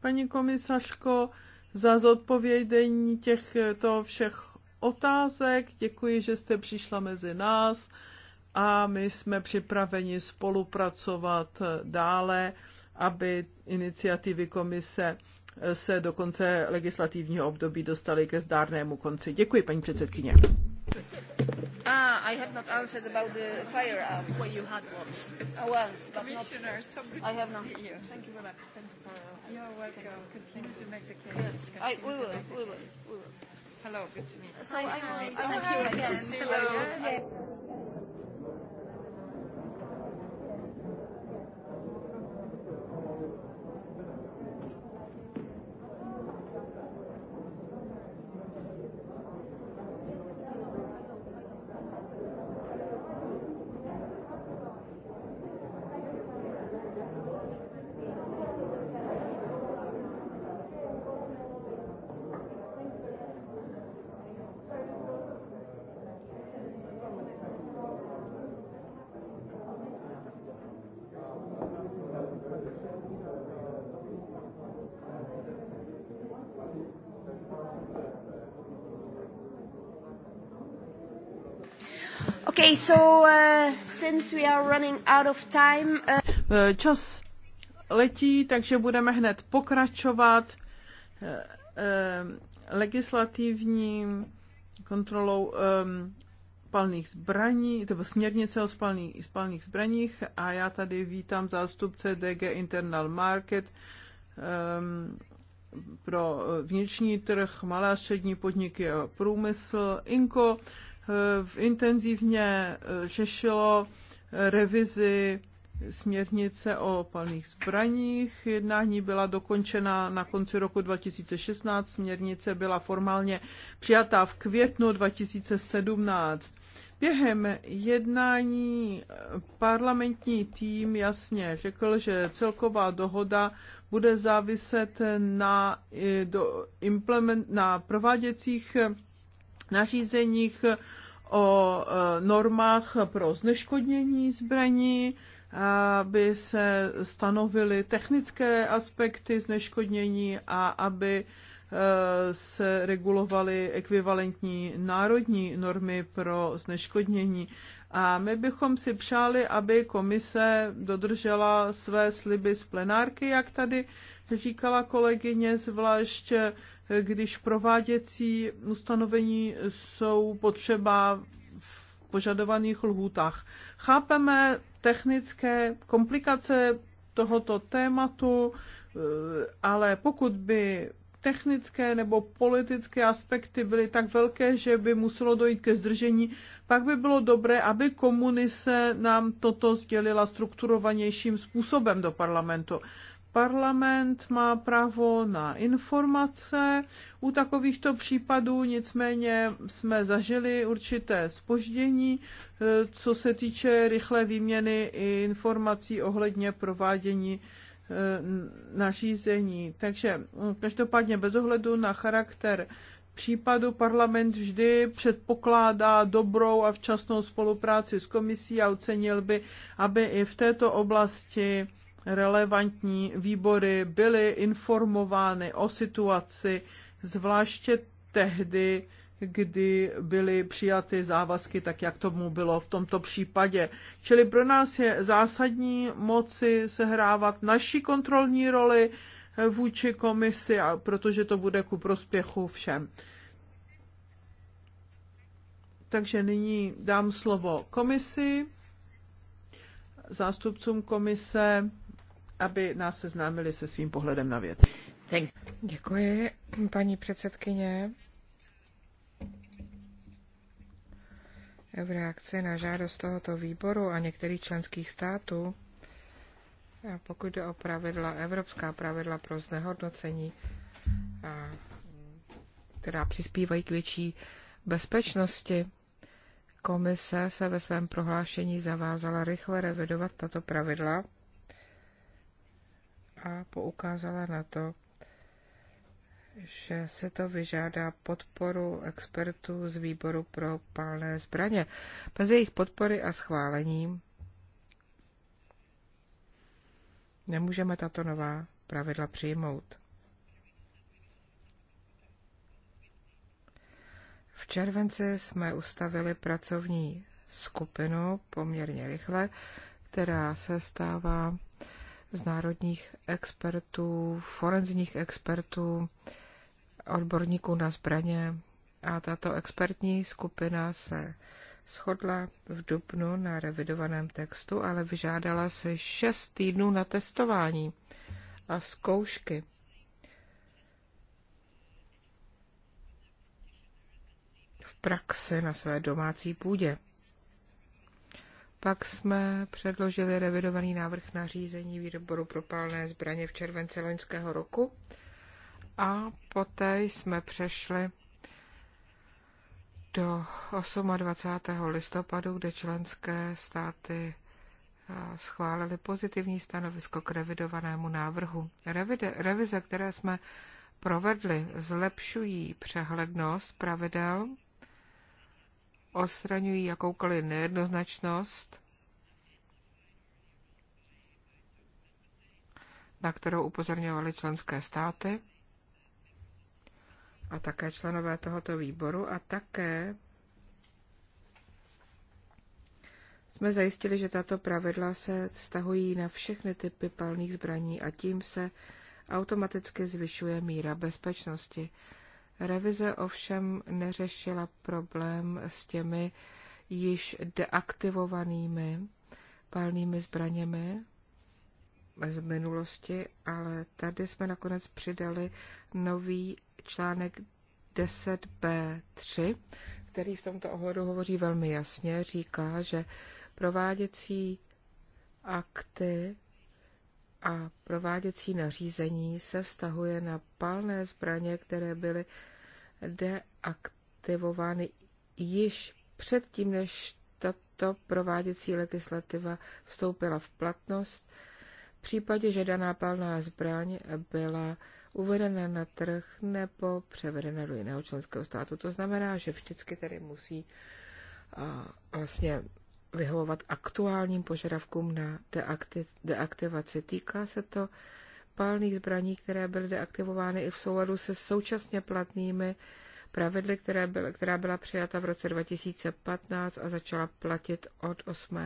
paní komisařko, za zodpovězení těchto všech otázek. Děkuji, že jste přišla mezi nás a my jsme připraveni spolupracovat dále, aby iniciativy komise se do konce legislativního období dostali ke zdárnému konci. Děkuji, paní předsedkyně. Ah, I have not answered about the firearms. Well, you had one. Oh, well, Commissioner, not, so good I have see not. you. Thank you very much. Thank you for, uh, You're welcome. Continue to make the case. Yes, I, we will. We will. We will. Hello, good to meet you. So again. Hello. Hello. So, uh, since we are running out of time, uh... Eh, čas letí, takže budeme hned pokračovat uh, eh, uh, eh, legislativním kontrolou um, ehm, spalných zbraní, to směrnice o spalných, spalných zbraních a já tady vítám zástupce DG Internal Market um, pro vnitřní trh, malé a střední podniky a průmysl, INKO intenzivně eh, řešilo eh, revizi směrnice o palných zbraních. Jednání byla dokončena na konci roku 2016, směrnice byla formálně přijatá v květnu 2017. Během jednání eh, parlamentní tým jasně řekl, že celková dohoda bude záviset na, do, implement, na prováděcích nařízeních o e, normách pro zneškodnění zbraní, aby se stanovily technické aspekty zneškodnění a aby e, se regulovaly ekvivalentní národní normy pro zneškodnění. A my bychom si přáli, aby komise dodržela své sliby z plenárky, jak tady říkala kolegyně, zvlášť když prováděcí ustanovení jsou potřeba v požadovaných lhůtách. Chápeme technické komplikace tohoto tématu, eh, ale pokud by technické nebo politické aspekty byly tak velké, že by muselo dojít ke zdržení, pak by bylo dobré, aby komunise nám toto sdělila strukturovanějším způsobem do parlamentu. Parlament má právo na informace u takovýchto případů, nicméně jsme zažili určité spoždění, eh, co se týče rychlé výměny informací ohledně provádění eh, nařízení. Takže mm, každopádně bez ohledu na charakter případu parlament vždy předpokládá dobrou a včasnou spolupráci s komisí a ocenil by, aby i v této oblasti relevantní výbory byly informovány o situaci, zvláště tehdy, kdy byly přijaty závazky, tak jak tomu bylo v tomto případě. Čili pro nás je zásadní moci sehrávat naší kontrolní roli vůči komisi, protože to bude ku prospěchu všem. Takže nyní dám slovo komisi, zástupcům komise aby nás seznámili se svým pohledem na věc. Děkuji, paní předsedkyně. V reakci na žádost tohoto výboru a některých členských států, pokud jde o pravidla, evropská pravidla pro znehodnocení, která přispívají k větší bezpečnosti, komise se ve svém prohlášení zavázala rychle revidovat tato pravidla a poukázala na to, že se to vyžádá podporu expertů z výboru pro palné zbraně. Bez jejich podpory a schválení nemůžeme tato nová pravidla přijmout. V červenci jsme ustavili pracovní skupinu poměrně rychle, která se stává z národních expertů, forenzních expertů, odborníků na zbraně. A tato expertní skupina se shodla v Dubnu na revidovaném textu, ale vyžádala se šest týdnů na testování a zkoušky. V praxi na své domácí půdě. Pak jsme předložili revidovaný návrh na řízení výboru pro palné zbraně v červenci loňského roku a poté jsme přešli do 28. listopadu, kde členské státy eh, schválili pozitivní stanovisko k revidovanému návrhu. Revide, revize, které jsme provedli, zlepšují přehlednost pravidel osraňují jakoukoliv nejednoznačnost, na kterou upozorňovaly členské státy a také členové tohoto výboru a také jsme zajistili, že tato pravidla se stahují na všechny typy palných zbraní a tím se automaticky zvyšuje míra bezpečnosti. Revize ovšem neřešila problém s těmi již deaktivovanými palnými zbraněmi z minulosti, ale tady jsme nakonec přidali nový článek 10b3, který v tomto ohledu hovoří velmi jasně, říká, že prováděcí akty a prováděcí nařízení se vztahuje na palné zbraně, které byly deaktivovány již předtím, než tato prováděcí legislativa vstoupila v platnost, v případě, že daná palná zbraň byla uvedena na trh nebo převedena do jiného členského státu. To znamená, že vždycky tedy musí a, vlastně vyhovovat aktuálním požadavkům na deaktivaci. Týká se to palných zbraní, které byly deaktivovány i v souladu se současně platnými pravidly, které byla, která byla přijata v roce 2015 a začala platit od 8.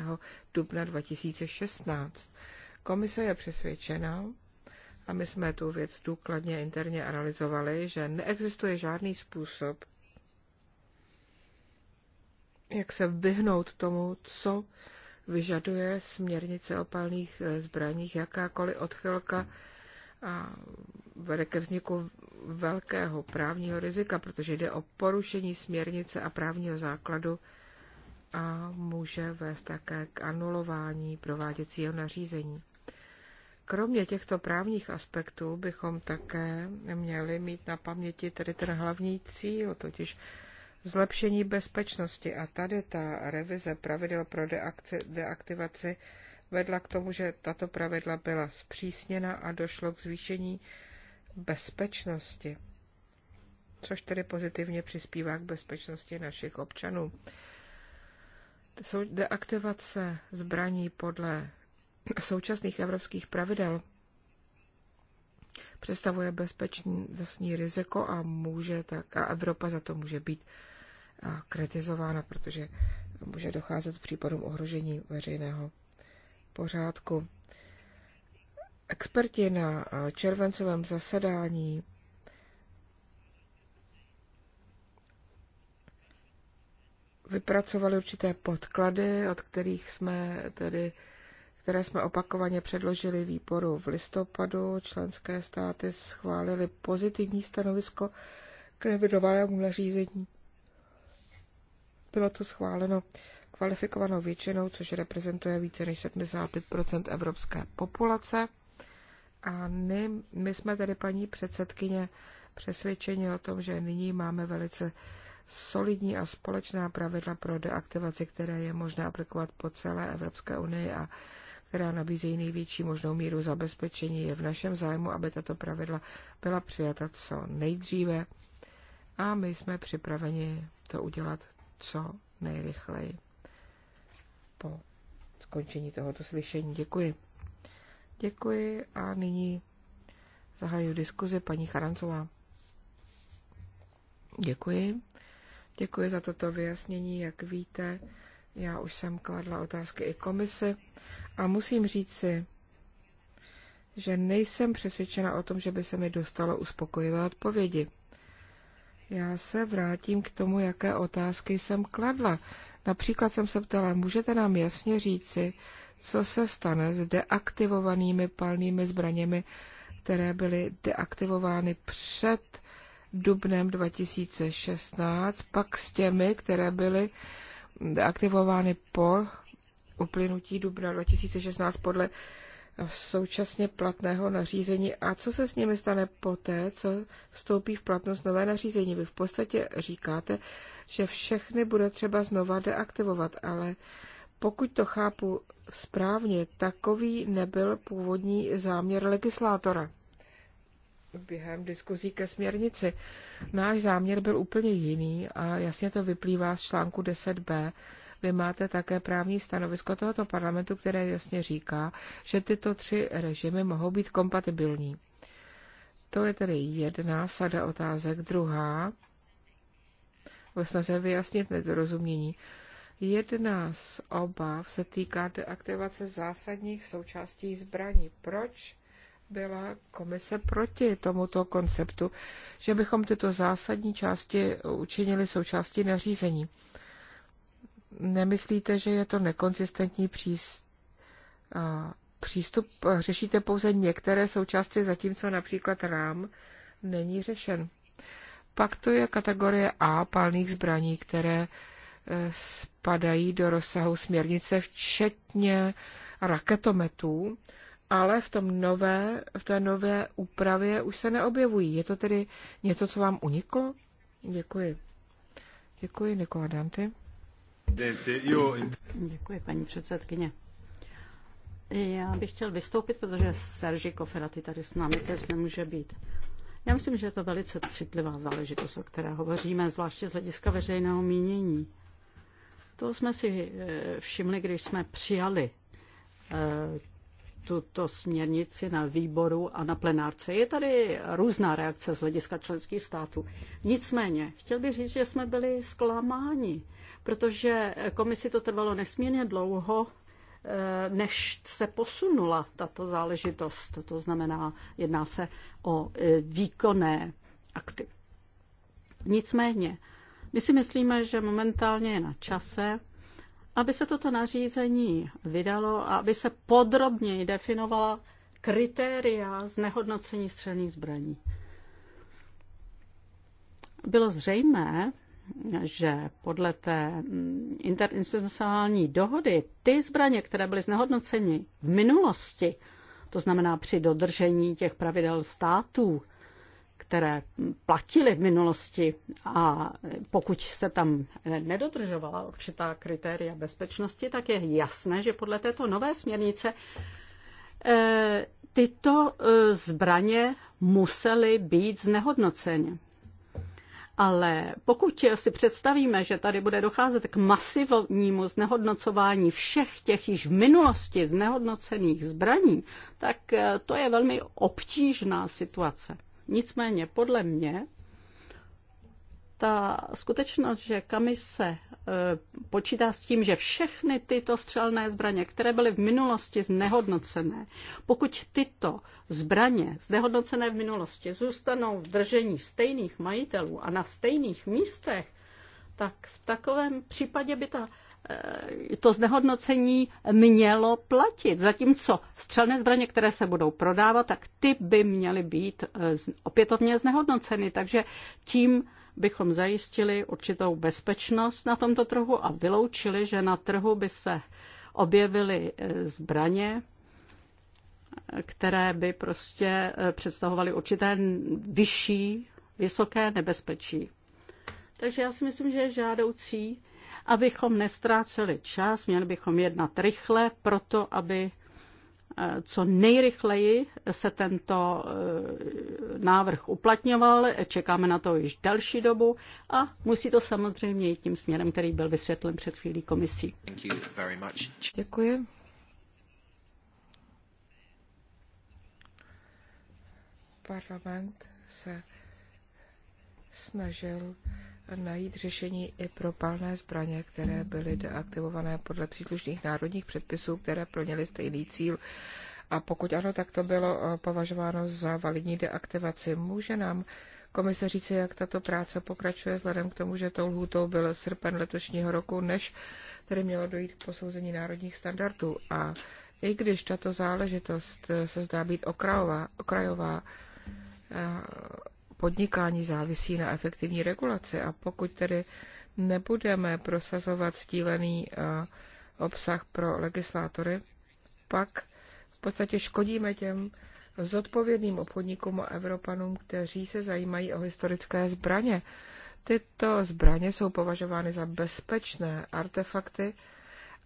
dubna 2016. Komise je přesvědčena, a my jsme tu věc důkladně interně analyzovali, že neexistuje žádný způsob, jak se vyhnout tomu, co vyžaduje směrnice o palných eh, zbraních, jakákoliv odchylka hmm. a vede ke vzniku velkého právního rizika, protože jde o porušení směrnice a právního základu a může vést také k anulování prováděcího nařízení. Kromě těchto právních aspektů bychom také měli mít na paměti tedy ten hlavní cíl, totiž zlepšení bezpečnosti. A tady ta revize pravidel pro deaktivaci vedla k tomu, že tato pravidla byla zpřísněna a došlo k zvýšení bezpečnosti, což tedy pozitivně přispívá k bezpečnosti našich občanů. deaktivace zbraní podle současných evropských pravidel představuje bezpečnostní riziko a může tak, a Evropa za to může být kritizována, protože může docházet k případům ohrožení veřejného pořádku. Experti na eh, červencovém zasedání vypracovali určité podklady, od kterých jsme tedy, které jsme opakovaně předložili výboru v listopadu. Členské státy schválili pozitivní stanovisko k nevidovalému nařízení bylo to schváleno kvalifikovanou většinou, což reprezentuje více než 75 evropské populace. A my, my jsme tedy paní předsedkyně přesvědčeni o tom, že nyní máme velice solidní a společná pravidla pro deaktivaci, které je možné aplikovat po celé Evropské unii a která nabízejí největší možnou míru zabezpečení, je v našem zájmu, aby tato pravidla byla přijata co nejdříve a my jsme připraveni to udělat co nejrychleji po skončení tohoto slyšení. Děkuji. Děkuji a nyní zahajuji diskuzi paní Charancová. Děkuji. Děkuji za toto vyjasnění. Jak víte, já už jsem kladla otázky i komisi a musím říct si, že nejsem přesvědčena o tom, že by se mi dostalo uspokojivé odpovědi. Já se vrátím k tomu, jaké otázky jsem kladla. Například jsem se ptala, můžete nám jasně říci, co se stane s deaktivovanými palnými zbraněmi, které byly deaktivovány před dubnem 2016, pak s těmi, které byly deaktivovány po uplynutí dubna 2016 podle současně platného nařízení a co se s nimi stane poté, co vstoupí v platnost nové nařízení. Vy v podstatě říkáte, že všechny bude třeba znova deaktivovat, ale pokud to chápu správně, takový nebyl původní záměr legislátora. Během diskuzí ke směrnici. Náš záměr byl úplně jiný a jasně to vyplývá z článku 10b vy máte také právní stanovisko tohoto parlamentu, které jasně říká, že tyto tři režimy mohou být kompatibilní. To je tedy jedna sada otázek. Druhá, ve snaze vyjasnit nedorozumění. Jedna z obav se týká deaktivace zásadních součástí zbraní. Proč byla komise proti tomuto konceptu, že bychom tyto zásadní části učinili součástí nařízení? nemyslíte, že je to nekonzistentní přístup? přístup řešíte pouze některé součásti, zatímco například rám není řešen. Pak tu je kategorie A palných zbraní, které e, spadají do rozsahu směrnice, včetně raketometů, ale v, tom nové, v té nové úpravě už se neobjevují. Je to tedy něco, co vám uniklo? Děkuji. Děkuji, Nikola Danty. Děkuji, paní předsedkyně. Já bych chtěl vystoupit, protože Serži Koferaty tady s námi dnes nemůže být. Já myslím, že je to velice citlivá záležitost, o které hovoříme, zvláště z hlediska veřejného mínění. To jsme si eh, všimli, když jsme přijali eh, tuto směrnici na výboru a na plenárce. Je tady různá reakce z hlediska členských států. Nicméně, chtěl bych říct, že jsme byli zklamáni protože komisi to trvalo nesmírně dlouho, eh, než se posunula tato záležitost. To znamená, jedná se o eh, výkonné akty. Nicméně, my si myslíme, že momentálně je na čase, aby se toto nařízení vydalo a aby se podrobněji definovala kritéria znehodnocení střelných zbraní. Bylo zřejmé, že podle té mm, interinstitucionální dohody ty zbraně, které byly znehodnoceny v minulosti, to znamená při dodržení těch pravidel států, které platily v minulosti a pokud se tam nedodržovala určitá kritéria bezpečnosti, tak je jasné, že podle této nové směrnice eh, tyto eh, zbraně musely být znehodnoceny. Ale pokud si představíme, že tady bude docházet k masivnímu znehodnocování všech těch již v minulosti znehodnocených zbraní, tak eh, to je velmi obtížná situace. Nicméně podle mě ta skutečnost, že kamise e, počítá s tím, že všechny tyto střelné zbraně, které byly v minulosti znehodnocené, pokud tyto zbraně znehodnocené v minulosti zůstanou v držení stejných majitelů a na stejných místech, tak v takovém případě by ta e, to znehodnocení mělo platit. Zatímco střelné zbraně, které se budou prodávat, tak ty by měly být e, opětovně znehodnoceny. Takže tím bychom zajistili určitou bezpečnost na tomto trhu a vyloučili, že na trhu by se objevily e, zbraně, e, které by prostě e, představovaly určité vyšší, vysoké nebezpečí. Takže já si myslím, že je žádoucí, abychom nestráceli čas, měli bychom jednat rychle, proto aby Eh, co nejrychleji se tento eh, návrh uplatňoval, čekáme na to již další dobu a musí to samozřejmě jít tím směrem, který byl vysvětlen před chvílí komisí. Děkuji. Parlament se snažil najít řešení i pro palné zbraně, které byly deaktivované podle příslušných národních předpisů, které plnily stejný cíl. A pokud ano, tak to bylo eh, považováno za validní deaktivaci. Může nám komise říci, jak tato práce pokračuje, vzhledem k tomu, že tou lhůtou byl srpen letošního roku, než tedy mělo dojít k posouzení národních standardů. A i když tato záležitost eh, se zdá být okrajová, okrajová eh, podnikání závisí na efektivní regulaci a pokud tedy nebudeme prosazovat stílený eh, obsah pro legislátory, pak v podstatě škodíme těm zodpovědným obchodníkům a Evropanům, kteří se zajímají o historické zbraně. Tyto zbraně jsou považovány za bezpečné artefakty,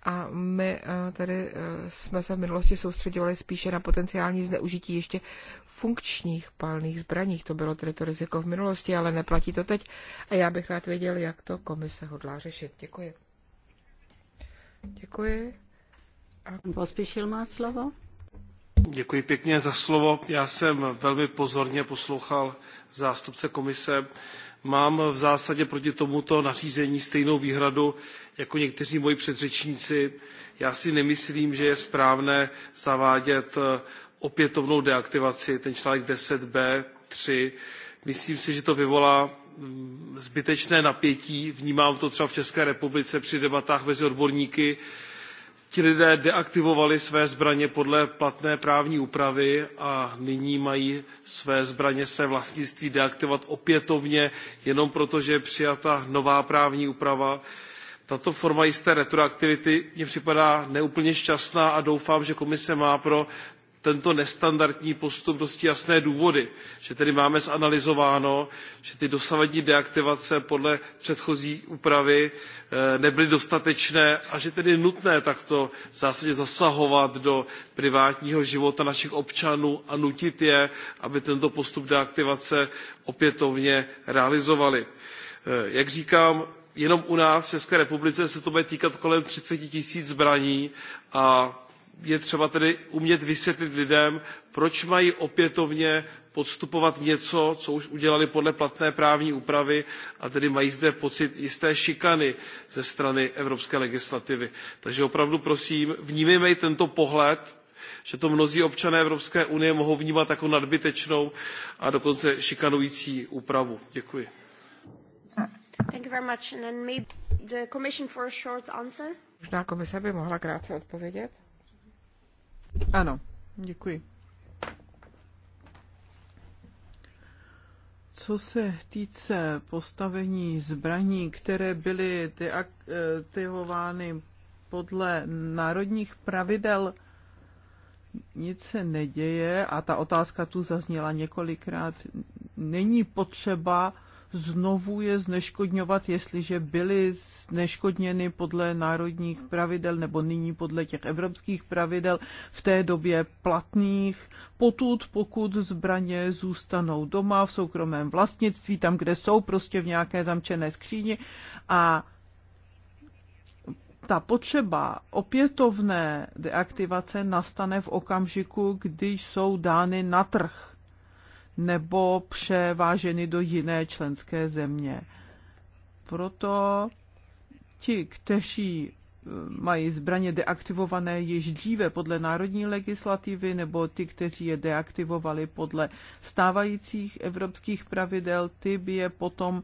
a my eh, tady eh, jsme se v minulosti soustředovali spíše na potenciální zneužití ještě funkčních palných zbraní. To bylo tedy to riziko v minulosti, ale neplatí to teď. A já bych rád věděl, jak to komise hodlá řešit. Děkuji. Děkuji. A... Pospíšil má slovo. Děkuji pěkně za slovo. Já jsem velmi pozorně poslouchal zástupce komise mám v zásadě proti tomuto nařízení stejnou výhradu jako někteří moji předřečníci. já si nemyslím že je správné zavádět eh, opětovnou deaktivaci ten článek ten b three myslím si že to vyvolá mm, zbytečné napětí vnímám to třeba v české republice při debatách mezi odborníky ti lidé deaktivovali své zbraně podle platné právní úpravy a nyní mají své zbraně své vlastnictví deaktivovat opětovně jenom proto že je přijata nová právní úprava. tato forma jisté retroaktivity mi připadá ne úplně šťastná a doufám že komise má pro tento nestandardní postup dosti jasné důvody že tedy máme zanalyzováno že ty dosavadní deaktivace podle předchozí úpravy eh, nebyly dostatečné a že tedy je nutné takto v zásadě zasahovat do privátního života našich občanů a nutit je aby tento postup deaktivace opětovně realizovali. Eh, jak říkám jenom u nás v české republice se to bude týkat kolem thirty tisíc zbraní a je třeba tedy umět vysvětlit lidem proč mají opětovně podstupovat něco co už udělali podle platné právní úpravy a tedy mají zde pocit jisté šikany ze strany evropské legislativy. takže opravdu prosím vnímejme i tento pohled že to mnozí občané evropské unie mohou vnímat jako nadbytečnou a dokonce šikanující úpravu. děkuji. Možná komise by mohla krátce odpovědět. Ano, děkuji. Co se týče postavení zbraní, které byly deaktivovány podle národních pravidel, nic se neděje a ta otázka tu zazněla několikrát. Není potřeba znovu je zneškodňovat, jestliže byly zneškodněny podle národních pravidel nebo nyní podle těch evropských pravidel v té době platných, potud, pokud zbraně zůstanou doma v soukromém vlastnictví, tam, kde jsou prostě v nějaké zamčené skříni a ta potřeba opětovné deaktivace nastane v okamžiku, kdy jsou dány na trh nebo převáženy do jiné členské země. Proto ti, kteří eh, mají zbraně deaktivované již dříve podle národní legislativy nebo ty, kteří je deaktivovali podle stávajících evropských pravidel, ty by je potom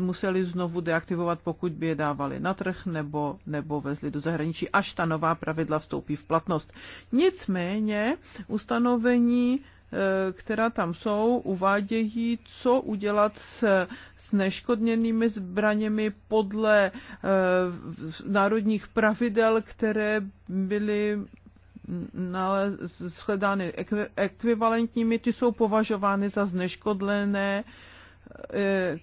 museli znovu deaktivovat, pokud by je dávali na trh nebo, nebo vezli do zahraničí, až ta nová pravidla vstoupí v platnost. Nicméně ustanovení Eh, která tam jsou, uvádějí, co udělat s, s neškodněnými zbraněmi podle eh, národních pravidel, které byly shledány ekvivalentními, ty jsou považovány za zneškodlené, eh,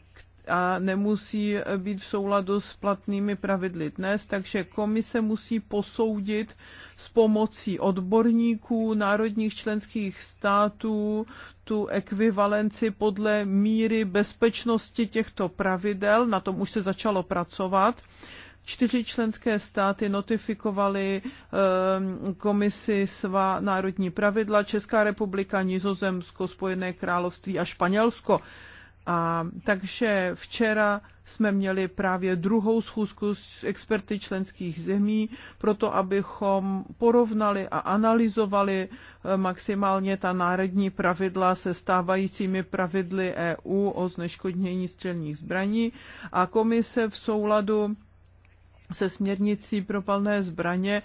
a nemusí být v souladu s platnými pravidly dnes, takže komise musí posoudit s pomocí odborníků národních členských států tu ekvivalenci podle míry bezpečnosti těchto pravidel, na tom už se začalo pracovat. Čtyři členské státy notifikovaly ehm, komisi svá národní pravidla, Česká republika, Nizozemsko, Spojené království a Španělsko. A takže včera jsme měli právě druhou schůzku s experty členských zemí, proto abychom porovnali a analyzovali eh, maximálně ta národní pravidla se stávajícími pravidly EU o zneškodnění střelních zbraní a komise v souladu se směrnicí pro palné zbraně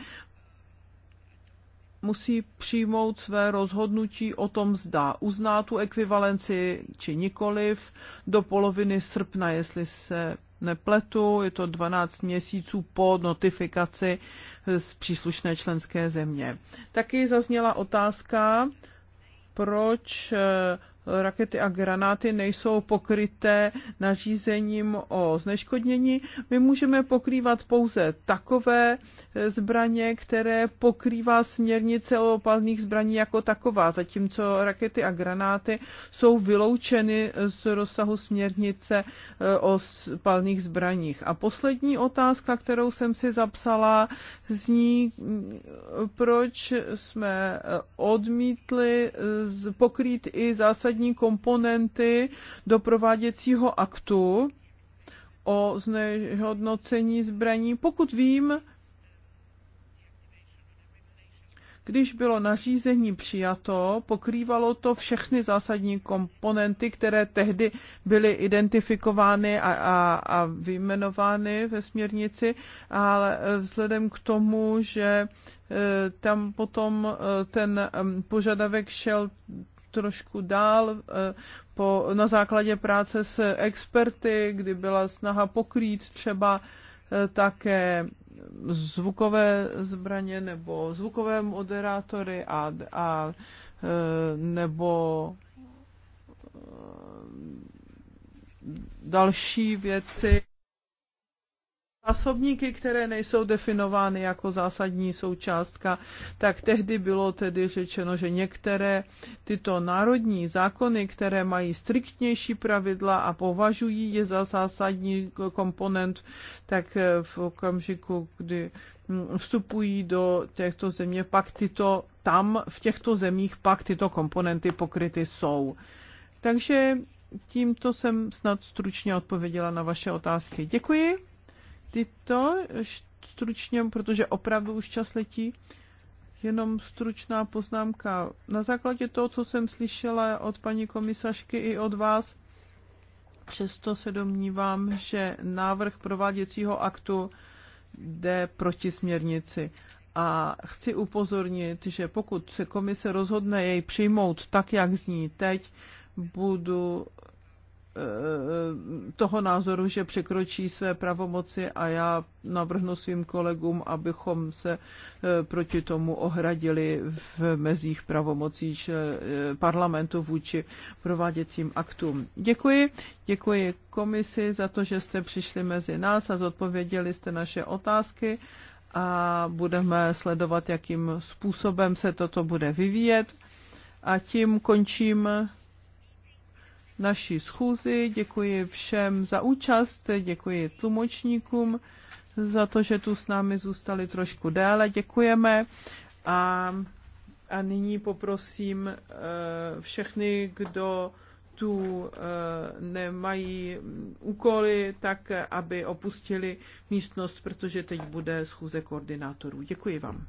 musí přijmout své rozhodnutí o tom, zda uzná tu ekvivalenci či nikoliv do poloviny srpna, jestli se nepletu, je to 12 měsíců po notifikaci z příslušné členské země. Taky zazněla otázka, proč eh, rakety a granáty nejsou pokryté nařízením o zneškodnění. My můžeme pokrývat pouze takové zbraně, které pokrývá směrnice o palných zbraní jako taková, zatímco rakety a granáty jsou vyloučeny z rozsahu směrnice eh, o palných zbraních. A poslední otázka, kterou jsem si zapsala, zní, mm, proč jsme eh, odmítli eh, pokrýt i zásadní zásadní komponenty do prováděcího aktu o znehodnocení zbraní. Pokud vím, když bylo nařízení přijato, pokrývalo to všechny zásadní komponenty, které tehdy byly identifikovány a, a, a vyjmenovány ve směrnici, ale e, vzhledem k tomu, že e, tam potom e, ten požadavek šel trošku dál eh, po, na základě práce s experty, kdy byla snaha pokrýt třeba eh, také zvukové zbraně nebo zvukové moderátory a, a eh, nebo další věci zásobníky, které nejsou definovány jako zásadní součástka, tak tehdy bylo tedy řečeno, že některé tyto národní zákony, které mají striktnější pravidla a považují je za zásadní komponent, tak v okamžiku, kdy vstupují do těchto země, pak tyto tam v těchto zemích pak tyto komponenty pokryty jsou. Takže tímto jsem snad stručně odpověděla na vaše otázky. Děkuji tyto stručně, protože opravdu už čas letí. Jenom stručná poznámka. Na základě toho, co jsem slyšela od paní komisařky i od vás, přesto se domnívám, že návrh prováděcího aktu jde proti směrnici. A chci upozornit, že pokud se komise rozhodne jej přijmout tak, jak zní teď, budu Eh, toho názoru, že překročí své pravomoci a já navrhnu svým kolegům, abychom se eh, proti tomu ohradili v mezích pravomocí eh, parlamentu vůči prováděcím aktům. Děkuji, děkuji komisi za to, že jste přišli mezi nás a zodpověděli jste naše otázky a budeme sledovat, jakým způsobem se toto bude vyvíjet. A tím končím naší schůzi, děkuji všem za účast, děkuji tlumočníkům za to, že tu s námi zůstali trošku déle, děkujeme a, a nyní poprosím eh, všechny, kdo tu eh, nemají úkoly, tak aby opustili místnost, protože teď bude schůze koordinátorů. Děkuji vám.